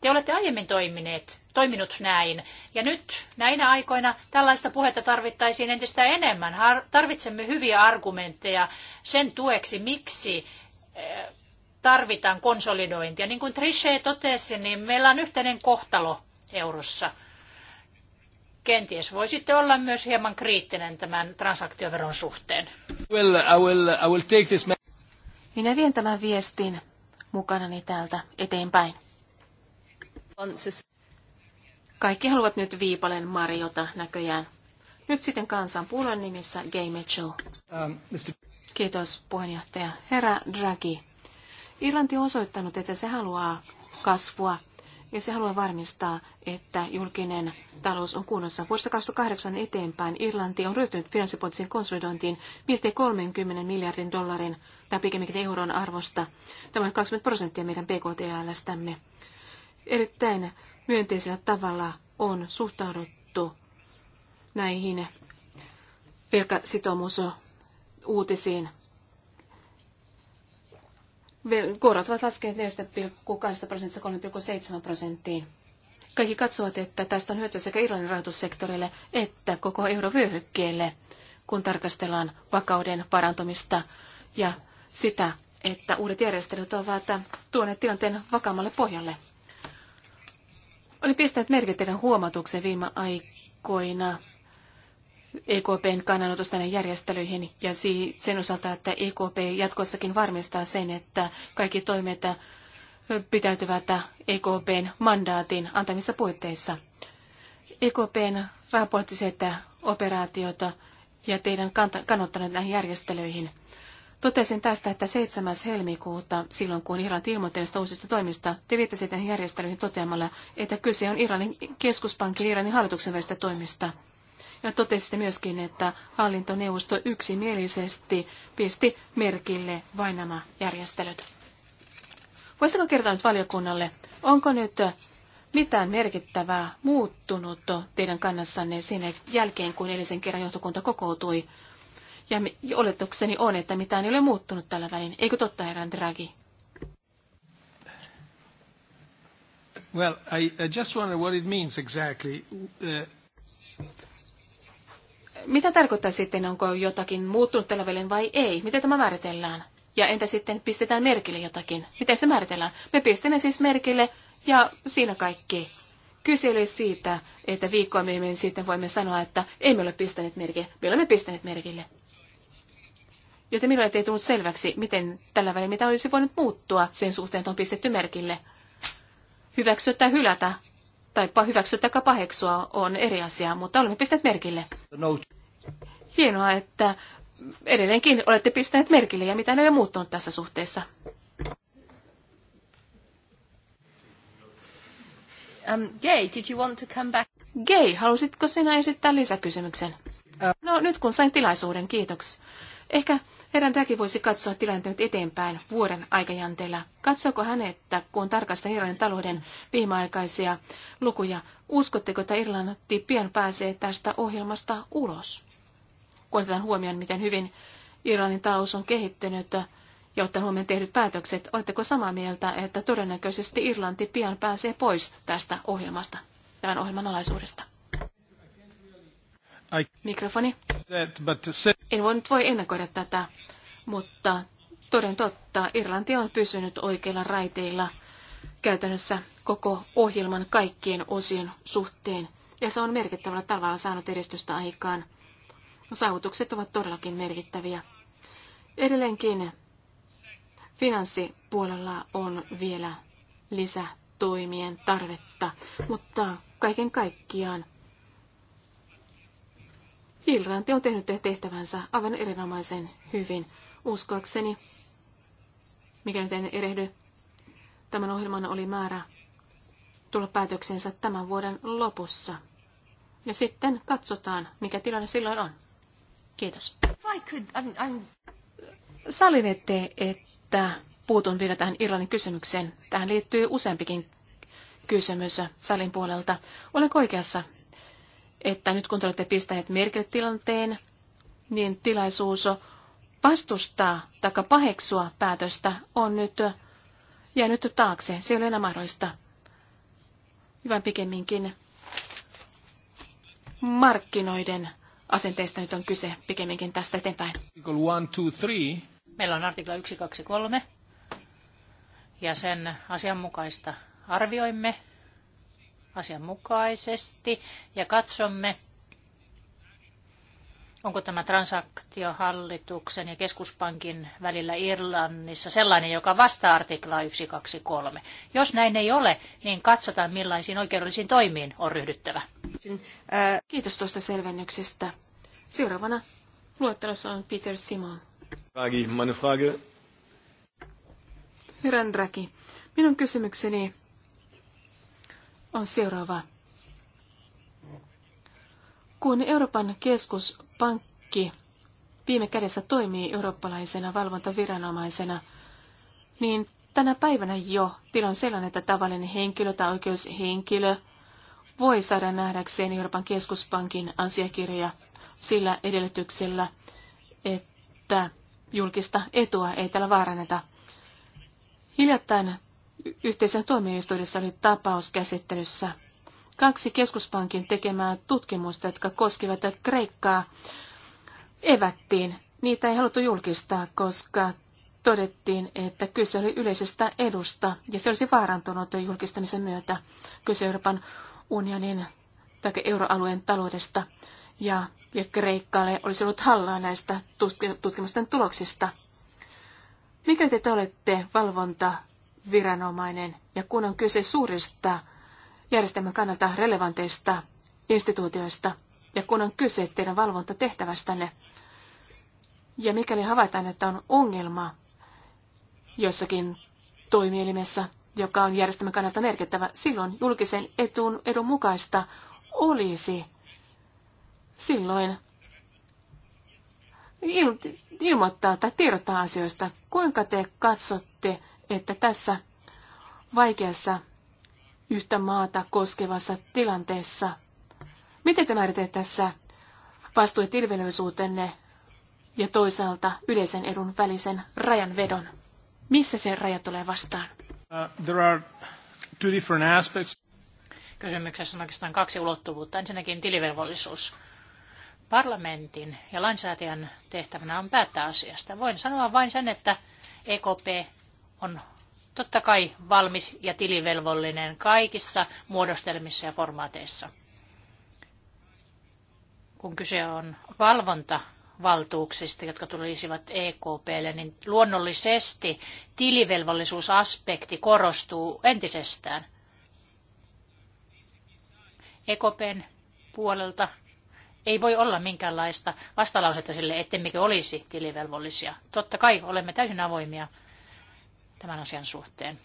Te olette aiemmin toimineet, toiminut näin, ja nyt näinä aikoina tällaista puhetta tarvittaisiin entistä enemmän. Tarvitsemme hyviä argumentteja sen tueksi, miksi eh, tarvitaan konsolidointia. Niin kuin Trichet totesi, niin meillä on yhteinen kohtalo eurossa – kenties voisitte olla myös hieman kriittinen tämän transaktioveron suhteen. Well, I will, I will take this... Minä vien tämän viestin mukanani täältä eteenpäin. Kaikki haluavat nyt Viipalen Mariota näköjään. Nyt sitten puolen nimissä Gay Mitchell. Um, Mr. Kiitos puheenjohtaja. Herra Draghi, Irlanti on osoittanut, että se haluaa kasvua ja se haluaa varmistaa, että julkinen talous on kunnossa. Vuodesta 2008 eteenpäin Irlanti on ryhtynyt finanssipoliittisen konsolidointiin miltei 30 miljardin dollarin tai pikemminkin euron arvosta. Tämä on 20 prosenttia meidän PKTLstämme. Erittäin myönteisellä tavalla on suhtauduttu näihin velkasitoumusuutisiin. Korot ovat laskeneet 4,2 prosentista 3,7 prosenttiin. Kaikki katsovat, että tästä on hyötyä sekä Irlannin rahoitussektorille että koko eurovyöhykkeelle, kun tarkastellaan vakauden parantumista ja sitä, että uudet järjestelyt ovat tuoneet tilanteen vakaammalle pohjalle. Olin pistänyt merkittävän teidän huomatuksen viime aikoina EKPn kannanotosta näihin järjestelyihin ja sen osalta, että EKP jatkossakin varmistaa sen, että kaikki toimet pitäytyvät EKPn mandaatin antamissa puitteissa. EKPn raportiset operaatiota ja teidän kannattaneet näihin järjestelyihin. Totesin tästä, että 7. helmikuuta, silloin kun Irlanti ilmoitti näistä uusista toimista, te viittasitte näihin järjestelyihin toteamalla, että kyse on Irlannin keskuspankin ja Irlannin hallituksen välistä toimista. Ja totesitte myöskin, että hallintoneuvosto yksimielisesti pisti merkille vain nämä järjestelyt. Voisitko kertoa nyt valiokunnalle, onko nyt mitään merkittävää muuttunut teidän kannassanne sinne jälkeen, kun edellisen kerran johtokunta kokoutui? Ja oletukseni on, että mitään ei ole muuttunut tällä välin. Eikö totta, herra Draghi? Well, I, I just wonder what it means exactly. Uh... Mitä tarkoittaa sitten, onko jotakin muuttunut tällä välin vai ei? Miten tämä määritellään? ja entä sitten pistetään merkille jotakin? Miten se määritellään? Me pistämme siis merkille ja siinä kaikki. Kyse oli siitä, että viikkoa myöhemmin sitten voimme sanoa, että emme ole pistäneet merkille. Me olemme pistäneet merkille. Joten minulle ei tullut selväksi, miten tällä välin mitä olisi voinut muuttua sen suhteen, että on pistetty merkille. Hyväksyä tai hylätä, tai hyväksyä tai paheksua on eri asia, mutta olemme pistäneet merkille. No. Hienoa, että edelleenkin olette pistäneet merkille ja mitä ne on muuttunut tässä suhteessa? Um, Gay, did you want to come back? Gay, halusitko sinä esittää lisäkysymyksen? Uh. No nyt kun sain tilaisuuden, kiitoks. Ehkä herran Däki voisi katsoa tilanteet eteenpäin vuoden aikajänteellä. Katsoiko hän, että kun tarkastaa Irlannin talouden viimeaikaisia lukuja, uskotteko, että Irlanti pian pääsee tästä ohjelmasta ulos? kun otetaan huomioon, miten hyvin Irlannin talous on kehittynyt ja ottaen huomioon tehdyt päätökset, oletteko samaa mieltä, että todennäköisesti Irlanti pian pääsee pois tästä ohjelmasta, tämän ohjelman alaisuudesta? Mikrofoni. En voi nyt voi ennakoida tätä, mutta toden totta, Irlanti on pysynyt oikeilla raiteilla käytännössä koko ohjelman kaikkien osien suhteen, ja se on merkittävällä tavalla saanut edistystä aikaan – Saavutukset ovat todellakin merkittäviä. Edelleenkin finanssipuolella on vielä lisätoimien tarvetta, mutta kaiken kaikkiaan Hilranti on tehnyt tehtävänsä aivan erinomaisen hyvin. Uskoakseni, mikä nyt en erehdy, tämän ohjelman oli määrä tulla päätöksensä tämän vuoden lopussa. Ja sitten katsotaan, mikä tilanne silloin on. Kiitos. I could, I'm, I'm... että puutun vielä tähän Irlannin kysymykseen. Tähän liittyy useampikin kysymys salin puolelta. Olenko oikeassa, että nyt kun te olette pistäneet merkille tilanteen, niin tilaisuus vastustaa tai paheksua päätöstä on nyt jäänyt taakse. Se ei ole enää mahdollista. Hyvän pikemminkin markkinoiden asenteesta nyt on kyse pikemminkin tästä eteenpäin. Meillä on artikla 3 ja sen asianmukaista arvioimme asianmukaisesti ja katsomme, Onko tämä transaktio hallituksen ja keskuspankin välillä Irlannissa sellainen, joka vastaa artiklaa 123? Jos näin ei ole, niin katsotaan millaisiin oikeudellisiin toimiin on ryhdyttävä. Kiitos tuosta selvennyksestä. Seuraavana luettelossa on Peter Simon. Draghi, meine Frage. Herran minun kysymykseni on seuraava. Kun Euroopan keskuspankki viime kädessä toimii eurooppalaisena valvontaviranomaisena, niin tänä päivänä jo tilanne on sellainen, että tavallinen henkilö tai oikeushenkilö voi saada nähdäkseen Euroopan keskuspankin asiakirjoja sillä edellytyksellä, että julkista etua ei tällä vaaranneta. Hiljattain yhteisön tuomioistuudessa oli tapaus käsittelyssä, kaksi keskuspankin tekemää tutkimusta, jotka koskivat Kreikkaa, evättiin. Niitä ei haluttu julkistaa, koska todettiin, että kyse oli yleisestä edusta ja se olisi vaarantunut julkistamisen myötä kyse Euroopan unionin tai euroalueen taloudesta ja, ja Kreikkalle olisi ollut hallaa näistä tutkimusten tuloksista. Mikäli te olette valvontaviranomainen ja kun on kyse suurista järjestelmän kannalta relevanteista instituutioista ja kun on kyse teidän valvontatehtävästänne. Ja mikäli havaitaan, että on ongelma jossakin toimielimessä, joka on järjestelmän kannalta merkittävä, silloin julkisen etun, edun mukaista olisi silloin ilmoittaa tai tiedottaa asioista. Kuinka te katsotte, että tässä vaikeassa yhtä maata koskevassa tilanteessa. Miten te määritte tässä vastuutilvelöllisuutenne ja toisaalta yleisen edun välisen rajan vedon? Missä se raja tulee vastaan? Uh, there are two different aspects. Kysymyksessä on oikeastaan kaksi ulottuvuutta. Ensinnäkin tilivelvollisuus. Parlamentin ja lainsäätäjän tehtävänä on päättää asiasta. Voin sanoa vain sen, että EKP on totta kai valmis ja tilivelvollinen kaikissa muodostelmissa ja formaateissa. Kun kyse on valvontavaltuuksista, jotka tulisivat EKPlle, niin luonnollisesti tilivelvollisuusaspekti korostuu entisestään. EKPn puolelta ei voi olla minkäänlaista vastalausetta sille, ettemmekö olisi tilivelvollisia. Totta kai olemme täysin avoimia tämän asian suhteen.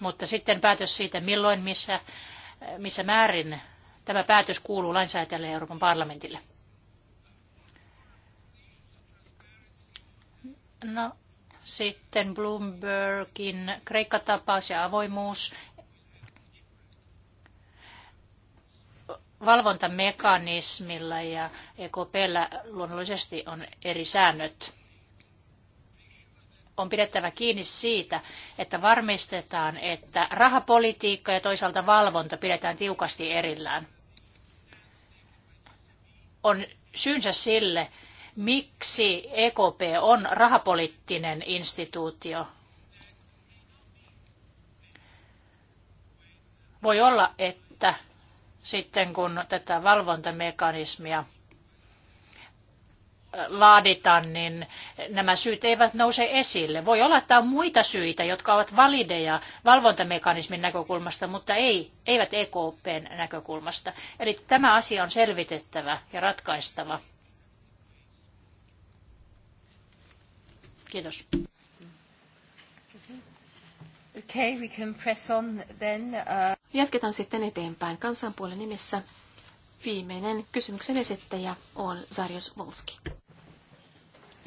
Mutta sitten päätös siitä, milloin, missä, missä määrin tämä päätös kuuluu lainsäätäjälle ja Euroopan parlamentille. No, sitten Bloombergin Kreikka-tapaus ja avoimuus. Valvontamekanismilla ja EKPllä luonnollisesti on eri säännöt on pidettävä kiinni siitä, että varmistetaan, että rahapolitiikka ja toisaalta valvonta pidetään tiukasti erillään. On syynsä sille, miksi EKP on rahapoliittinen instituutio. Voi olla, että sitten kun tätä valvontamekanismia – laadita, niin nämä syyt eivät nouse esille. Voi olla, että on muita syitä, jotka ovat valideja valvontamekanismin näkökulmasta, mutta ei, eivät EKPn näkökulmasta. Eli tämä asia on selvitettävä ja ratkaistava. Kiitos. Okay, we can press on then, uh... Jatketaan sitten eteenpäin kansanpuolen nimessä. Viimeinen kysymyksen esittäjä on Sarjus Volski.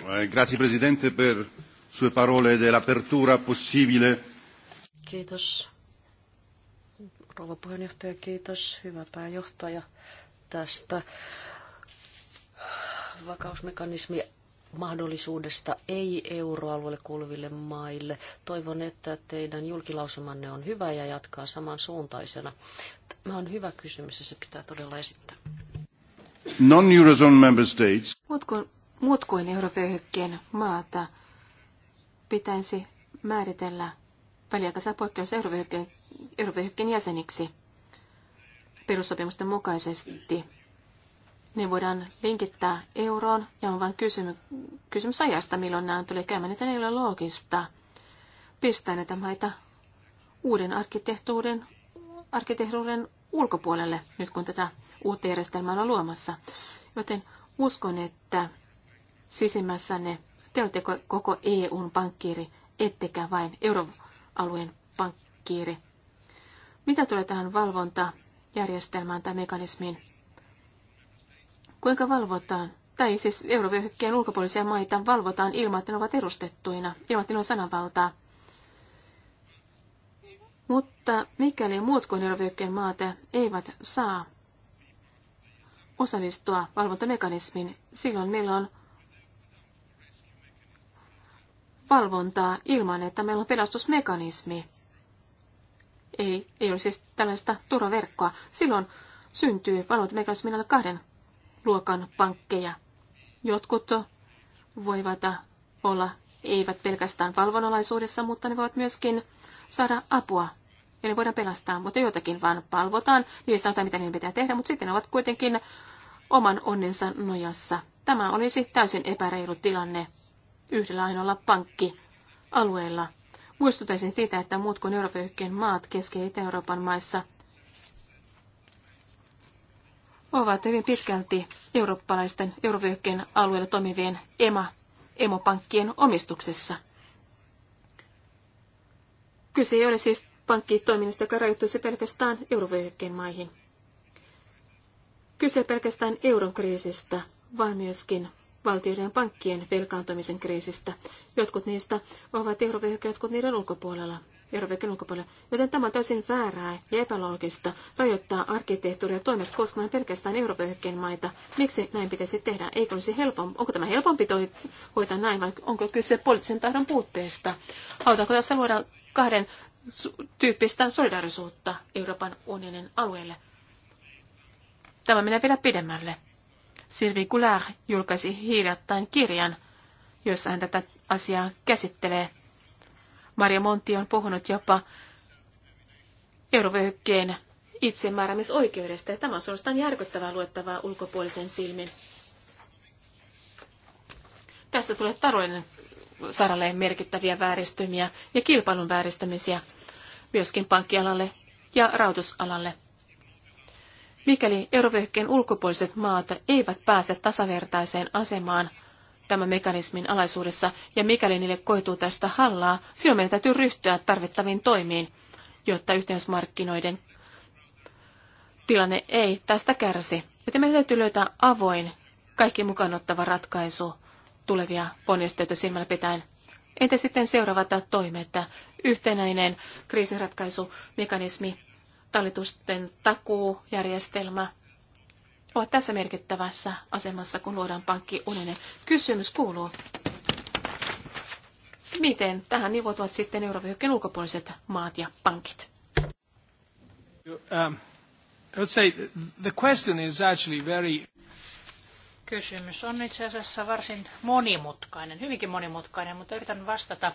Eh, grazie Presidente per sue parole dell'apertura possibile. Kiitos. Rouva puheenjohtaja, kiitos. Hyvä pääjohtaja tästä vakausmekanismia mahdollisuudesta ei-euroalueelle kuuluville maille. Toivon, että teidän julkilausumanne on hyvä ja jatkaa samansuuntaisena. Tämä on hyvä kysymys ja se pitää todella esittää. Non-Eurozone member states. Muut kuin, muut kuin eurovyöhykkien maata pitäisi määritellä väliaikaisella poikkeus eurovyöhykkien jäseniksi perussopimusten mukaisesti ne niin voidaan linkittää euroon ja on vain kysymys, kysymys ajasta, milloin nämä tulee käymään, että ei ole loogista pistää näitä maita uuden arkkitehtuurin, arkkitehtuurin ulkopuolelle, nyt kun tätä uutta järjestelmää on luomassa. Joten uskon, että sisimmässänne te olette koko EUn pankkiiri, ettekä vain euroalueen pankkiiri. Mitä tulee tähän valvontajärjestelmään tai mekanismiin, Kuinka valvotaan? Tai siis eurovyöhykkeen ulkopuolisia maita valvotaan ilman, että ne ovat edustettuina, ilman, että ne on sananvaltaa. Mutta mikäli muut kuin eurovyöhykkeen maat eivät saa osallistua valvontamekanismiin silloin meillä on valvontaa ilman, että meillä on pelastusmekanismi. Ei, ei ole siis tällaista turvaverkkoa. Silloin syntyy valvontamekanismin alle kahden luokan pankkeja. Jotkut voivat olla eivät pelkästään valvonnalaisuudessa, mutta ne voivat myöskin saada apua. Ne voidaan pelastaa, mutta joitakin vaan palvotaan, niin sanotaan, mitä niiden pitää tehdä, mutta sitten ne ovat kuitenkin oman onnensa nojassa. Tämä olisi täysin epäreilu tilanne yhdellä ainoalla pankkialueella. Muistutaisin siitä, että muut kuin Euroopan maat Keski- ja Itä-Euroopan maissa ovat hyvin pitkälti eurooppalaisten eurovyöhykkeen alueella toimivien EMA, emopankkien omistuksessa. Kyse ei ole siis pankkitoiminnasta, joka rajoittuisi pelkästään eurovyöhykkeen maihin. Kyse ei pelkästään eurokriisistä, vaan myöskin valtioiden ja pankkien velkaantumisen kriisistä. Jotkut niistä ovat eurovyöhykkeet, jotkut niiden ulkopuolella. Euroopan ulkopuolella. Joten tämä on täysin väärää ja epäloogista rajoittaa arkkitehtuuria toimet koskemaan pelkästään Euroopan maita. Miksi näin pitäisi tehdä? Eikö olisi helpompi? Onko tämä helpompi toi, hoitaa näin vai onko kyse poliittisen tahdon puutteesta? Halutaanko tässä luoda kahden tyyppistä solidaarisuutta Euroopan unionin alueelle? Tämä menee vielä pidemmälle. Sylvie Goulart julkaisi hiljattain kirjan, jossa hän tätä asiaa käsittelee – Maria Monti on puhunut jopa eurovyöhykkeen itsemääräämisoikeudesta, ja tämä on suorastaan järkyttävää luettavaa ulkopuolisen silmin. Tässä tulee talouden saralle merkittäviä vääristymiä ja kilpailun vääristämisiä myöskin pankkialalle ja rahoitusalalle. Mikäli eurovyöhykkeen ulkopuoliset maat eivät pääse tasavertaiseen asemaan – tämän mekanismin alaisuudessa, ja mikäli niille koituu tästä hallaa, silloin meidän täytyy ryhtyä tarvittaviin toimiin, jotta yhteismarkkinoiden tilanne ei tästä kärsi. Joten meidän täytyy löytää avoin, kaikki mukaan ottava ratkaisu tulevia ponnisteita silmällä pitäen. Entä sitten seuraavat toimet, että yhtenäinen kriisinratkaisumekanismi, talitusten takuujärjestelmä, ovat tässä merkittävässä asemassa, kun luodaan unene. Kysymys kuuluu, miten tähän nivoutuvat sitten Euroopan ulkopuoliset maat ja pankit? Um, Kysymys on itse asiassa varsin monimutkainen, hyvinkin monimutkainen, mutta yritän vastata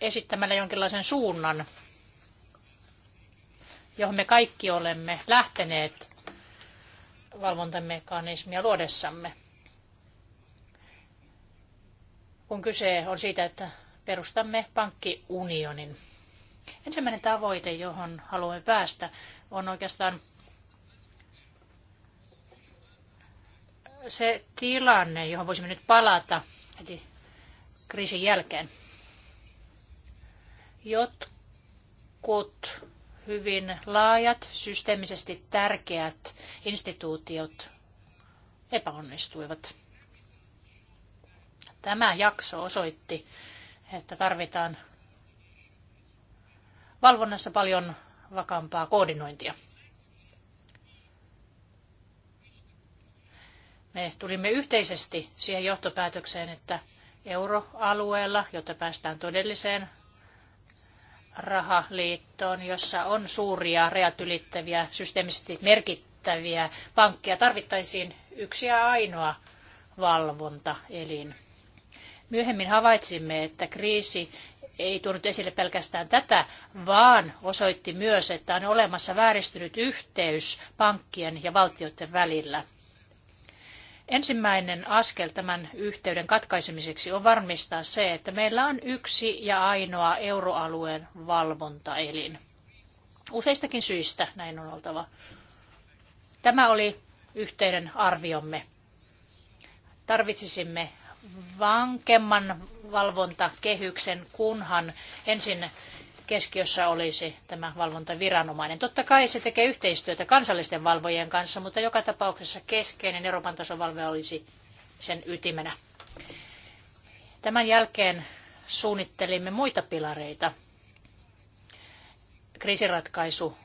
esittämällä jonkinlaisen suunnan johon me kaikki olemme lähteneet valvontamekanismia luodessamme. Kun kyse on siitä, että perustamme pankkiunionin. Ensimmäinen tavoite, johon haluamme päästä, on oikeastaan se tilanne, johon voisimme nyt palata heti kriisin jälkeen. Jotkut hyvin laajat, systeemisesti tärkeät instituutiot epäonnistuivat. Tämä jakso osoitti, että tarvitaan valvonnassa paljon vakaampaa koordinointia. Me tulimme yhteisesti siihen johtopäätökseen, että euroalueella, jotta päästään todelliseen rahaliittoon, jossa on suuria rajat ylittäviä, systeemisesti merkittäviä pankkeja, tarvittaisiin yksi ja ainoa valvontaelin. Myöhemmin havaitsimme, että kriisi ei tuonut esille pelkästään tätä, vaan osoitti myös, että on olemassa vääristynyt yhteys pankkien ja valtioiden välillä. Ensimmäinen askel tämän yhteyden katkaisemiseksi on varmistaa se, että meillä on yksi ja ainoa euroalueen valvontaelin. Useistakin syistä näin on oltava. Tämä oli yhteinen arviomme. Tarvitsisimme vankemman valvontakehyksen, kunhan ensin keskiössä olisi tämä valvontaviranomainen. Totta kai se tekee yhteistyötä kansallisten valvojien kanssa, mutta joka tapauksessa keskeinen Euroopan tason valve olisi sen ytimenä. Tämän jälkeen suunnittelimme muita pilareita. Kriisiratkaisu,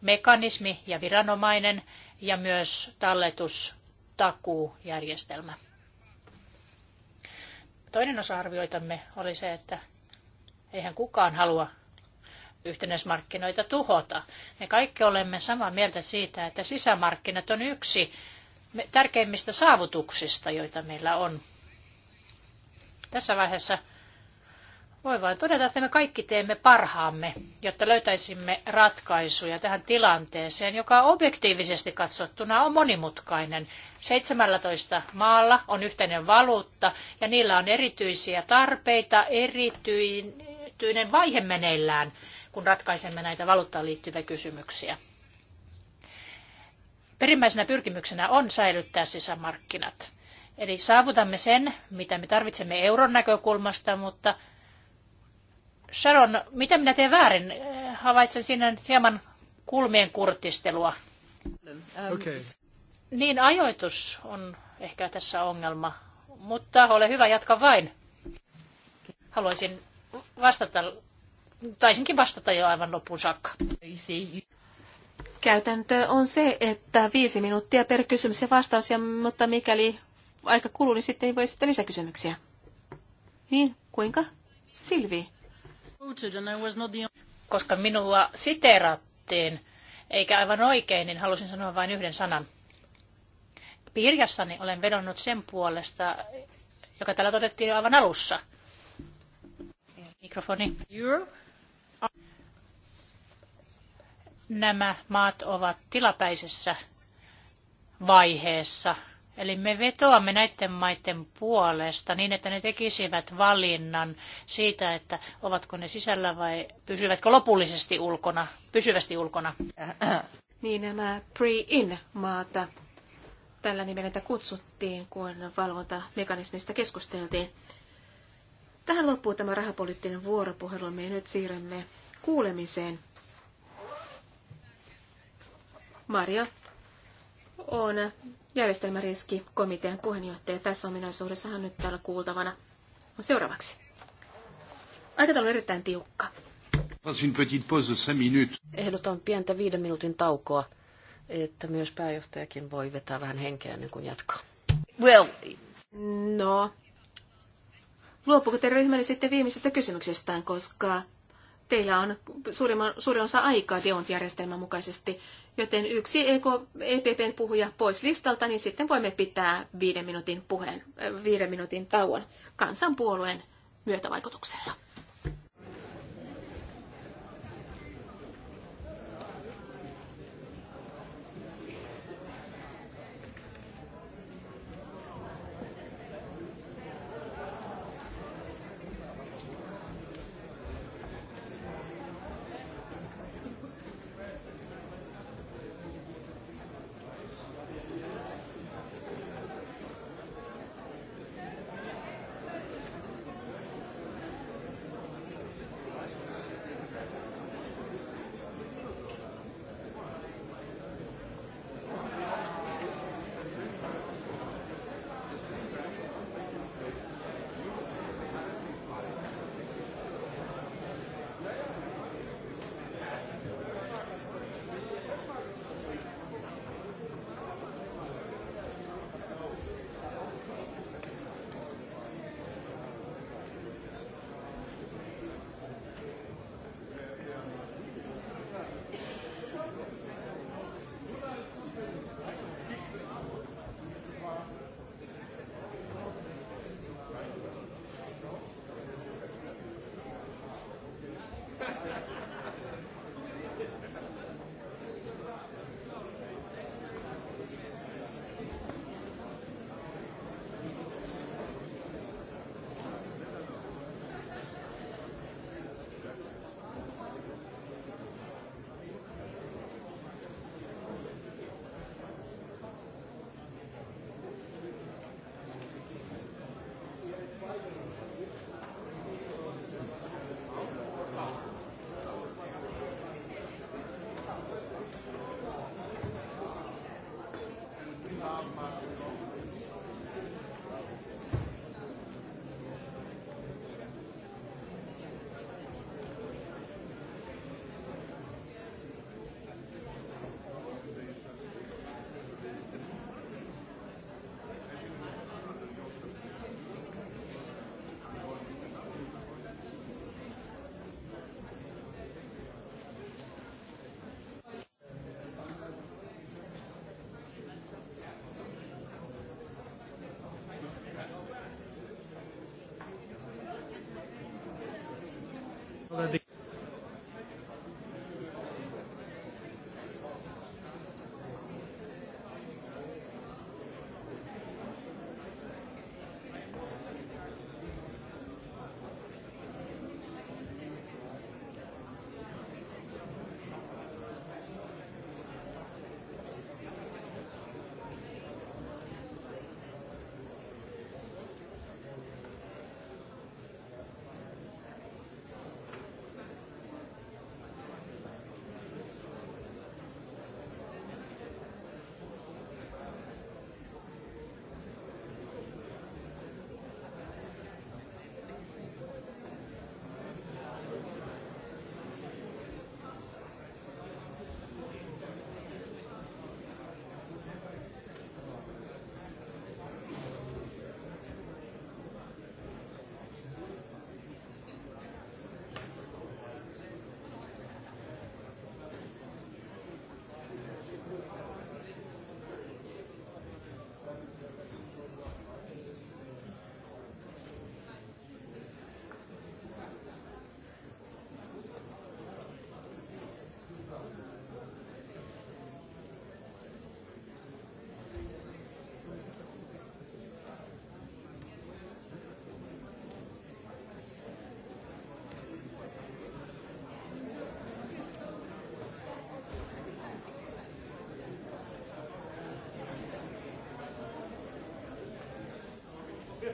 mekanismi ja viranomainen ja myös talletustakuujärjestelmä. Toinen osa arvioitamme oli se, että eihän kukaan halua yhtenäismarkkinoita tuhota. Me kaikki olemme samaa mieltä siitä, että sisämarkkinat on yksi tärkeimmistä saavutuksista, joita meillä on. Tässä vaiheessa voi vain todeta, että me kaikki teemme parhaamme, jotta löytäisimme ratkaisuja tähän tilanteeseen, joka objektiivisesti katsottuna on monimutkainen. 17 maalla on yhteinen valuutta ja niillä on erityisiä tarpeita, erityinen vaihe meneillään kun ratkaisemme näitä valuuttaan liittyviä kysymyksiä. Perimmäisenä pyrkimyksenä on säilyttää sisämarkkinat. Eli saavutamme sen, mitä me tarvitsemme euron näkökulmasta, mutta Sharon, mitä minä teen väärin? Havaitsen siinä nyt hieman kulmien kurtistelua. Um, okay. Niin, ajoitus on ehkä tässä ongelma, mutta ole hyvä, jatka vain. Haluaisin vastata taisinkin vastata jo aivan loppuun saakka. Käytäntö on se, että viisi minuuttia per kysymys ja vastaus, ja, mutta mikäli aika kuluu, niin sitten ei voi sitten lisäkysymyksiä. Niin, kuinka? Silvi. Koska minua siteerattiin, eikä aivan oikein, niin halusin sanoa vain yhden sanan. Kirjassani olen vedonnut sen puolesta, joka täällä otettiin aivan alussa. Mikrofoni. Europe nämä maat ovat tilapäisessä vaiheessa. Eli me vetoamme näiden maiden puolesta niin, että ne tekisivät valinnan siitä, että ovatko ne sisällä vai pysyvätkö lopullisesti ulkona, pysyvästi ulkona. Niin nämä pre-in maata tällä nimellä kutsuttiin, kun valvontamekanismista keskusteltiin. Tähän loppuu tämä rahapoliittinen vuoropuhelu. Me nyt siirrymme kuulemiseen. Maria on järjestelmäriskikomitean puheenjohtaja. Tässä ominaisuudessa hän nyt täällä kuultavana on seuraavaksi. Aikataulu on erittäin tiukka. Ehdotan pientä viiden minuutin taukoa, että myös pääjohtajakin voi vetää vähän henkeä ennen kuin jatkaa. Well, no. Luopuuko te ryhmäni sitten viimeisestä kysymyksestään, koska teillä on suurimman, suurin osa aikaa deontijärjestelmän mukaisesti, joten yksi EK, EPPn puhuja pois listalta, niin sitten voimme pitää viiden minuutin, puheen, viiden minuutin tauon kansanpuolueen myötävaikutuksella.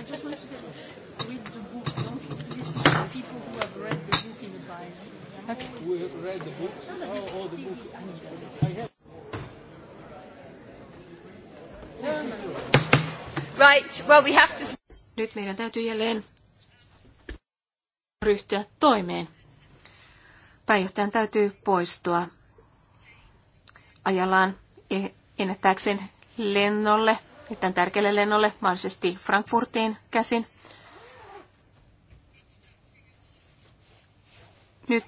I just want to say, read the book. Don't listen to people who have read the book in Okay. Who have read the Oh, all oh, the books. I have. Right, well we have to... Nyt meidän täytyy jälleen ryhtyä toimeen. Pääjohtajan täytyy poistua ajallaan e- ennättääkseen lennolle tämän tärkeälle lennolle, mahdollisesti Frankfurtiin käsin. Nyt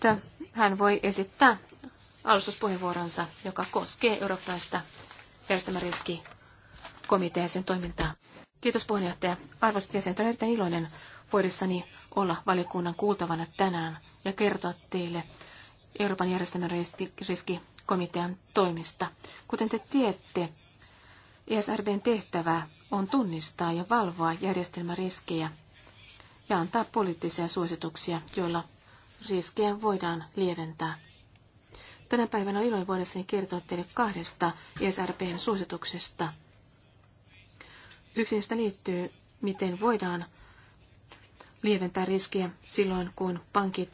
hän voi esittää alustuspuheenvuoronsa, joka koskee eurooppalaista järjestelmäriskikomitean sen toimintaa. Kiitos puheenjohtaja. Arvoisat jäsenet, olen erittäin iloinen voidessani olla valiokunnan kuultavana tänään ja kertoa teille Euroopan järjestelmäriskikomitean toimista. Kuten te tiedätte, ESRBn tehtävä on tunnistaa ja valvoa järjestelmäriskejä ja antaa poliittisia suosituksia, joilla riskejä voidaan lieventää. Tänä päivänä on iloinen voidessani kertoa teille kahdesta ESRBn suosituksesta. Yksi niistä liittyy, miten voidaan lieventää riskiä silloin, kun pankit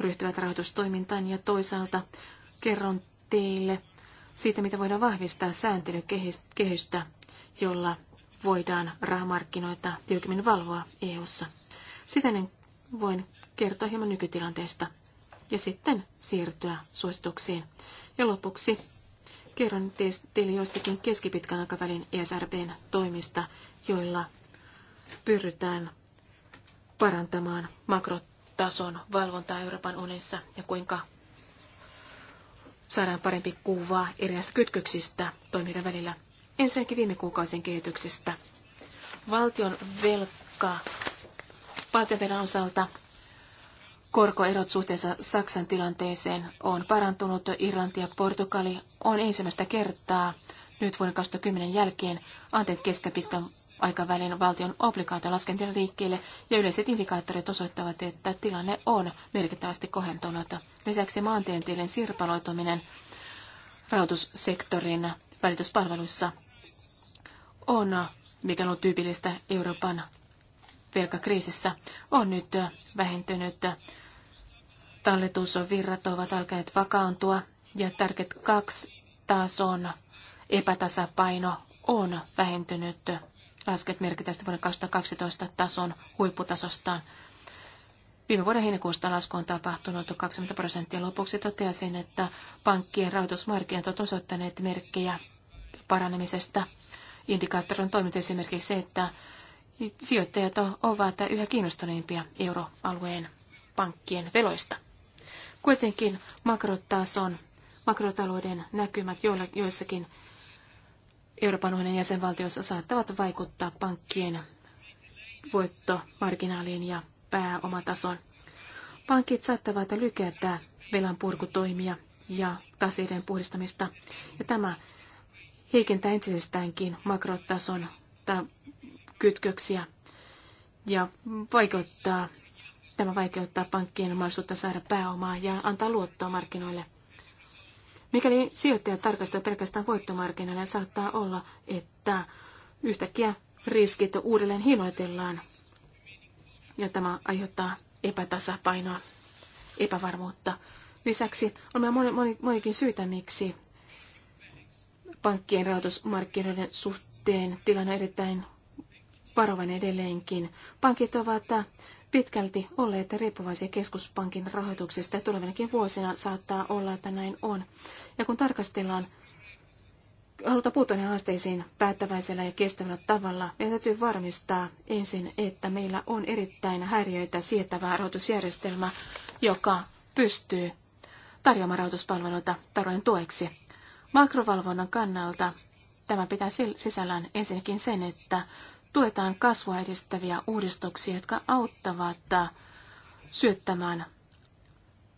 ryhtyvät rahoitustoimintaan ja toisaalta kerron teille siitä, mitä voidaan vahvistaa sääntelykehystä, jolla voidaan rahamarkkinoita tiukemmin valvoa EU-ssa. Siten voin kertoa hieman nykytilanteesta ja sitten siirtyä suosituksiin. Ja lopuksi kerron teille joistakin keskipitkän aikavälin ESRBn toimista, joilla pyritään parantamaan makrotason valvontaa Euroopan unissa ja kuinka saadaan parempi kuva erilaisista kytköksistä toimijoiden välillä. Ensinnäkin viime kuukausien kehityksestä. Valtion velka valtionvelan osalta korkoerot suhteessa Saksan tilanteeseen on parantunut. Irlanti ja Portugali on ensimmäistä kertaa nyt vuoden 2010 jälkeen anteet keskipitkän aikavälin valtion obligaatiolaskentien liikkeelle ja yleiset indikaattorit osoittavat, että tilanne on merkittävästi kohentunut. Lisäksi maantieteellinen sirpaloituminen rahoitussektorin välityspalveluissa on, mikä on tyypillistä Euroopan velkakriisissä, on nyt vähentynyt. Talletusvirrat ovat alkaneet vakaantua ja Target 2 tason epätasapaino on vähentynyt lasket merkitään tästä vuoden 2012 tason huipputasostaan. Viime vuoden heinäkuusta lasku on tapahtunut 20 prosenttia. Lopuksi toteasin, että pankkien rahoitusmarkkinat ovat osoittaneet merkkejä paranemisesta. Indikaattori on toiminut esimerkiksi se, että sijoittajat ovat yhä kiinnostuneimpia euroalueen pankkien veloista. Kuitenkin makrotason, makrotalouden näkymät joissakin Euroopan unionin jäsenvaltioissa saattavat vaikuttaa pankkien voittomarginaaliin ja pääomatason. Pankit saattavat lykätä velan purkutoimia ja taseiden puhdistamista, ja tämä heikentää entisestäänkin makrotason kytköksiä ja vaikeuttaa, tämä vaikeuttaa pankkien mahdollisuutta saada pääomaa ja antaa luottoa markkinoille. Mikäli sijoittajat tarkastavat pelkästään voittomarkkinoilla, niin saattaa olla, että yhtäkkiä riskit uudelleen hinoitellaan, ja tämä aiheuttaa epätasapainoa, epävarmuutta. Lisäksi on moni, moni, monikin syitä, miksi pankkien rahoitusmarkkinoiden suhteen tilanne on erittäin varovainen edelleenkin. Pankit ovat pitkälti olleet riippuvaisia keskuspankin rahoituksesta ja tulevinakin vuosina saattaa olla, että näin on. Ja kun tarkastellaan haluta puuttua näihin haasteisiin päättäväisellä ja kestävällä tavalla, meidän täytyy varmistaa ensin, että meillä on erittäin häiriöitä sietävä rahoitusjärjestelmä, joka pystyy tarjoamaan rahoituspalveluita tarojen tueksi. Makrovalvonnan kannalta tämä pitää sisällään ensinnäkin sen, että tuetaan kasvua edistäviä uudistuksia, jotka auttavat äh, syöttämään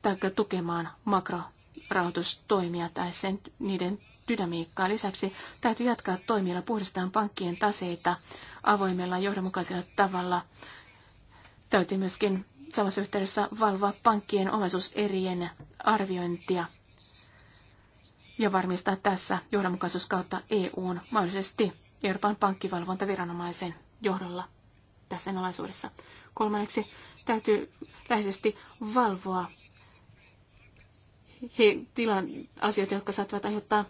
tai tukemaan makrorahoitustoimia tai sen, niiden dynamiikkaa. Lisäksi täytyy jatkaa toimilla puhdistaan pankkien taseita avoimella johdonmukaisella tavalla. Täytyy myöskin samassa yhteydessä valvoa pankkien omaisuuserien arviointia ja varmistaa tässä johdonmukaisuus kautta EUn mahdollisesti Euroopan pankkivalvontaviranomaisen johdolla tässä alaisuudessa. Kolmanneksi täytyy läheisesti valvoa he, tilan, asioita, jotka saattavat aiheuttaa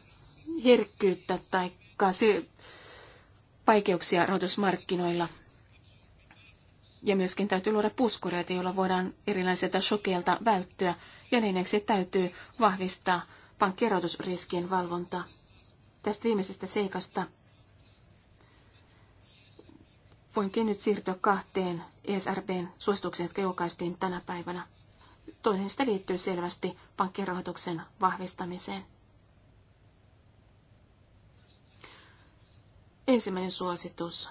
herkkyyttä tai vaikeuksia rahoitusmarkkinoilla. Ja myöskin täytyy luoda puskureita, joilla voidaan erilaisilta shokeilta välttyä. Ja neljänneksi täytyy vahvistaa pankkirahoitusriskien valvontaa. Tästä viimeisestä seikasta Voinkin nyt siirtyä kahteen ESRBn suositukseen, jotka julkaistiin tänä päivänä. Toinen sitä liittyy selvästi pankkirahoituksen vahvistamiseen. Ensimmäinen suositus.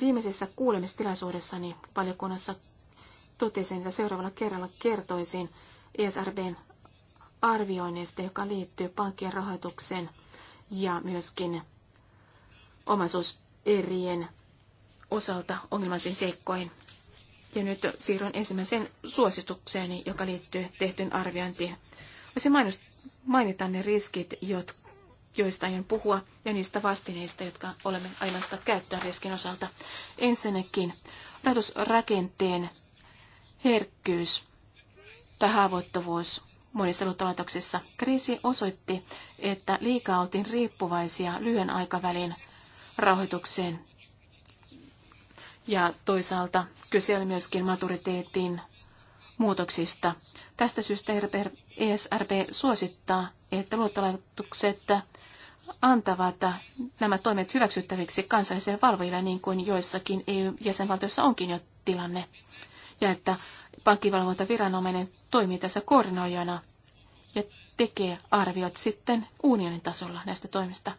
Viimeisessä kuulemistilaisuudessani valiokunnassa totesin, että seuraavalla kerralla kertoisin ESRBn arvioinneista, joka liittyy pankkien rahoitukseen ja myöskin omaisuus erien osalta ongelmaisiin seikkoihin. Ja nyt siirryn ensimmäiseen suositukseeni, joka liittyy tehtyyn arviointiin. Se mainitaan ne riskit, joista aion puhua, ja niistä vastineista, jotka olemme aivan käyttää käyttöön riskin osalta. Ensinnäkin rahoitusrakenteen herkkyys tai haavoittuvuus monissa luottolaitoksissa. Kriisi osoitti, että liikaa oltiin riippuvaisia lyhyen aikavälin rahoitukseen. Ja toisaalta kyse oli myöskin maturiteetin muutoksista. Tästä syystä ESRB e suosittaa, että luottolaitokset antavat nämä toimet hyväksyttäviksi kansalliseen valvojille, niin kuin joissakin EU-jäsenvaltioissa onkin jo tilanne, ja että pankkivalvontaviranomainen toimii tässä koordinoijana ja tekee arviot sitten unionin tasolla näistä toimista.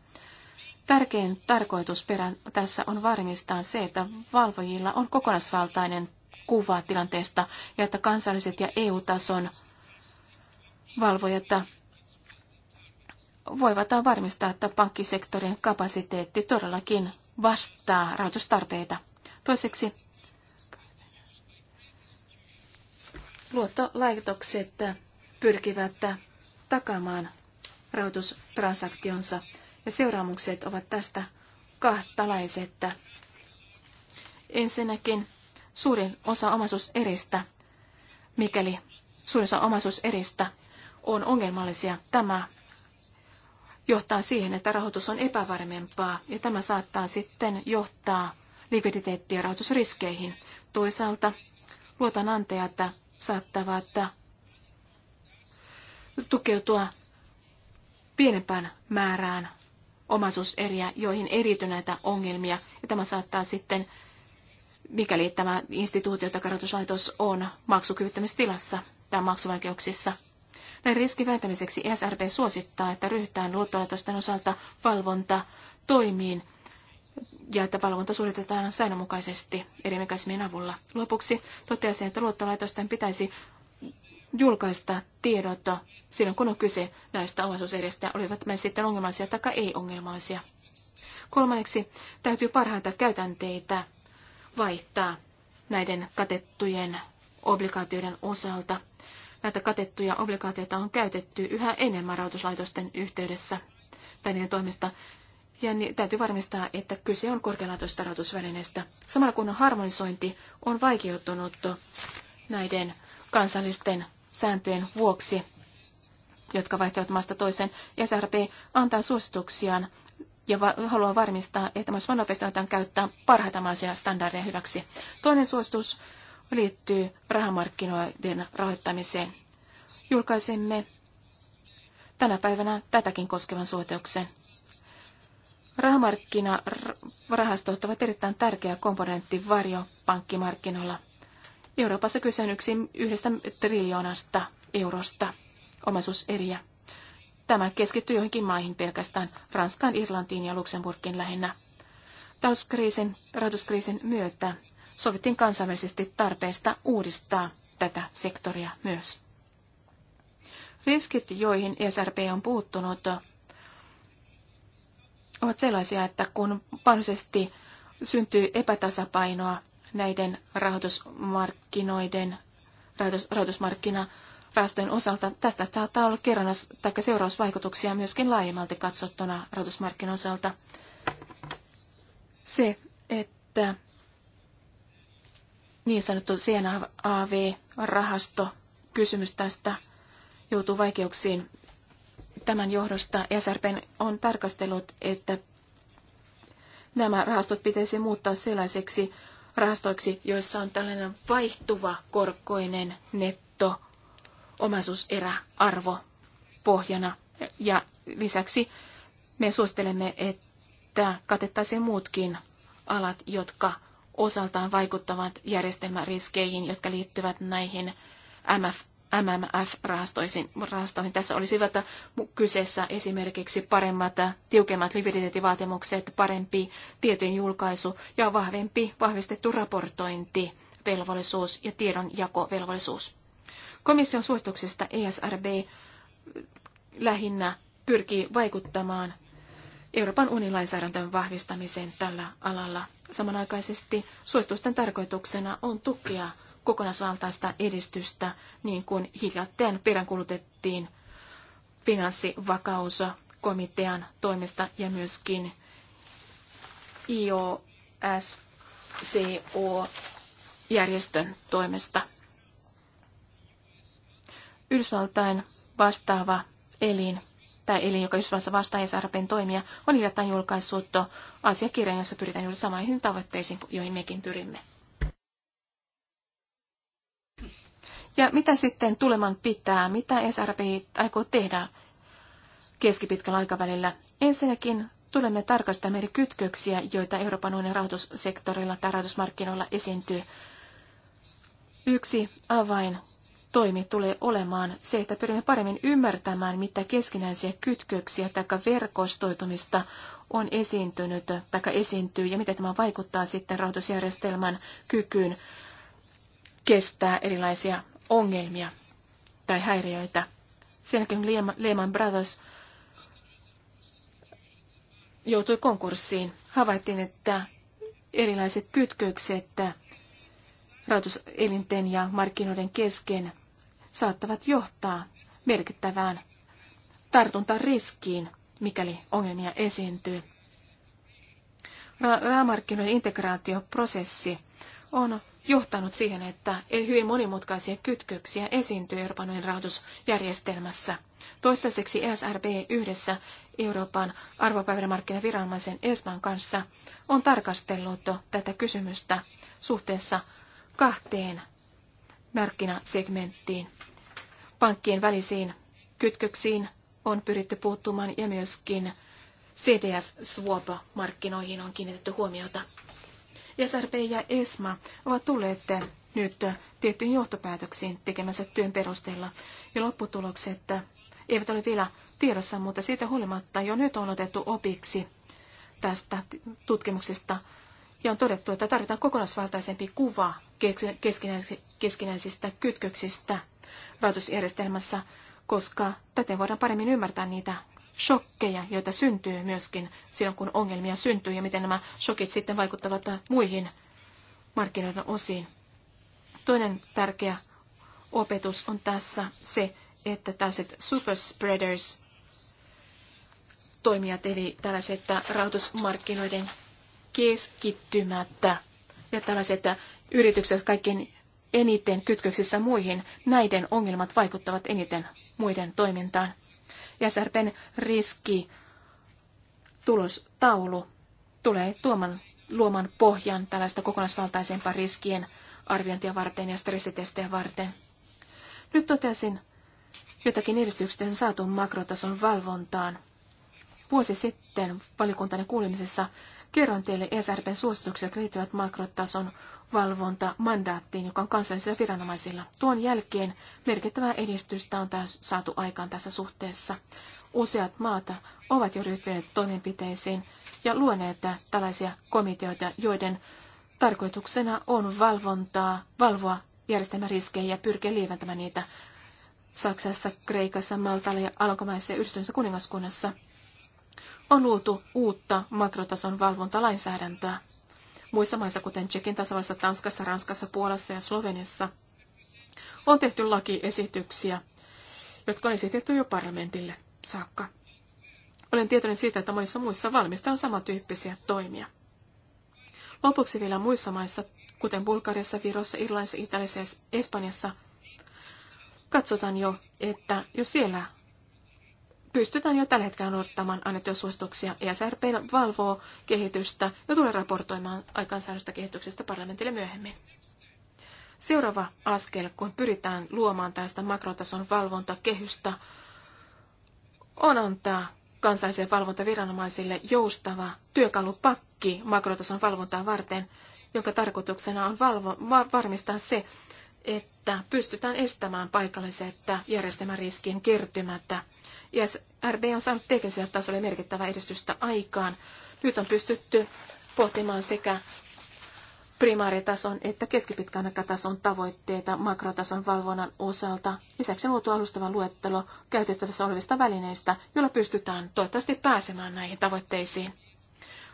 Tärkein tarkoitusperä tässä on varmistaa se, että valvojilla on kokonaisvaltainen kuva tilanteesta ja että kansalliset ja EU-tason valvojat voivat varmistaa, että pankkisektorin kapasiteetti todellakin vastaa rahoitustarpeita. Toiseksi luottolaitokset pyrkivät takaamaan rahoitustransaktionsa ja seuraamukset ovat tästä kahtalaiset. Ensinnäkin suurin osa omaisuuseristä, mikäli suurin osa omaisuuseristä on ongelmallisia, tämä johtaa siihen, että rahoitus on epävarmempaa ja tämä saattaa sitten johtaa likviditeetti- ja rahoitusriskeihin. Toisaalta luotanantajat saattavat tukeutua pienempään määrään omaisuuseriä, joihin eriytyy näitä ongelmia. Ja tämä saattaa sitten, mikäli tämä instituutio tai karotuslaitos on maksukyvyttömyystilassa tai maksuvaikeuksissa. Näin riskin vähentämiseksi SRP suosittaa, että ryhtään luottolaitosten osalta valvonta toimiin ja että valvonta suoritetaan säännönmukaisesti eri mekanismien avulla. Lopuksi toteaisin, että luottolaitosten pitäisi julkaista tiedot silloin kun on kyse näistä omaisuuseristä, olivat me sitten ongelmaisia tai ei-ongelmaisia. Kolmanneksi täytyy parhaita käytänteitä vaihtaa näiden katettujen obligaatioiden osalta. Näitä katettuja obligaatioita on käytetty yhä enemmän rahoituslaitosten yhteydessä tai niiden toimista, ja niin täytyy varmistaa, että kyse on korkealaatuisesta rahoitusvälineestä. Samalla kun harmonisointi on vaikeutunut näiden kansallisten sääntöjen vuoksi, jotka vaihtavat maasta toiseen. SRP antaa suosituksiaan ja va- haluaa varmistaa, että mahdollisimman nopeasti otetaan käyttää parhaita mahdollisia standardeja hyväksi. Toinen suositus liittyy rahamarkkinoiden rahoittamiseen. Julkaisemme tänä päivänä tätäkin koskevan suosituksen. Rahamarkkinarahastot ovat erittäin tärkeä komponentti varjopankkimarkkinoilla. Euroopassa kyse on yksi yhdestä triljoonasta eurosta omaisuuseriä. Tämä keskittyy joihinkin maihin pelkästään Ranskaan, Irlantiin ja Luxemburgin lähinnä. Talouskriisin, rahoituskriisin myötä sovittiin kansainvälisesti tarpeesta uudistaa tätä sektoria myös. Riskit, joihin ESRP on puuttunut, ovat sellaisia, että kun mahdollisesti syntyy epätasapainoa näiden rahoitusmarkkinoiden, rahoitus, rahoitusmarkkina päästöjen osalta. Tästä saattaa olla kerrannas- tai seurausvaikutuksia myöskin laajemmalti katsottuna rahoitusmarkkinoiden osalta. Se, että niin sanottu CNAV-rahasto kysymys tästä joutuu vaikeuksiin. Tämän johdosta SRPn on tarkastellut, että nämä rahastot pitäisi muuttaa sellaiseksi rahastoiksi, joissa on tällainen vaihtuva korkoinen netto arvo pohjana. Ja lisäksi me suosittelemme, että katettaisiin muutkin alat, jotka osaltaan vaikuttavat järjestelmäriskeihin, jotka liittyvät näihin MF, MMF-rahastoihin. Tässä olisivat kyseessä esimerkiksi paremmat, tiukemmat likviditeettivaatimukset, parempi tietyn julkaisu ja vahvempi vahvistettu raportointivelvollisuus velvollisuus ja tiedonjakovelvollisuus. Komission suosituksesta ESRB lähinnä pyrkii vaikuttamaan Euroopan unilainsäädäntön vahvistamiseen tällä alalla. Samanaikaisesti suositusten tarkoituksena on tukea kokonaisvaltaista edistystä, niin kuin hiljattain peräänkulutettiin finanssivakauskomitean toimesta ja myöskin IOSCO-järjestön toimesta. Yhdysvaltain vastaava elin tai elin, joka Yhdysvallassa vastaa ESRPn toimia, on hiljattain julkaissut asiakirjan, jossa pyritään juuri samaihin tavoitteisiin, joihin mekin pyrimme. Ja mitä sitten tuleman pitää? Mitä SRP aikoo tehdä keskipitkällä aikavälillä? Ensinnäkin tulemme tarkastamaan eri kytköksiä, joita Euroopan unionin rahoitussektorilla tai rahoitusmarkkinoilla esiintyy. Yksi avain toimi tulee olemaan se, että pyrimme paremmin ymmärtämään, mitä keskinäisiä kytköksiä tai verkostoitumista on esiintynyt tai esiintyy ja miten tämä vaikuttaa sitten rahoitusjärjestelmän kykyyn kestää erilaisia ongelmia tai häiriöitä. Sen jälkeen Lehman Brothers joutui konkurssiin. Havaittiin, että erilaiset kytkökset rahoituselinten ja markkinoiden kesken saattavat johtaa merkittävään tartuntariskiin, mikäli ongelmia esiintyy. raamarkkinoiden integraatioprosessi on johtanut siihen, että hyvin monimutkaisia kytköksiä esiintyy Euroopan unionin rahoitusjärjestelmässä. Toistaiseksi ESRB yhdessä Euroopan arvopäivämarkkinaviranomaisen ESMAn kanssa on tarkastellut tätä kysymystä suhteessa kahteen markkinasegmenttiin pankkien välisiin kytköksiin on pyritty puuttumaan ja myöskin CDS-swap-markkinoihin on kiinnitetty huomiota. SRP ja ESMA ovat tulleet nyt tiettyihin johtopäätöksiin tekemänsä työn perusteella ja lopputulokset eivät ole vielä tiedossa, mutta siitä huolimatta jo nyt on otettu opiksi tästä tutkimuksesta ja on todettu, että tarvitaan kokonaisvaltaisempi kuva keskinäisistä kytköksistä rahoitusjärjestelmässä, koska täten voidaan paremmin ymmärtää niitä shokkeja, joita syntyy myöskin silloin, kun ongelmia syntyy ja miten nämä shokit sitten vaikuttavat muihin markkinoiden osiin. Toinen tärkeä opetus on tässä se, että tällaiset superspreaders toimijat, eli tällaiset rahoitusmarkkinoiden keskittymättä. Ja tällaiset yritykset kaikkein eniten kytköksissä muihin, näiden ongelmat vaikuttavat eniten muiden toimintaan. SRPn riski tulostaulu tulee tuoman, luoman pohjan tällaista kokonaisvaltaisempaa riskien arviointia varten ja stressitestejä varten. Nyt totesin jotakin edistyksen saatun makrotason valvontaan. Vuosi sitten valiokuntani kuulemisessa Kerron teille ESRPn suosituksia, jotka liittyvät makrotason valvontamandaattiin, joka on kansallisilla viranomaisilla. Tuon jälkeen merkittävää edistystä on taas saatu aikaan tässä suhteessa. Useat maata ovat jo ryhtyneet toimenpiteisiin ja luoneet tällaisia komiteoita, joiden tarkoituksena on valvontaa, valvoa järjestelmäriskejä ja pyrkiä lieventämään niitä Saksassa, Kreikassa, Maltalla ja Alankomaissa ja yhdistyneessä kuningaskunnassa – on luotu uutta makrotason valvontalainsäädäntöä. Muissa maissa, kuten Tsekin tasavallassa, Tanskassa, Ranskassa, Puolassa ja Sloveniassa, on tehty lakiesityksiä, jotka on esitetty jo parlamentille saakka. Olen tietoinen siitä, että monissa muissa valmistellaan samantyyppisiä toimia. Lopuksi vielä muissa maissa, kuten Bulgariassa, Virossa, Irlannissa, Italiassa ja Espanjassa, katsotaan jo, että jo siellä pystytään jo tällä hetkellä noudattamaan annettuja suosituksia. ESRP valvoo kehitystä ja tulee raportoimaan aikaansaadusta kehityksestä parlamentille myöhemmin. Seuraava askel, kun pyritään luomaan tällaista makrotason valvontakehystä, on antaa kansallisille valvontaviranomaisille joustava työkalupakki makrotason valvontaa varten, jonka tarkoituksena on valvo, varmistaa se, että pystytään estämään paikalliset järjestelmän riskin kertymättä. ISRB on saanut teknisellä tasolla merkittävää edistystä aikaan. Nyt on pystytty pohtimaan sekä primaaritason että keskipitkän aikatason tavoitteita makrotason valvonnan osalta. Lisäksi on luotu alustava luettelo käytettävissä olevista välineistä, joilla pystytään toivottavasti pääsemään näihin tavoitteisiin.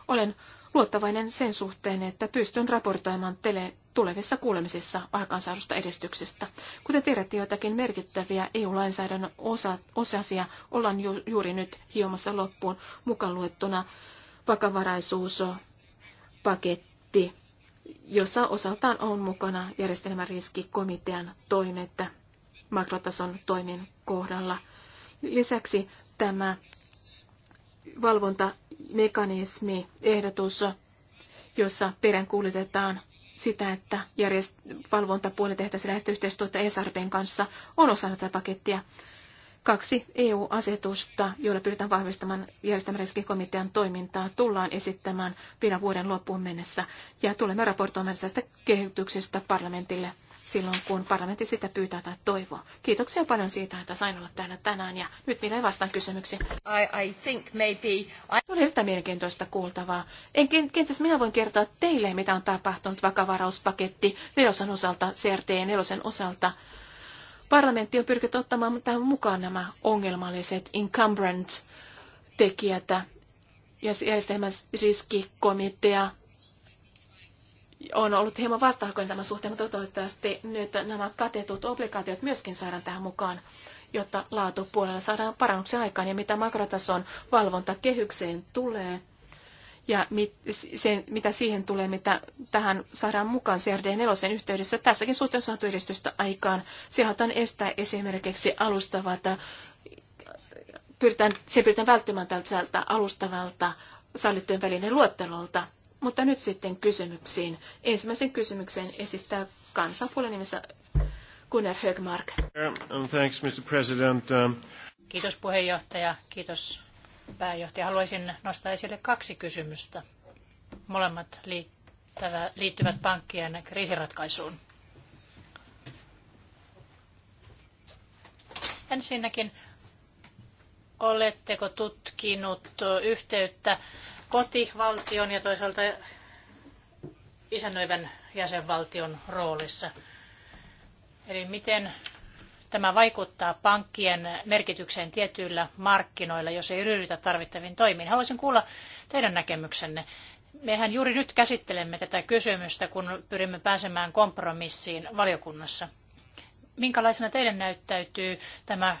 Olen luottavainen sen suhteen, että pystyn raportoimaan teille tulevissa kuulemisissa aikaansaadusta edistyksestä. Kuten tiedätte, joitakin merkittäviä EU-lainsäädännön osa, osasia ollaan ju, juuri nyt hiomassa loppuun mukaan luettuna vakavaraisuuspaketti, jossa osaltaan on mukana järjestelmäriskikomitean toimet makrotason toimin kohdalla. Lisäksi tämä valvontamekanismi, ehdotus, jossa peräänkuulutetaan sitä, että järjest- valvontapuoli tehtäisiin läheistä yhteistyötä ESRBn kanssa, on osa tätä pakettia. Kaksi EU-asetusta, joilla pyritään vahvistamaan järjestelmäriskikomitean toimintaa, tullaan esittämään vielä vuoden loppuun mennessä ja tulemme raportoimaan tästä kehityksestä parlamentille – silloin, kun parlamentti sitä pyytää tai toivoo. Kiitoksia paljon siitä, että sain olla täällä tänään ja nyt minä vastaan kysymyksiin. I, I think maybe I... Oli erittäin mielenkiintoista kuultavaa. En, kenties minä voin kertoa teille, mitä on tapahtunut vakavarauspaketti nelosen osalta, CRD nelosen osalta. Parlamentti on pyrkinyt ottamaan tähän mukaan nämä ongelmalliset incumbent tekijät ja järjestelmän riskikomitea on ollut hieman vastahakoinen tämän suhteen, mutta toivottavasti nyt nämä katetut obligaatiot myöskin saadaan tähän mukaan, jotta laatupuolella saadaan parannuksia aikaan ja mitä makrotason valvontakehykseen tulee ja mit, se, mitä siihen tulee, mitä tähän saadaan mukaan CRD4 yhteydessä. Tässäkin suhteessa on saatu edistystä aikaan. Siellä halutaan estää esimerkiksi alustavat, pyritään, se pyritään välttymään tältä alustavalta sallittujen välinen luettelolta. Mutta nyt sitten kysymyksiin. Ensimmäisen kysymyksen esittää kansanpuolen nimessä Gunnar Högmark. Thanks, Mr. President. Um, kiitos puheenjohtaja, kiitos pääjohtaja. Haluaisin nostaa esille kaksi kysymystä. Molemmat liittyvät pankkien kriisiratkaisuun. Ensinnäkin, oletteko tutkinut yhteyttä kotivaltion ja toisaalta isännöivän jäsenvaltion roolissa. Eli miten tämä vaikuttaa pankkien merkitykseen tietyillä markkinoilla, jos ei ryhdytä tarvittaviin toimiin. Haluaisin kuulla teidän näkemyksenne. Mehän juuri nyt käsittelemme tätä kysymystä, kun pyrimme pääsemään kompromissiin valiokunnassa. Minkälaisena teidän näyttäytyy tämä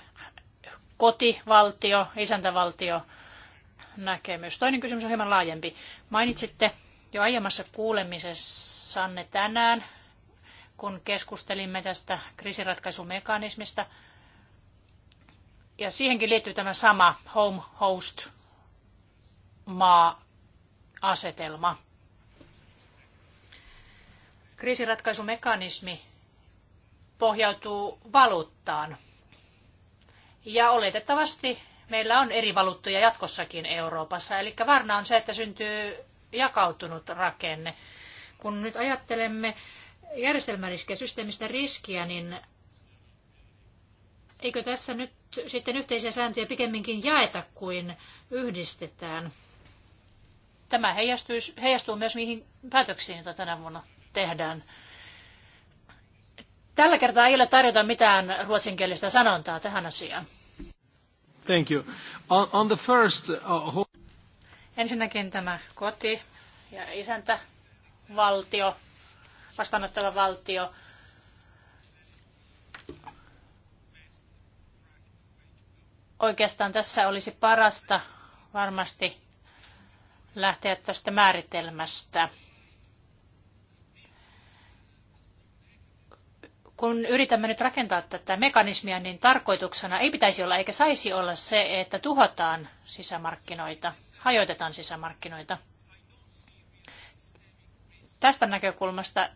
kotivaltio, isäntävaltio näkemys. Toinen kysymys on hieman laajempi. Mainitsitte jo aiemmassa kuulemisessanne tänään, kun keskustelimme tästä kriisiratkaisumekanismista, ja siihenkin liittyy tämä sama home host maa asetelma. Kriisiratkaisumekanismi pohjautuu valuuttaan. Ja oletettavasti meillä on eri valuuttoja jatkossakin Euroopassa. Eli varna on se, että syntyy jakautunut rakenne. Kun nyt ajattelemme järjestelmäriskiä, systeemistä riskiä, niin eikö tässä nyt sitten yhteisiä sääntöjä pikemminkin jaeta kuin yhdistetään? Tämä heijastuu, heijastuu myös niihin päätöksiin, joita tänä vuonna tehdään. Tällä kertaa ei ole tarjota mitään ruotsinkielistä sanontaa tähän asiaan. Thank you. On, the first, uh, Ensinnäkin tämä koti ja isäntä valtio, vastaanottava valtio. Oikeastaan tässä olisi parasta varmasti lähteä tästä määritelmästä. kun yritämme nyt rakentaa tätä mekanismia, niin tarkoituksena ei pitäisi olla eikä saisi olla se, että tuhotaan sisämarkkinoita, hajoitetaan sisämarkkinoita. Tästä näkökulmasta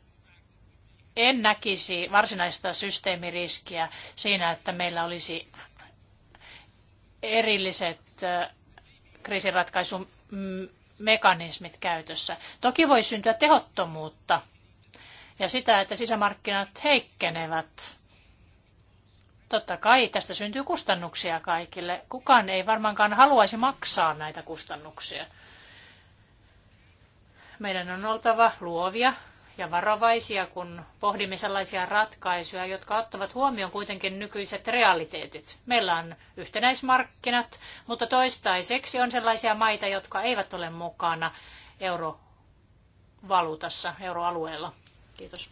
en näkisi varsinaista systeemiriskiä siinä, että meillä olisi erilliset kriisinratkaisumekanismit käytössä. Toki voi syntyä tehottomuutta – ja sitä, että sisämarkkinat heikkenevät. Totta kai tästä syntyy kustannuksia kaikille. Kukaan ei varmaankaan haluaisi maksaa näitä kustannuksia. Meidän on oltava luovia ja varovaisia, kun pohdimme sellaisia ratkaisuja, jotka ottavat huomioon kuitenkin nykyiset realiteetit. Meillä on yhtenäismarkkinat, mutta toistaiseksi on sellaisia maita, jotka eivät ole mukana eurovaluutassa, euroalueella. Kiitos.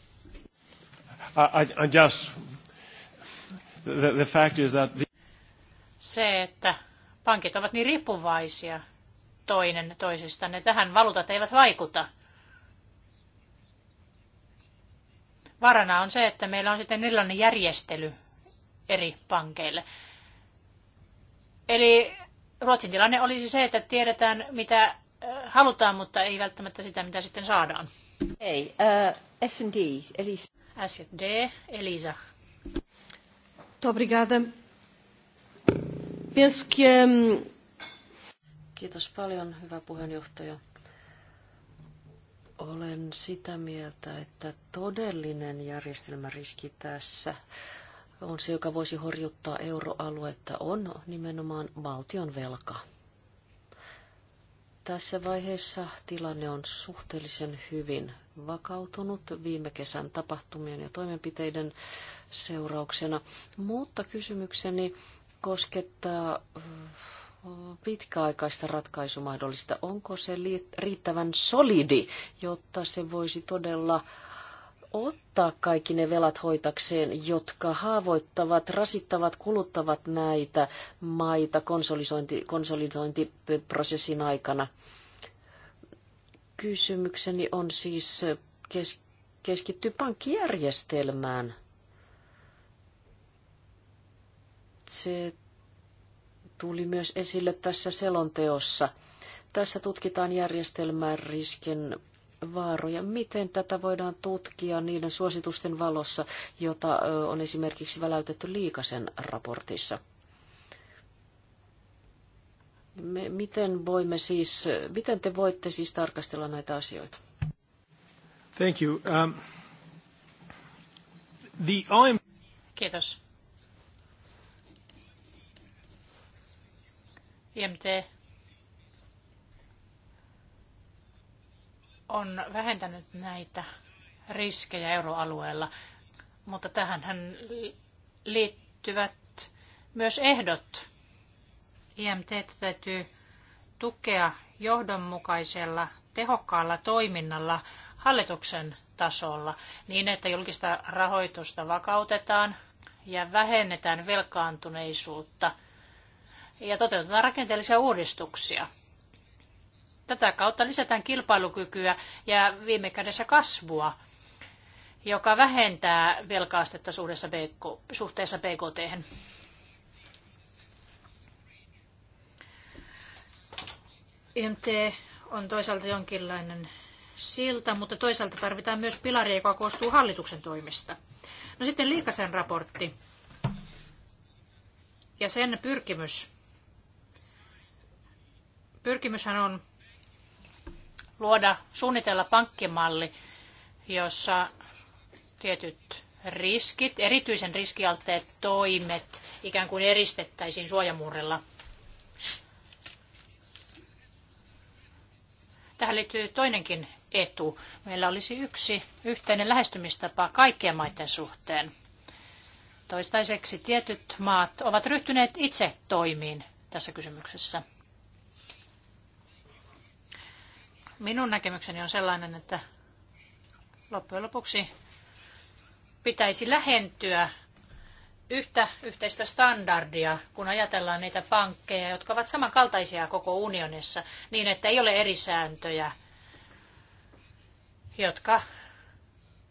I, I just, the, the fact is that the... Se, että pankit ovat niin riippuvaisia toinen toisistaan, ne tähän valuutat eivät vaikuta. Varana on se, että meillä on sitten erilainen järjestely eri pankeille. Eli Ruotsin tilanne olisi se, että tiedetään mitä eh, halutaan, mutta ei välttämättä sitä, mitä sitten saadaan. Ei, uh, S&D, Elisa. S&D, Elisa. Obrigada. Penso que... Kiitos paljon, hyvä puheenjohtaja. Olen sitä mieltä, että todellinen järjestelmäriski tässä on se, joka voisi horjuttaa euroaluetta, on nimenomaan valtion velka. Tässä vaiheessa tilanne on suhteellisen hyvin vakautunut viime kesän tapahtumien ja toimenpiteiden seurauksena, mutta kysymykseni koskettaa äh, pitkäaikaista ratkaisumahdollista. Onko se riittävän solidi, jotta se voisi todella ottaa kaikki ne velat hoitakseen, jotka haavoittavat, rasittavat, kuluttavat näitä maita konsolidointiprosessin aikana. Kysymykseni on siis kes, keskittyy pankkijärjestelmään. Se tuli myös esille tässä selonteossa. Tässä tutkitaan järjestelmän riskin vaaroja. Miten tätä voidaan tutkia niiden suositusten valossa, jota on esimerkiksi väläytetty Liikasen raportissa? Me, miten, voimme siis, miten te voitte siis tarkastella näitä asioita? Thank you. Um, the I'm. Kiitos. IMT on vähentänyt näitä riskejä euroalueella, mutta tähän liittyvät myös ehdot. IMT täytyy tukea johdonmukaisella, tehokkaalla toiminnalla hallituksen tasolla niin, että julkista rahoitusta vakautetaan ja vähennetään velkaantuneisuutta ja toteutetaan rakenteellisia uudistuksia – Tätä kautta lisätään kilpailukykyä ja viime kädessä kasvua, joka vähentää velkaastetta suhteessa BKT. hen. IMT on toisaalta jonkinlainen silta, mutta toisaalta tarvitaan myös pilari, joka koostuu hallituksen toimista. No sitten Liikasen raportti ja sen pyrkimys. Pyrkimyshän on luoda, suunnitella pankkimalli, jossa tietyt riskit, erityisen riskialteet toimet ikään kuin eristettäisiin suojamuurilla. Tähän liittyy toinenkin etu. Meillä olisi yksi yhteinen lähestymistapa kaikkien maiden suhteen. Toistaiseksi tietyt maat ovat ryhtyneet itse toimiin tässä kysymyksessä. Minun näkemykseni on sellainen, että loppujen lopuksi pitäisi lähentyä yhtä yhteistä standardia, kun ajatellaan niitä pankkeja, jotka ovat samankaltaisia koko unionissa, niin että ei ole eri sääntöjä, jotka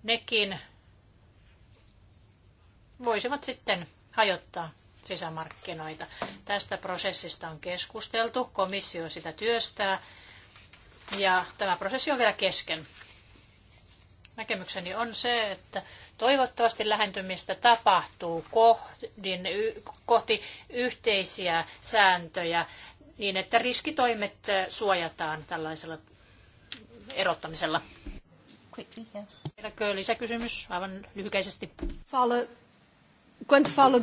nekin voisivat sitten hajottaa sisämarkkinoita. Tästä prosessista on keskusteltu, komissio sitä työstää ja tämä prosessi on vielä kesken. Näkemykseni on se, että toivottavasti lähentymistä tapahtuu kohdin, kohti yhteisiä sääntöjä niin, että riskitoimet suojataan tällaisella erottamisella. Vieläkö lisäkysymys aivan lyhykäisesti? Fala, quando fala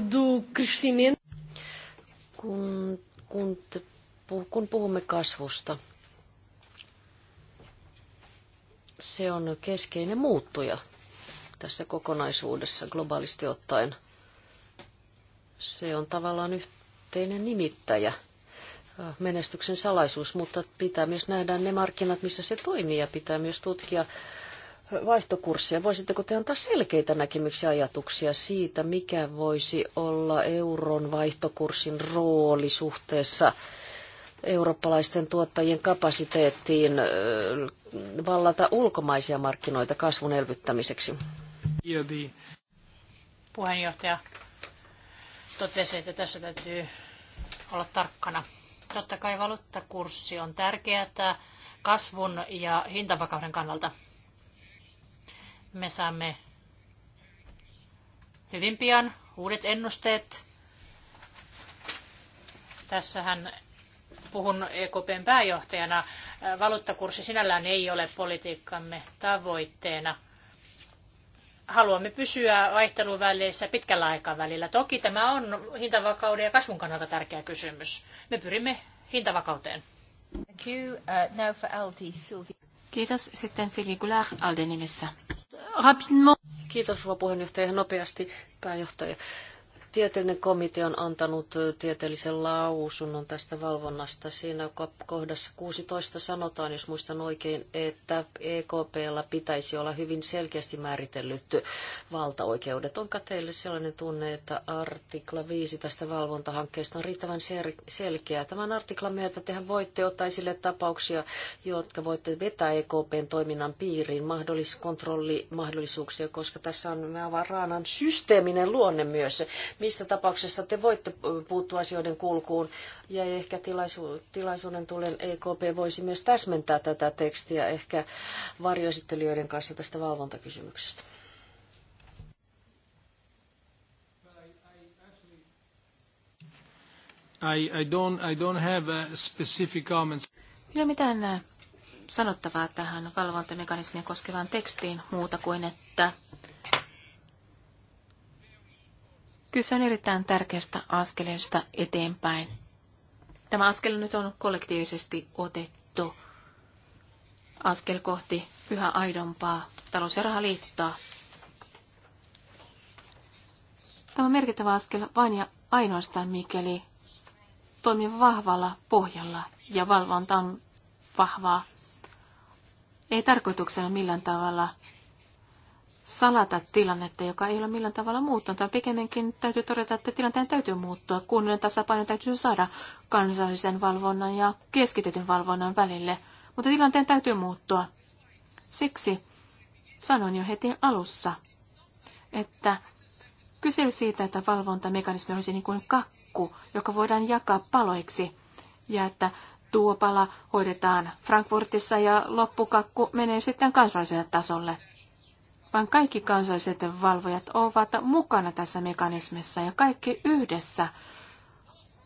Kun, kun, kun puhumme kasvusta, se on keskeinen muuttuja tässä kokonaisuudessa globaalisti ottaen. Se on tavallaan yhteinen nimittäjä, menestyksen salaisuus, mutta pitää myös nähdä ne markkinat, missä se toimii ja pitää myös tutkia vaihtokurssia. Voisitteko te antaa selkeitä näkemyksiä ajatuksia siitä, mikä voisi olla euron vaihtokurssin rooli suhteessa eurooppalaisten tuottajien kapasiteettiin vallata ulkomaisia markkinoita kasvun elvyttämiseksi? Puheenjohtaja totesi, että tässä täytyy olla tarkkana. Totta kai valuuttakurssi on tärkeää kasvun ja hintavakauden kannalta. Me saamme hyvin pian uudet ennusteet. Tässähän puhun EKPn pääjohtajana. Valuuttakurssi sinällään ei ole politiikkamme tavoitteena. Haluamme pysyä vaihteluväleissä pitkällä aikavälillä. Toki tämä on hintavakauden ja kasvun kannalta tärkeä kysymys. Me pyrimme hintavakauteen. Thank you. Uh, now for Kiitos. Sitten Silvi Gulag Alden nimessä. Kiitos, puheenjohtaja. Nopeasti pääjohtaja tieteellinen komitea on antanut tieteellisen lausunnon tästä valvonnasta. Siinä kohdassa 16 sanotaan, jos muistan oikein, että EKPlla pitäisi olla hyvin selkeästi määritellyt valtaoikeudet. Onko teille sellainen tunne, että artikla 5 tästä valvontahankkeesta on riittävän selkeä? Tämän artiklan myötä tehän voitte ottaa esille tapauksia, jotka voitte vetää EKPn toiminnan piiriin mahdollisuuksia, kontrollimahdollisuuksia, koska tässä on vaan raanan systeeminen luonne myös missä tapauksessa te voitte puuttua asioiden kulkuun. Ja ehkä tilaisu- tilaisuuden tullen EKP voisi myös täsmentää tätä tekstiä ehkä varjoesittelijöiden kanssa tästä valvontakysymyksestä. I, I don't, I don't have uh, specific comments. Ei ole mitään uh, sanottavaa tähän valvontamekanismia koskevaan tekstiin muuta kuin, että Kyse on erittäin tärkeästä askeleesta eteenpäin. Tämä askel nyt on kollektiivisesti otettu askel kohti yhä aidompaa talous- ja rahaliittoa. Tämä on merkittävä askel vain ja ainoastaan mikäli toimii vahvalla pohjalla ja valvonta on vahvaa. Ei tarkoituksena millään tavalla salata tilannetta, joka ei ole millään tavalla muuttunut, Tämä pikemminkin täytyy todeta, että tilanteen täytyy muuttua. Kunnan tasapaino täytyy saada kansallisen valvonnan ja keskitetyn valvonnan välille, mutta tilanteen täytyy muuttua. Siksi sanoin jo heti alussa, että kysely siitä, että valvontamekanismi olisi niin kuin kakku, joka voidaan jakaa paloiksi, ja että tuo pala hoidetaan Frankfurtissa ja loppukakku menee sitten kansalliselle tasolle vaan kaikki kansalliset valvojat ovat mukana tässä mekanismissa ja kaikki yhdessä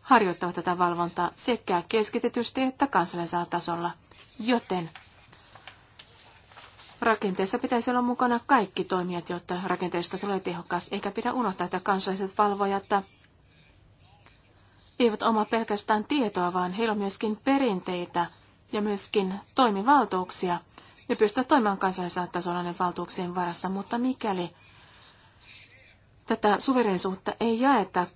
harjoittavat tätä valvontaa sekä keskitetysti että kansallisella tasolla. Joten rakenteessa pitäisi olla mukana kaikki toimijat, jotta rakenteesta tulee tehokas, eikä pidä unohtaa, että kansalliset valvojat eivät oma pelkästään tietoa, vaan heillä on myöskin perinteitä ja myöskin toimivaltuuksia, ja pystyä toimimaan kansallisella tasolla ne valtuuksien varassa, mutta mikäli tätä suverensuutta ei jaeta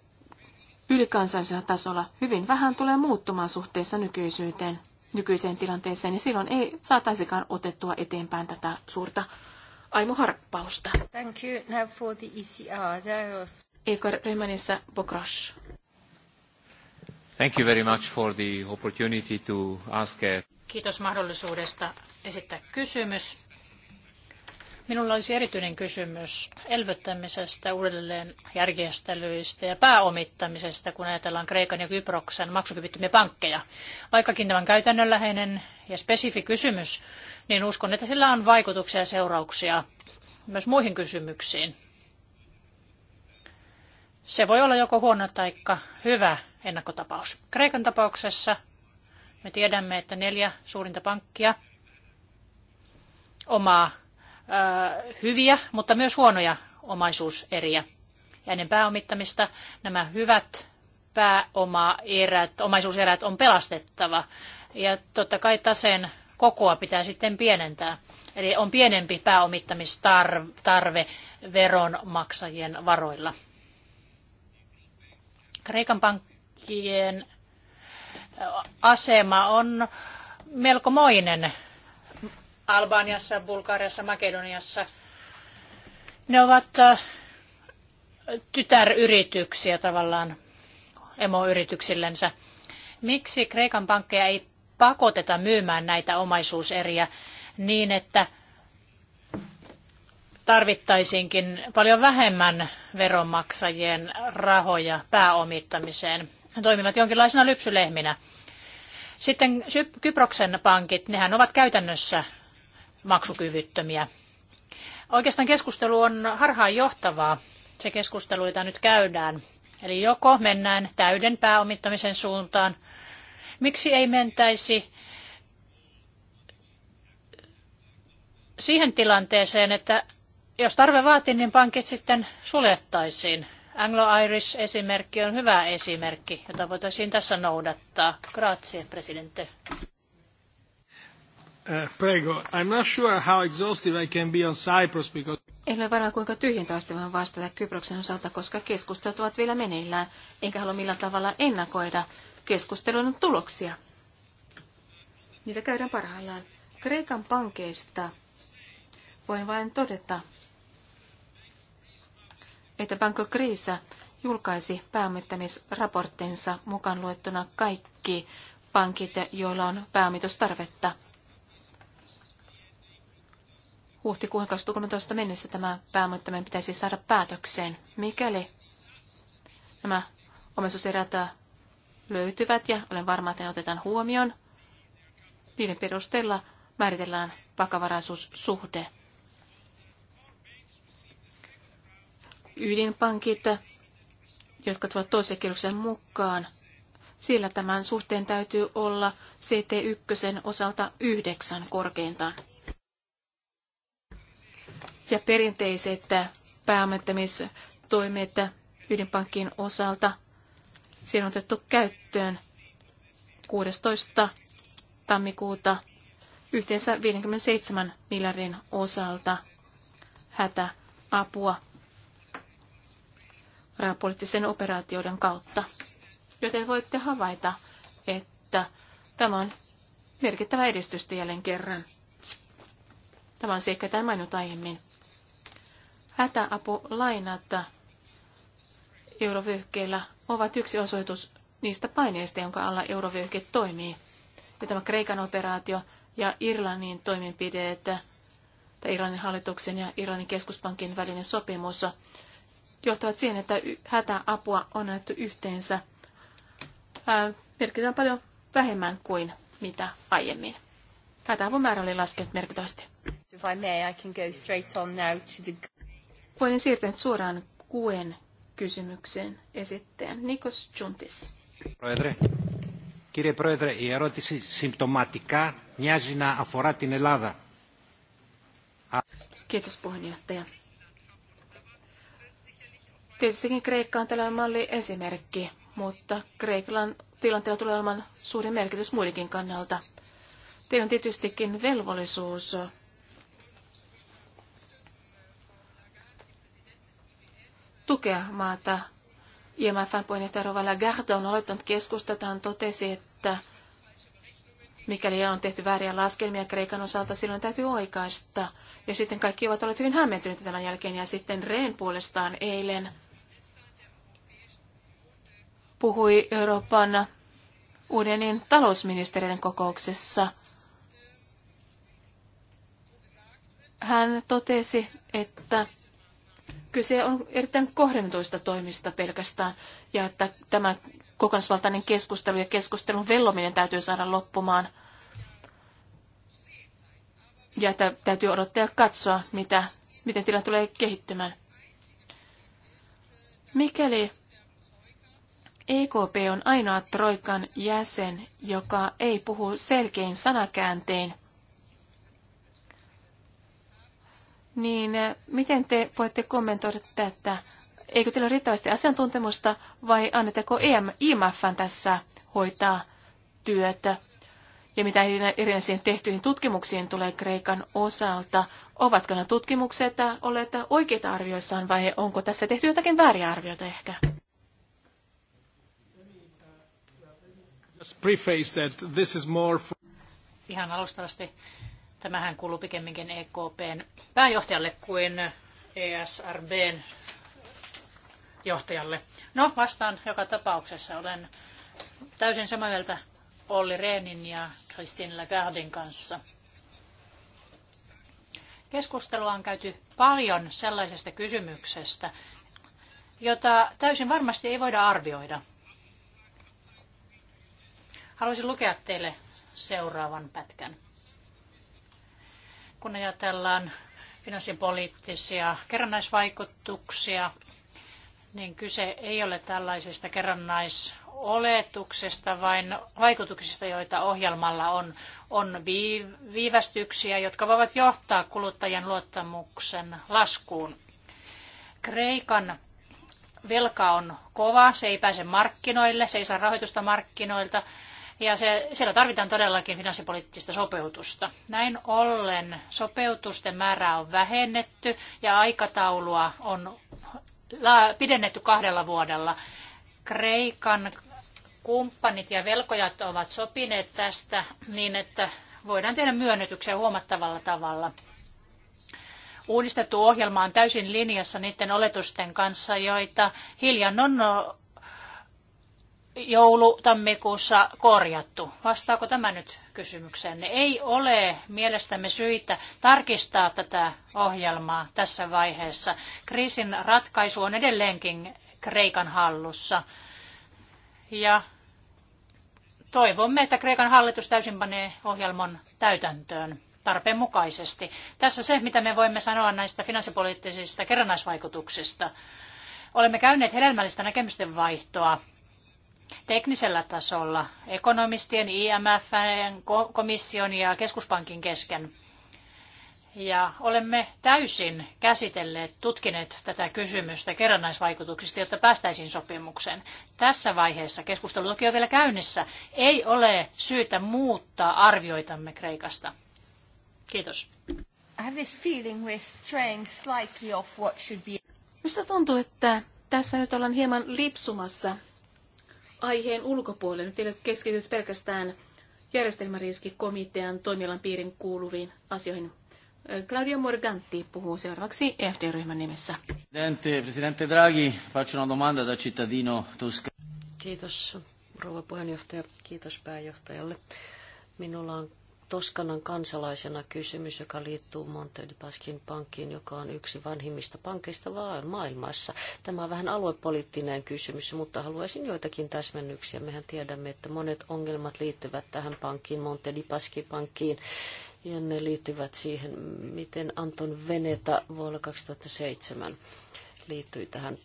ylikansallisella tasolla, hyvin vähän tulee muuttumaan suhteessa nykyisyyteen, nykyiseen tilanteeseen, ja silloin ei saataisikaan otettua eteenpäin tätä suurta aimoharppausta. Thank you now for the ECR. Was... Igor Rymanissa Bokrosh. Thank you very much for the opportunity to ask a... Kiitos mahdollisuudesta esittää kysymys. Minulla olisi erityinen kysymys elvyttämisestä, uudelleen järjestelyistä ja pääomittamisesta, kun ajatellaan Kreikan ja Kyproksen maksukyvyttömiä pankkeja. Vaikkakin on käytännönläheinen ja spesifi kysymys, niin uskon, että sillä on vaikutuksia ja seurauksia myös muihin kysymyksiin. Se voi olla joko huono tai hyvä ennakkotapaus. Kreikan tapauksessa me tiedämme, että neljä suurinta pankkia omaa ö, hyviä, mutta myös huonoja omaisuuseriä. Ja ennen pääomittamista nämä hyvät pääomaerät, omaisuuserät on pelastettava. Ja totta kai taseen kokoa pitää sitten pienentää. Eli on pienempi pääomittamistarve veronmaksajien varoilla. Kreikan pankkien asema on melkomoinen Albaniassa, Bulgariassa, Makedoniassa. Ne ovat tytäryrityksiä tavallaan emoyrityksillensä. Miksi Kreikan pankkeja ei pakoteta myymään näitä omaisuuseriä niin, että tarvittaisiinkin paljon vähemmän veronmaksajien rahoja pääomittamiseen? toimivat jonkinlaisena lypsylehminä. Sitten Kyproksen pankit, nehän ovat käytännössä maksukyvyttömiä. Oikeastaan keskustelu on harhaan johtavaa, se keskustelu, jota nyt käydään. Eli joko mennään täyden pääomittamisen suuntaan, miksi ei mentäisi siihen tilanteeseen, että jos tarve vaatii, niin pankit sitten suljettaisiin. Anglo-Irish esimerkki on hyvä esimerkki, jota voitaisiin tässä noudattaa. Grazie, presidentti. Uh, eh, prego. I'm not sure how exhaustive I can be on Cyprus because... En ole varma, kuinka tyhjentävästi voin vastata Kyproksen osalta, koska keskustelut ovat vielä meneillään, enkä halua millään tavalla ennakoida keskustelun tuloksia. Niitä käydään parhaillaan. Kreikan pankeista voin vain todeta, että Banco Kriisa julkaisi pääomittamisraporttinsa mukaan luettuna kaikki pankit, joilla on pääomitustarvetta. Huhtikuun 2013 mennessä tämä pääomittaminen pitäisi saada päätökseen, mikäli nämä omaisuuserät löytyvät ja olen varma, että ne otetaan huomioon. Niiden perusteella määritellään vakavaraisuussuhde. ydinpankit, jotka tulevat toisen kierroksen mukaan. Siellä tämän suhteen täytyy olla CT1 osalta yhdeksän korkeintaan. Ja perinteiset pääomittamistoimet ydinpankin osalta siinä on otettu käyttöön 16. tammikuuta yhteensä 57 miljardin osalta hätäapua rahapoliittisen operaatioiden kautta. Joten voitte havaita, että tämä on merkittävä edistystä jälleen kerran. Tämä on se, ehkä tämän mainut aiemmin. Hätäapulainat eurovyöhykkeillä ovat yksi osoitus niistä paineista, jonka alla eurovyöhyke toimii. Ja tämä Kreikan operaatio ja Irlannin toimenpideet, tai Irlannin hallituksen ja Irlannin keskuspankin välinen sopimus johtavat siihen, että hätäapua on annettu yhteensä merkitään paljon vähemmän kuin mitä aiemmin. Hätäavun määrä oli laskenut merkittävästi. If I may, I can go straight on now to the... Voin siirtyä nyt suoraan kuen kysymykseen esitteen. Nikos Juntis. Proedre. Κύριε Πρόεδρε, η ερώτηση συμπτωματικά μοιάζει να αφορά την Ελλάδα. Kiitos puheenjohtaja. Tietystikin Kreikka on tällainen malli esimerkki, mutta Kreikan tilanteella tulee olemaan suuri merkitys muidenkin kannalta. Teillä on tietystikin velvollisuus tukea maata. IMFn puheenjohtaja Rovalla Garda on aloittanut keskustelua. Hän totesi, että mikäli on tehty vääriä laskelmia Kreikan osalta, silloin täytyy oikaista. Ja sitten kaikki ovat olleet hyvin hämmentyneitä tämän jälkeen. Ja sitten Reen puolestaan eilen puhui Euroopan unionin talousministerien kokouksessa. Hän totesi, että kyse on erittäin kohdennetuista toimista pelkästään ja että tämä kokonaisvaltainen keskustelu ja keskustelun vellominen täytyy saada loppumaan. Ja että täytyy odottaa ja katsoa, mitä, miten tilanne tulee kehittymään. Mikäli EKP on ainoa Troikan jäsen, joka ei puhu selkein sanakääntein. Niin eh, miten te voitte kommentoida tätä? Eikö teillä ole riittävästi asiantuntemusta vai annetteko e IMF tässä hoitaa työtä? Ja mitä erilaisiin tehtyihin tutkimuksiin tulee Kreikan osalta? Ovatko nämä tutkimukset eh, olleet oikeita arvioissaan vai onko tässä tehty jotakin vääriä arvioita ehkä? preface that this is more for... Ihan alustavasti tämähän kuuluu pikemminkin EKPn pääjohtajalle kuin ESRBn johtajalle. No, vastaan joka tapauksessa. Olen täysin samaa mieltä Olli Rehnin ja Christine Lagardin kanssa. Keskustelua on käyty paljon sellaisesta kysymyksestä, jota täysin varmasti ei voida arvioida – Haluaisin lukea teille seuraavan pätkän. Kun ajatellaan finanssipoliittisia kerrannaisvaikutuksia, niin kyse ei ole tällaisesta kerrannaisoletuksesta, vaan vaikutuksista, joita ohjelmalla on. On viivästyksiä, jotka voivat johtaa kuluttajan luottamuksen laskuun. Kreikan velka on kova, se ei pääse markkinoille, se ei saa rahoitusta markkinoilta ja se, siellä tarvitaan todellakin finanssipoliittista sopeutusta. Näin ollen sopeutusten määrää on vähennetty ja aikataulua on pidennetty kahdella vuodella. Kreikan kumppanit ja velkojat ovat sopineet tästä niin, että voidaan tehdä myönnytyksiä huomattavalla tavalla. Uudistettu ohjelma on täysin linjassa niiden oletusten kanssa, joita hiljan on joulu-tammikuussa korjattu. Vastaako tämä nyt kysymykseen? Ei ole mielestämme syitä tarkistaa tätä ohjelmaa tässä vaiheessa. Kriisin ratkaisu on edelleenkin Kreikan hallussa. Ja toivomme, että Kreikan hallitus täysin panee ohjelman täytäntöön tarpeen mukaisesti. Tässä se, mitä me voimme sanoa näistä finanssipoliittisista kerrannaisvaikutuksista. Olemme käyneet hedelmällistä näkemysten vaihtoa teknisellä tasolla ekonomistien, IMF, komission ja keskuspankin kesken. Ja olemme täysin käsitelleet, tutkineet tätä kysymystä kerrannaisvaikutuksista, jotta päästäisiin sopimukseen. Tässä vaiheessa, keskustelu toki on vielä käynnissä, ei ole syytä muuttaa arvioitamme Kreikasta. Kiitos. Minusta tuntuu, että tässä nyt ollaan hieman lipsumassa aiheen ulkopuolelle. Nyt ei ole keskityt pelkästään järjestelmäriskikomitean toimialan piirin kuuluviin asioihin. Claudia Morganti puhuu seuraavaksi EFD-ryhmän nimessä. Presidente, Presidente Draghi, faccio una domanda da cittadino Kiitos rouva puheenjohtaja, kiitos pääjohtajalle. Minulla on Toskanan kansalaisena kysymys, joka liittyy Monte Paskin pankkiin, joka on yksi vanhimmista pankeista maailmassa. Tämä on vähän aluepoliittinen kysymys, mutta haluaisin joitakin täsmennyksiä. Mehän tiedämme, että monet ongelmat liittyvät tähän pankkiin, Monte Paskin pankkiin, ja ne liittyvät siihen, miten Anton Veneta vuonna 2007 liittyi tähän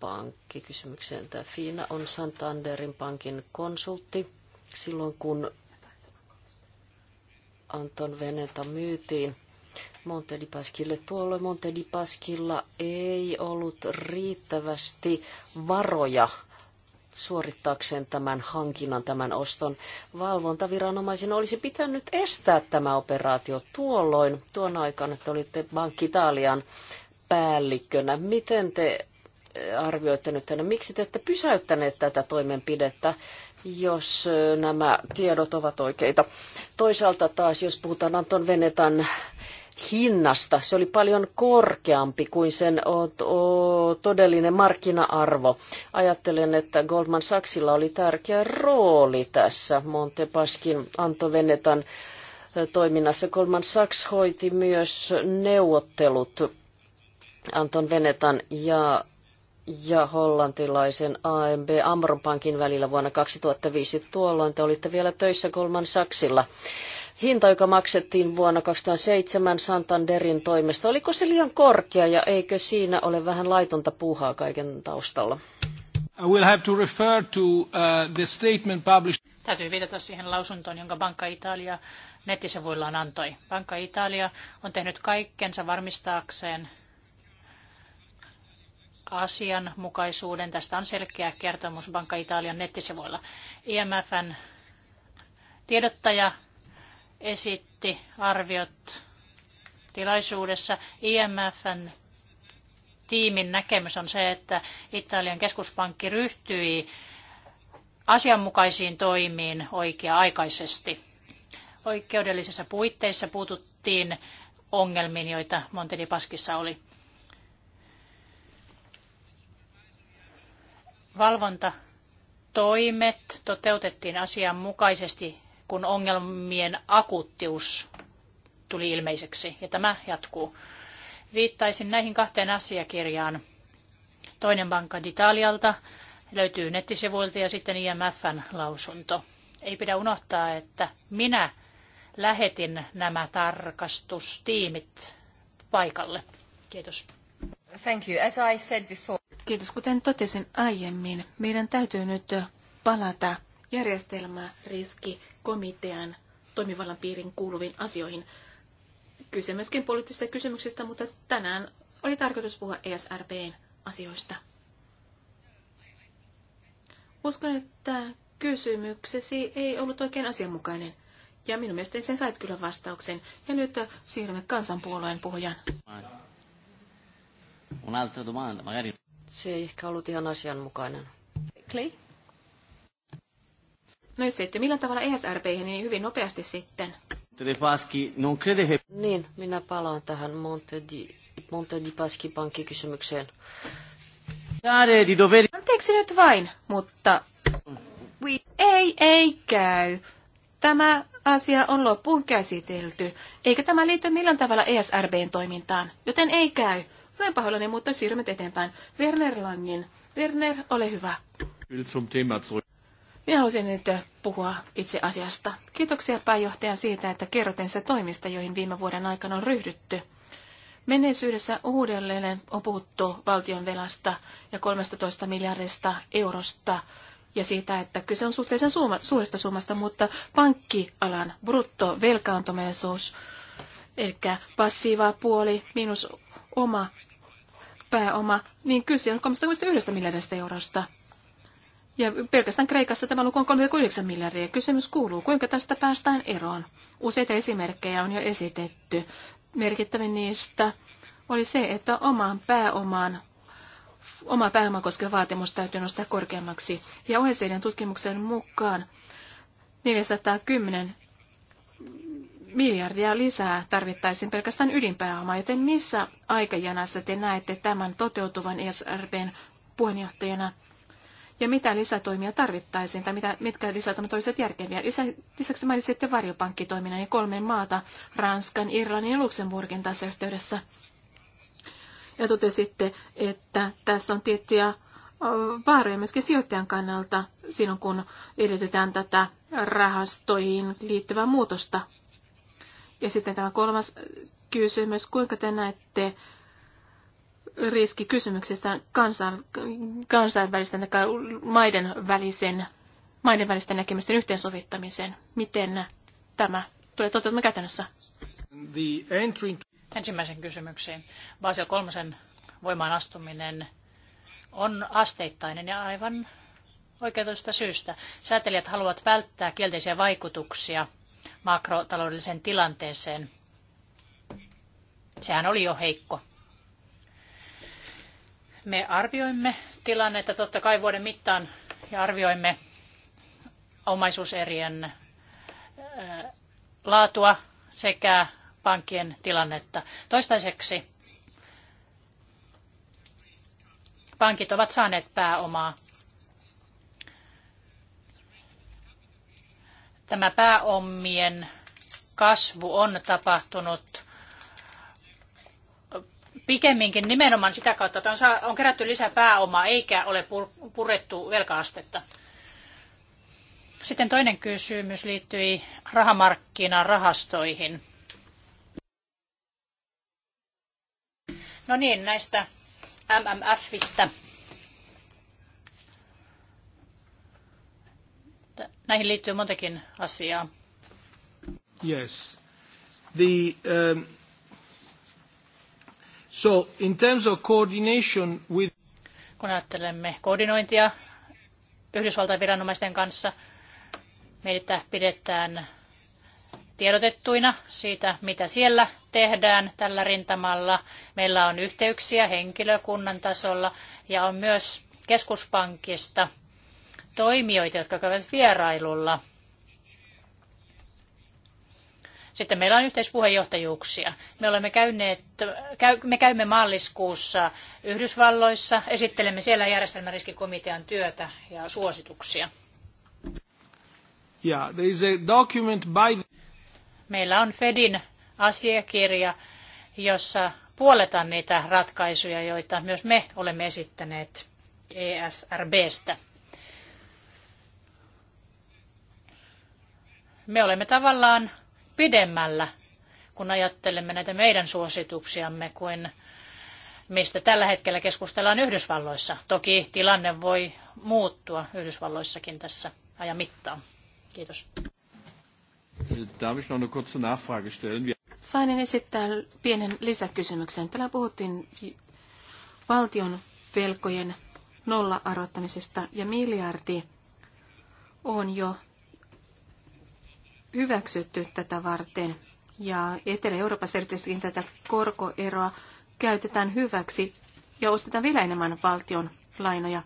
pankkikysymykseen. Tämä Fiina on Santanderin pankin konsultti silloin, kun Anton Veneta myytiin Montedipaskille. Tuolloin Montedipaskilla ei ollut riittävästi varoja suorittaakseen tämän hankinnan, tämän oston. Valvontaviranomaisen olisi pitänyt estää tämä operaatio tuolloin, tuon aikana, että olitte Bank Italian päällikkönä. Miten te arvioitte nyt, miksi te ette pysäyttäneet tätä toimenpidettä? jos nämä tiedot ovat oikeita. Toisaalta taas, jos puhutaan Anton Venetan hinnasta, se oli paljon korkeampi kuin sen todellinen markkina-arvo. Ajattelen, että Goldman Sachsilla oli tärkeä rooli tässä Montepaskin Anton Venetan toiminnassa. Goldman Sachs hoiti myös neuvottelut Anton Venetan ja ja hollantilaisen AMB Amronpankin välillä vuonna 2005. Tuolloin te olitte vielä töissä Goldman Sachsilla. Hinta, joka maksettiin vuonna 2007 Santanderin toimesta, oliko se liian korkea ja eikö siinä ole vähän laitonta puuhaa kaiken taustalla? I will have to refer to uh, the statement published. Täytyy viitata siihen lausuntoon, jonka Banka Italia nettisivuillaan antoi. Banka Italia on tehnyt kaikkensa varmistaakseen asianmukaisuuden. Tästä on selkeä kertomus Banka Italian nettisivuilla. IMFn tiedottaja esitti arviot tilaisuudessa. IMFn tiimin näkemys on se, että Italian keskuspankki ryhtyi asianmukaisiin toimiin oikea-aikaisesti. Oikeudellisissa puitteissa puututtiin ongelmiin, joita Montedi Paskissa oli. Valvontatoimet toteutettiin asianmukaisesti, kun ongelmien akuuttius tuli ilmeiseksi, ja tämä jatkuu. Viittaisin näihin kahteen asiakirjaan. Toinen Banca d'Italialta löytyy nettisivuilta ja sitten IMFn lausunto. Ei pidä unohtaa, että minä lähetin nämä tarkastustiimit paikalle. Kiitos. Thank you. As I said before... Kiitos. Kuten totesin aiemmin, meidän täytyy nyt palata järjestelmäriskikomitean toimivallan piirin kuuluviin asioihin. Kyse myöskin poliittisista kysymyksistä, mutta tänään oli tarkoitus puhua ESRBn asioista. Uskon, että kysymyksesi ei ollut oikein asianmukainen. Ja minun mielestäni sen sait kyllä vastauksen. Ja nyt siirrymme kansanpuolueen puhujaan. Un'altra domanda, magari... Se ei ehkä ollut ihan asianmukainen. Clay? No jos ette millään tavalla ESRP, niin hyvin nopeasti sitten. non Niin, minä palaan tähän Monte di, Monte di Paschi pankkikysymykseen. Anteeksi nyt vain, mutta... We... Ei, ei käy. Tämä asia on loppuun käsitelty, eikä tämä liity millään tavalla ESRBn toimintaan, joten ei käy. Olen pahoillani, mutta siirrymme eteenpäin. Werner Langin. Werner, ole hyvä. Minä haluaisin nyt puhua itse asiasta. Kiitoksia pääjohtajan siitä, että kerroten se toimista, joihin viime vuoden aikana on ryhdytty. Menneisyydessä uudelleen on puhuttu valtion velasta ja 13 miljardista eurosta ja siitä, että kyse on suhteellisen suuma, suuresta summasta, mutta pankkialan bruttovelkaantuneisuus, eli passiiva puoli miinus oma pääoma, niin kyse on 31 miljardista eurosta. Ja pelkästään Kreikassa tämä luku on 39 miljardia. Kysymys kuuluu, kuinka tästä päästään eroon? Useita esimerkkejä on jo esitetty. Merkittävin niistä oli se, että omaan pääomaan oma pääoma koskeva vaatimus täytyy nostaa korkeammaksi. Ja OECDn tutkimuksen mukaan 410 miljardia lisää tarvittaisiin pelkästään ydinpääomaa, joten missä aikajanassa te näette tämän toteutuvan ESRBn puheenjohtajana? Ja mitä lisätoimia tarvittaisiin, tai mitä, mitkä lisätoimet olisivat järkeviä? lisäksi mainitsitte varjopankkitoiminnan ja kolmen maata, Ranskan, Irlannin ja Luxemburgin tässä yhteydessä. Ja totesitte, että tässä on tiettyjä vaaroja myöskin sijoittajan kannalta silloin, kun edellytetään tätä rahastoihin liittyvää muutosta ja sitten tämä kolmas kysymys, kuinka te näette riskikysymyksestä kansan, kansainvälisten tai maiden, välisen, maiden välisten näkemysten yhteensovittamisen? Miten tämä tulee toteutumaan käytännössä? Ensimmäisen kysymykseen. Basel kolmosen voimaan astuminen on asteittainen ja aivan oikeutusta syystä. Säätelijät haluavat välttää kielteisiä vaikutuksia – makrotaloudelliseen tilanteeseen. Sehän oli jo heikko. Me arvioimme tilannetta totta kai vuoden mittaan ja arvioimme omaisuuserien laatua sekä pankkien tilannetta. Toistaiseksi pankit ovat saaneet pääomaa Tämä pääomien kasvu on tapahtunut pikemminkin nimenomaan sitä kautta, että on, saa, on kerätty lisää pääomaa eikä ole purettu velkaastetta. Sitten toinen kysymys liittyi rahamarkkinarahastoihin. No niin, näistä MMFistä Näihin liittyy montakin asiaa. Yes. The, um, so in terms of coordination with... Kun ajattelemme koordinointia Yhdysvaltain viranomaisten kanssa, meitä pidetään tiedotettuina siitä, mitä siellä tehdään tällä rintamalla. Meillä on yhteyksiä henkilökunnan tasolla ja on myös keskuspankista – toimijoita, jotka käyvät vierailulla. Sitten meillä on yhteispuheenjohtajuuksia. Me olemme käyneet, käy, me käymme maaliskuussa Yhdysvalloissa, esittelemme siellä järjestelmäriskikomitean työtä ja suosituksia. Yeah, there is a document by... Meillä on Fedin asiakirja, jossa puoletaan niitä ratkaisuja, joita myös me olemme esittäneet ESRBstä. me olemme tavallaan pidemmällä, kun ajattelemme näitä meidän suosituksiamme kuin mistä tällä hetkellä keskustellaan Yhdysvalloissa. Toki tilanne voi muuttua Yhdysvalloissakin tässä ajan mittaan. Kiitos. Darf esittää pienen lisäkysymyksen. Täällä puhuttiin valtion velkojen nolla-arvottamisesta ja miljardi on jo hyväksytty tätä varten. Ja Etelä-Euroopassa erityisesti tätä korkoeroa käytetään hyväksi ja ostetaan vielä enemmän valtion lainoja.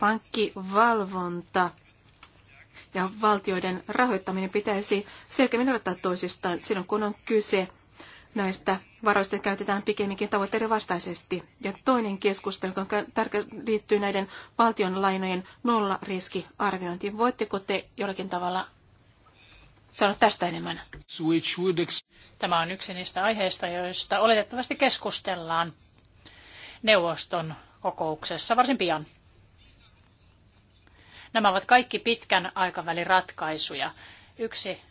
Pankkivalvonta ja valtioiden rahoittaminen pitäisi selkeämmin erottaa toisistaan silloin, kun on kyse näistä varoista käytetään pikemminkin tavoitteiden vastaisesti. Ja toinen keskustelu, joka liittyy näiden valtion lainojen nollariskiarviointiin. Voitteko te jollakin tavalla sano tästä enemmän? Tämä on yksi niistä aiheista, joista oletettavasti keskustellaan neuvoston kokouksessa varsin pian. Nämä ovat kaikki pitkän aikavälin ratkaisuja. Yksi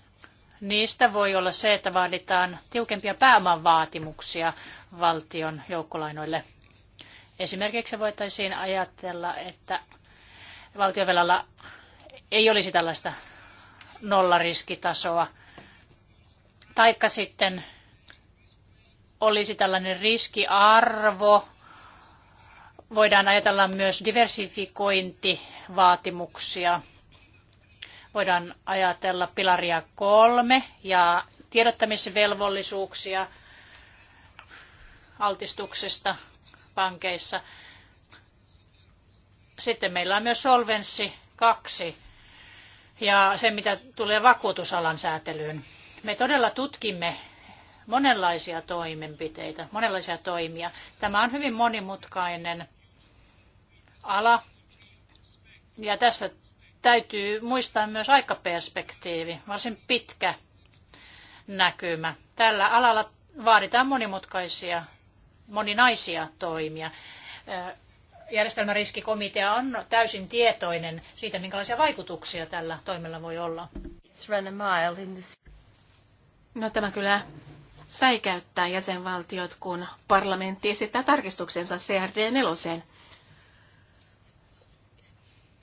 niistä voi olla se, että vaaditaan tiukempia pääoman vaatimuksia valtion joukkolainoille. Esimerkiksi voitaisiin ajatella, että valtiovelalla ei olisi tällaista nollariskitasoa. Taikka sitten olisi tällainen riskiarvo. Voidaan ajatella myös diversifikointivaatimuksia. Voidaan ajatella pilaria kolme ja tiedottamisvelvollisuuksia altistuksesta pankeissa. Sitten meillä on myös solvenssi kaksi ja se, mitä tulee vakuutusalan säätelyyn. Me todella tutkimme monenlaisia toimenpiteitä, monenlaisia toimia. Tämä on hyvin monimutkainen ala ja tässä täytyy muistaa myös aikaperspektiivi, varsin pitkä näkymä. Tällä alalla vaaditaan monimutkaisia, moninaisia toimia järjestelmäriskikomitea on täysin tietoinen siitä, minkälaisia vaikutuksia tällä toimella voi olla. No tämä kyllä säikäyttää jäsenvaltiot, kun parlamentti esittää tarkistuksensa CRD 4.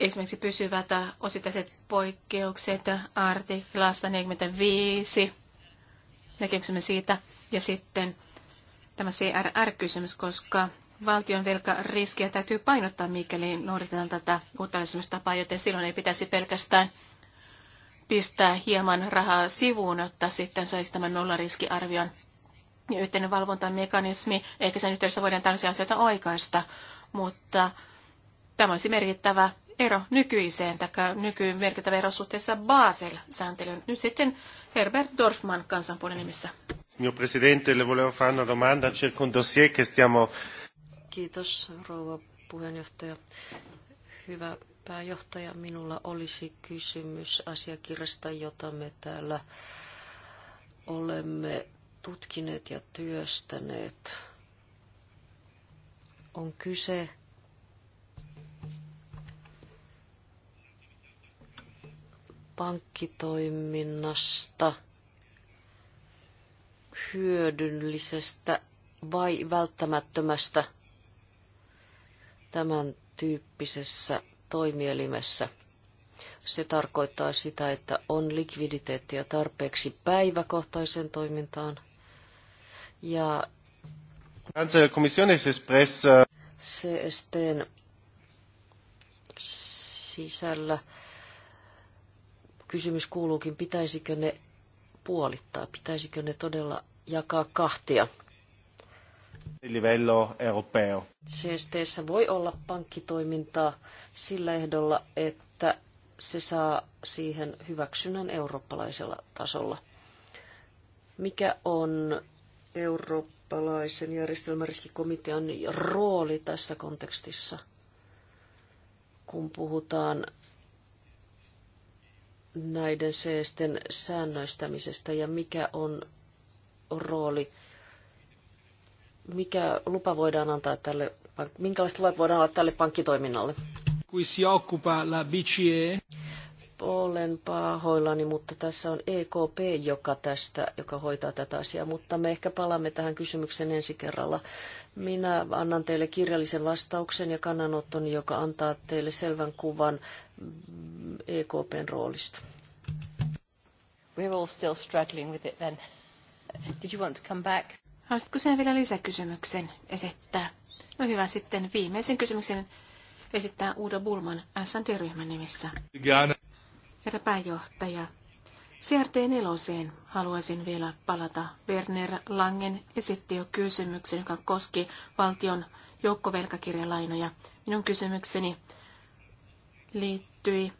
Esimerkiksi pysyvät osittaiset poikkeukset artiklasta 45, näkemyksemme siitä, ja sitten tämä CRR-kysymys, koska valtion velkariskiä täytyy painottaa, mikäli noudatetaan tätä uutta lähestymistapaa, joten silloin ei pitäisi pelkästään pistää hieman rahaa sivuun, jotta sitten saisi tämän nollariskiarvion ja yhteinen valvontamekanismi. Ehkä sen yhteydessä voidaan tällaisia asioita oikaista, mutta tämä olisi merkittävä ero nykyiseen, tai nykyyn merkittävä ero suhteessa Basel-sääntelyyn. Nyt sitten Herbert Dorfman kansanpuolen nimissä. Signor Presidente, le volevo fare una domanda circa un dossier che stiamo Kiitos rouva puheenjohtaja. Hyvä pääjohtaja, minulla olisi kysymys asiakirjasta, jota me täällä olemme tutkineet ja työstäneet. On kyse pankkitoiminnasta, hyödyllisestä vai välttämättömästä – tämän tyyppisessä toimielimessä. Se tarkoittaa sitä, että on likviditeettiä tarpeeksi päiväkohtaiseen toimintaan. Ja CSTn sisällä kysymys kuuluukin, pitäisikö ne puolittaa, pitäisikö ne todella jakaa kahtia. Livello europeo. CSTssä voi olla pankkitoimintaa sillä ehdolla, että se saa siihen hyväksynnän eurooppalaisella tasolla. Mikä on eurooppalaisen järjestelmäriskikomitean rooli tässä kontekstissa, kun puhutaan näiden seesten säännöistämisestä ja mikä on rooli mikä lupa voidaan antaa tälle, minkälaiset luvat voidaan antaa tälle pankkitoiminnalle? Cui si occupa la BCE. Olen pahoillani, mutta tässä on EKP, joka tästä, joka hoitaa tätä asiaa, mutta me ehkä palaamme tähän kysymykseen ensi kerralla. Minä annan teille kirjallisen vastauksen ja kannanoton, joka antaa teille selvän kuvan EKPn roolista. We're all still struggling with it then. Did you want to come back? Haluaisitko sinä vielä lisäkysymyksen esittää? No hyvä, sitten viimeisen kysymyksen esittää Uudo Bulman st ryhmän nimissä. Herra pääjohtaja, CRT4 haluaisin vielä palata. Werner Langen esitti jo kysymyksen, joka koski valtion joukkovelkakirjalainoja. Minun kysymykseni liittyi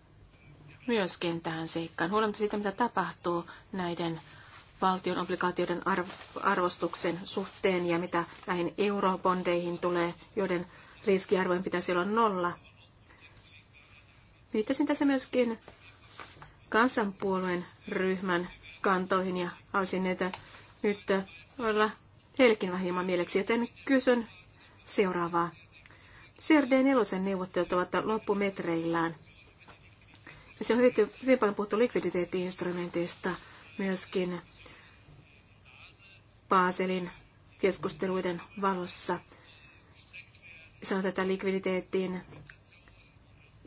myöskin tähän seikkaan. Huolimatta siitä, mitä tapahtuu näiden valtion obligaatioiden arvostuksen suhteen ja mitä näihin eurobondeihin tulee, joiden riskiarvojen pitäisi olla nolla. Viittasin tässä myöskin kansanpuolueen ryhmän kantoihin ja haluaisin näitä nyt olla heillekin vähän hieman mieleksi, joten kysyn seuraavaa. CRD4 neuvottelut ovat loppumetreillään. Ja se on hyvin, hyvin paljon puhuttu likviditeettiinstrumenteista myöskin Paaselin keskusteluiden valossa. Sanotaan, että likviditeettiin,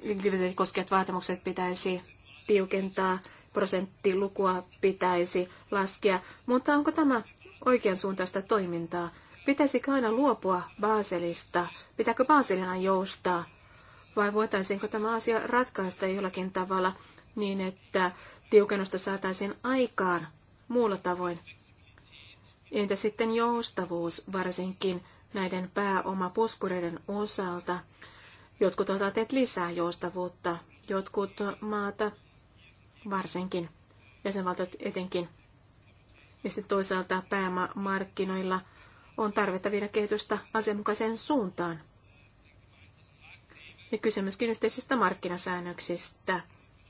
likviditeetti koskevat vaatimukset pitäisi tiukentaa, prosenttilukua pitäisi laskea, mutta onko tämä oikean suuntaista toimintaa? Pitäisikö aina luopua Baselista? Pitääkö Baselina joustaa? Vai voitaisiinko tämä asia ratkaista jollakin tavalla niin, että tiukennusta saataisiin aikaan muulla tavoin Entä sitten joustavuus varsinkin näiden pääomapuskureiden osalta? Jotkut ovat teet lisää joustavuutta, jotkut maata varsinkin, jäsenvaltiot etenkin. Ja sitten toisaalta pääomamarkkinoilla on tarvetta viedä kehitystä asianmukaiseen suuntaan. Ja kysymyskin yhteisistä markkinasäännöksistä,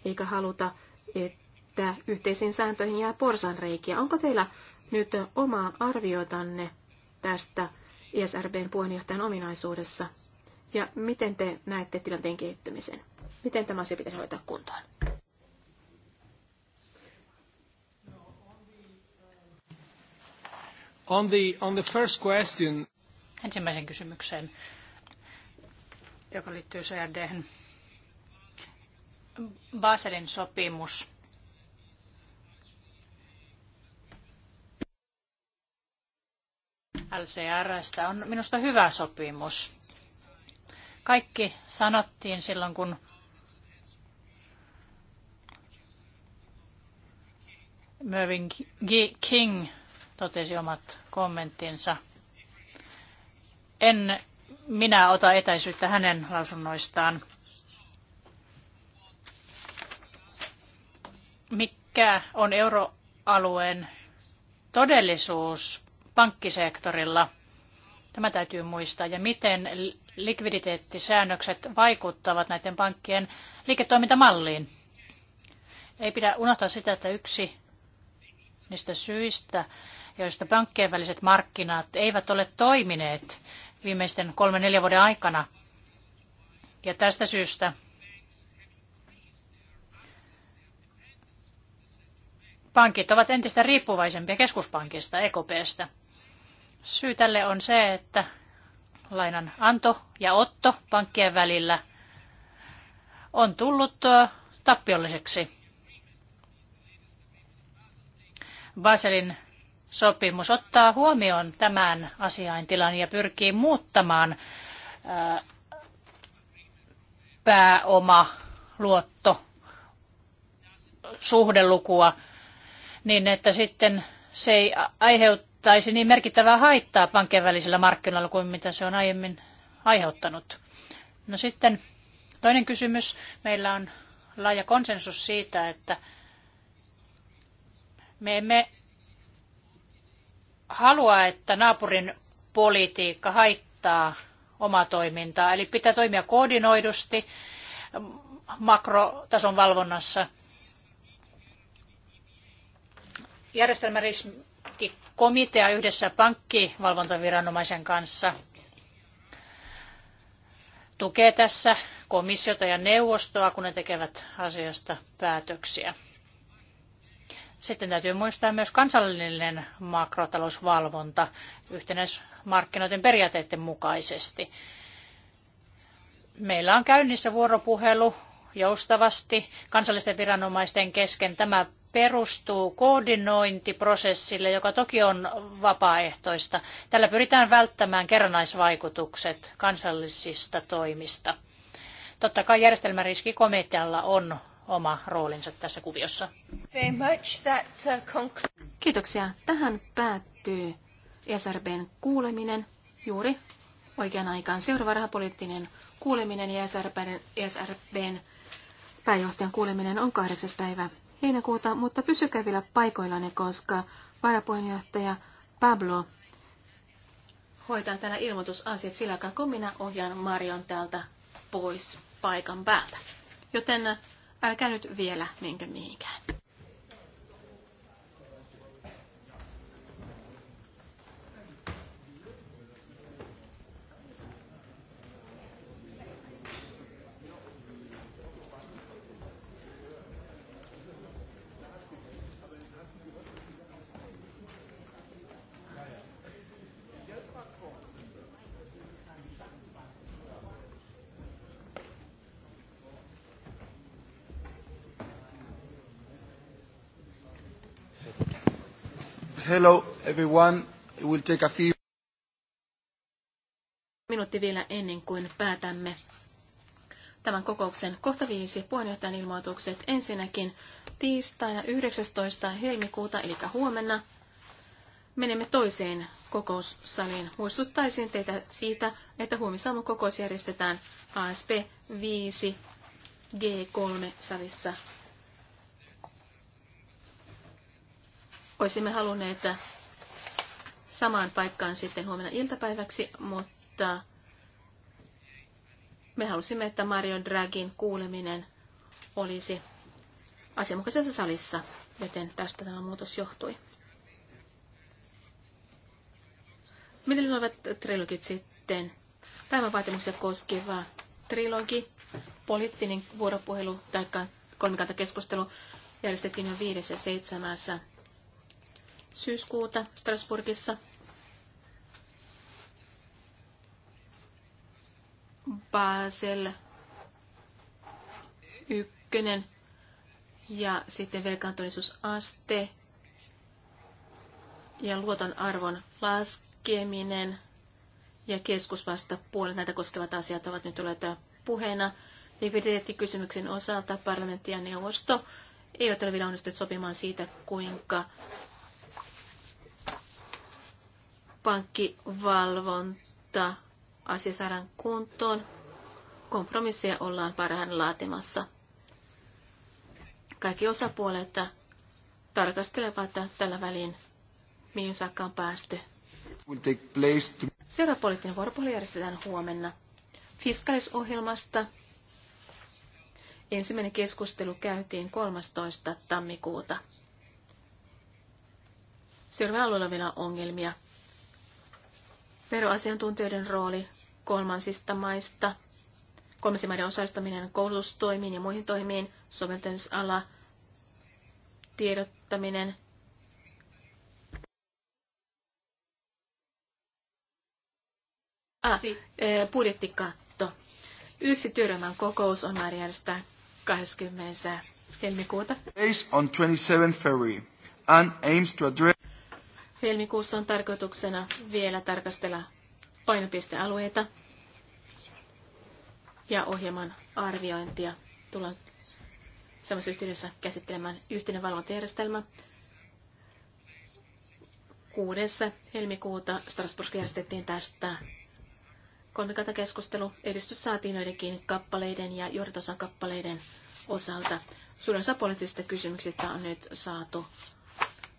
eikä haluta, että yhteisiin sääntöihin jää porsanreikiä. Onko teillä nyt omaa arviotanne tästä ESRBn puheenjohtajan ominaisuudessa ja miten te näette tilanteen kehittymisen? Miten tämä asia pitäisi hoitaa kuntoon? On the, on the first question. Ensimmäisen kysymykseen, joka liittyy CRD. Baselin sopimus LCRstä on minusta hyvä sopimus. Kaikki sanottiin silloin, kun Mervyn King totesi omat kommenttinsa. En minä ota etäisyyttä hänen lausunnoistaan. Mikä on euroalueen todellisuus pankkisektorilla. Tämä täytyy muistaa. Ja miten likviditeettisäännökset vaikuttavat näiden pankkien liiketoimintamalliin? Ei pidä unohtaa sitä, että yksi niistä syistä, joista pankkien väliset markkinat eivät ole toimineet viimeisten kolmen neljän vuoden aikana. Ja tästä syystä pankit ovat entistä riippuvaisempia keskuspankista, EKPstä. Syy tälle on se, että lainan anto ja otto pankkien välillä on tullut tappiolliseksi. Baselin sopimus ottaa huomioon tämän asiaintilan ja pyrkii muuttamaan pääoma luotto suhdelukua niin, että sitten se ei aiheuta aiheuttaisi niin merkittävää haittaa pankkien välisillä markkinoilla kuin mitä se on aiemmin aiheuttanut. No sitten toinen kysymys. Meillä on laaja konsensus siitä, että me emme halua, että naapurin politiikka haittaa omaa toimintaa. Eli pitää toimia koordinoidusti makrotason valvonnassa. Järjestelmäriski komitea yhdessä pankkivalvontaviranomaisen kanssa tukee tässä komissiota ja neuvostoa, kun ne tekevät asiasta päätöksiä. Sitten täytyy muistaa myös kansallinen makrotalousvalvonta yhtenäismarkkinoiden periaatteiden mukaisesti. Meillä on käynnissä vuoropuhelu joustavasti kansallisten viranomaisten kesken. Tämä perustuu koordinointiprosessille, joka toki on vapaaehtoista. Tällä pyritään välttämään kerrannaisvaikutukset kansallisista toimista. Totta kai järjestelmäriskikomitealla on oma roolinsa tässä kuviossa. Uh, Kiitoksia. Tähän päättyy SRBn kuuleminen juuri oikeaan aikaan. Seuraava rahapoliittinen kuuleminen ja SRBn, SRBn pääjohtajan kuuleminen on 8. päivä heinäkuuta, mutta pysykää vielä paikoillanne, koska varapuheenjohtaja Pablo hoitaa täällä ilmoitusasiat sillä aikaa, kun minä ohjaan Marion täältä pois paikan päältä. Joten älkää nyt vielä menkö mihinkään. Hello everyone. It will take a few... Minuutti vielä ennen kuin päätämme tämän kokouksen. Kohta viisi puheenjohtajan ilmoitukset. Ensinnäkin tiistaina 19. helmikuuta, eli huomenna, menemme toiseen kokoussaliin. Muistuttaisin teitä siitä, että huomisaamun kokous järjestetään ASP 5 G3-salissa Olisimme halunneet samaan paikkaan sitten huomenna iltapäiväksi, mutta me halusimme, että Mario Dragin kuuleminen olisi asianmukaisessa salissa, joten tästä tämä muutos johtui. Millä olivat trilogit sitten? Päivänvaatimuksia koskeva trilogi, poliittinen vuoropuhelu tai kolmikantakeskustelu järjestettiin jo 5. ja 7 syyskuuta Strasburgissa. Basel ykkönen ja sitten velkaantuneisuusaste ja luoton arvon laskeminen ja keskusvastapuolet näitä koskevat asiat ovat nyt olleet puheena. Likviditeettikysymyksen osalta parlamentti ja neuvosto eivät ole vielä onnistuneet sopimaan siitä, kuinka pankkivalvonta asia saadaan kuntoon. Kompromisseja ollaan parhaan laatimassa. Kaikki osapuolet tarkastelevat tällä välin, mihin saakka on päästy. Seuraava poliittinen vuoropuhelu järjestetään huomenna. Fiskalisohjelmasta ensimmäinen keskustelu käytiin 13. tammikuuta. Seuraavalla alueella vielä ongelmia veroasiantuntijoiden rooli kolmansista maista, kolmansien maiden osallistuminen koulutustoimiin ja muihin toimiin, soveltamisala, tiedottaminen, Ah, eh, budjettikatto. Yksi työryhmän kokous on määrä järjestää 20. helmikuuta. Based on 27 February and aims to address Helmikuussa on tarkoituksena vielä tarkastella painopistealueita ja ohjelman arviointia. Tullaan samassa yhteydessä käsittelemään yhteinen valvontajärjestelmä. 6. helmikuuta Strasbourg järjestettiin tästä keskustelu. Edistys saatiin joidenkin kappaleiden ja johdotosan kappaleiden osalta. Suurin osa poliittisista kysymyksistä on nyt saatu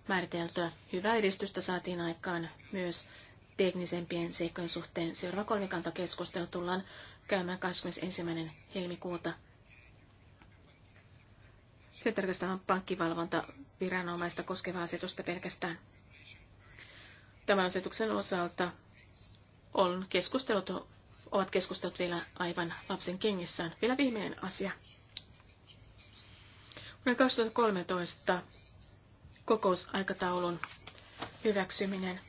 määriteltyä. Hyvää edistystä saatiin aikaan myös teknisempien seikkojen suhteen. Seuraava kolmikantakeskustelu tullaan käymään 21. helmikuuta. Se pankkivalvonta viranomaista koskevaa asetusta pelkästään. Tämän asetuksen osalta on keskustelut, ovat keskustelut vielä aivan lapsen kengissään. Vielä viimeinen asia. Vuonna 2013 kokousaikataulun hyväksyminen.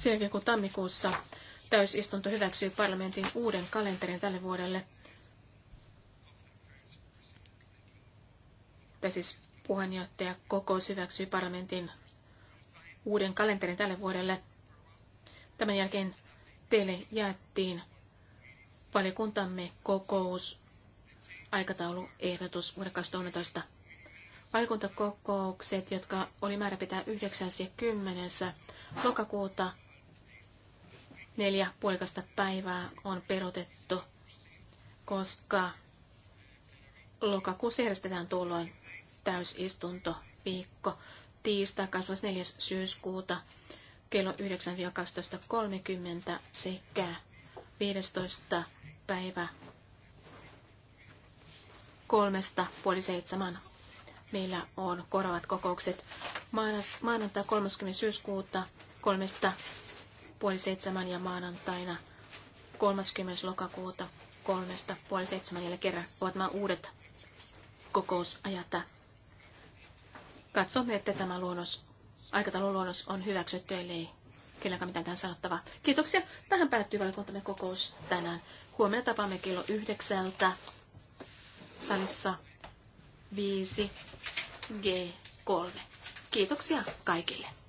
Sen jälkeen kun tammikuussa täysistunto hyväksyy parlamentin uuden kalenterin tälle vuodelle, tai siis puheenjohtaja kokous hyväksyy parlamentin uuden kalenterin tälle vuodelle. Tämän jälkeen teille jaettiin valiokuntamme kokous aikatauluehdotus vuoden 2011 Valikuntakokoukset, jotka oli määrä pitää 9. ja 10. lokakuuta neljä puolikasta päivää on perutettu, koska lokakuussa järjestetään tuolloin täysistunto viikko tiistai 24. syyskuuta kello 9-12.30 sekä 15. päivä kolmesta puoli seitsemän meillä on korvat kokoukset maanantai 30. syyskuuta kolmesta puoli seitsemän ja maanantaina 30. lokakuuta kolmesta puoli seitsemän jälleen kerran ovat nämä uudet kokousajat. Katsomme, että tämä luonnos, aikataululuonnos on hyväksytty, ellei kenelläkään mitään tähän sanottavaa. Kiitoksia. Tähän päättyy valiokuntamme kokous tänään. Huomenna tapaamme kello yhdeksältä salissa 5G3. Kiitoksia kaikille.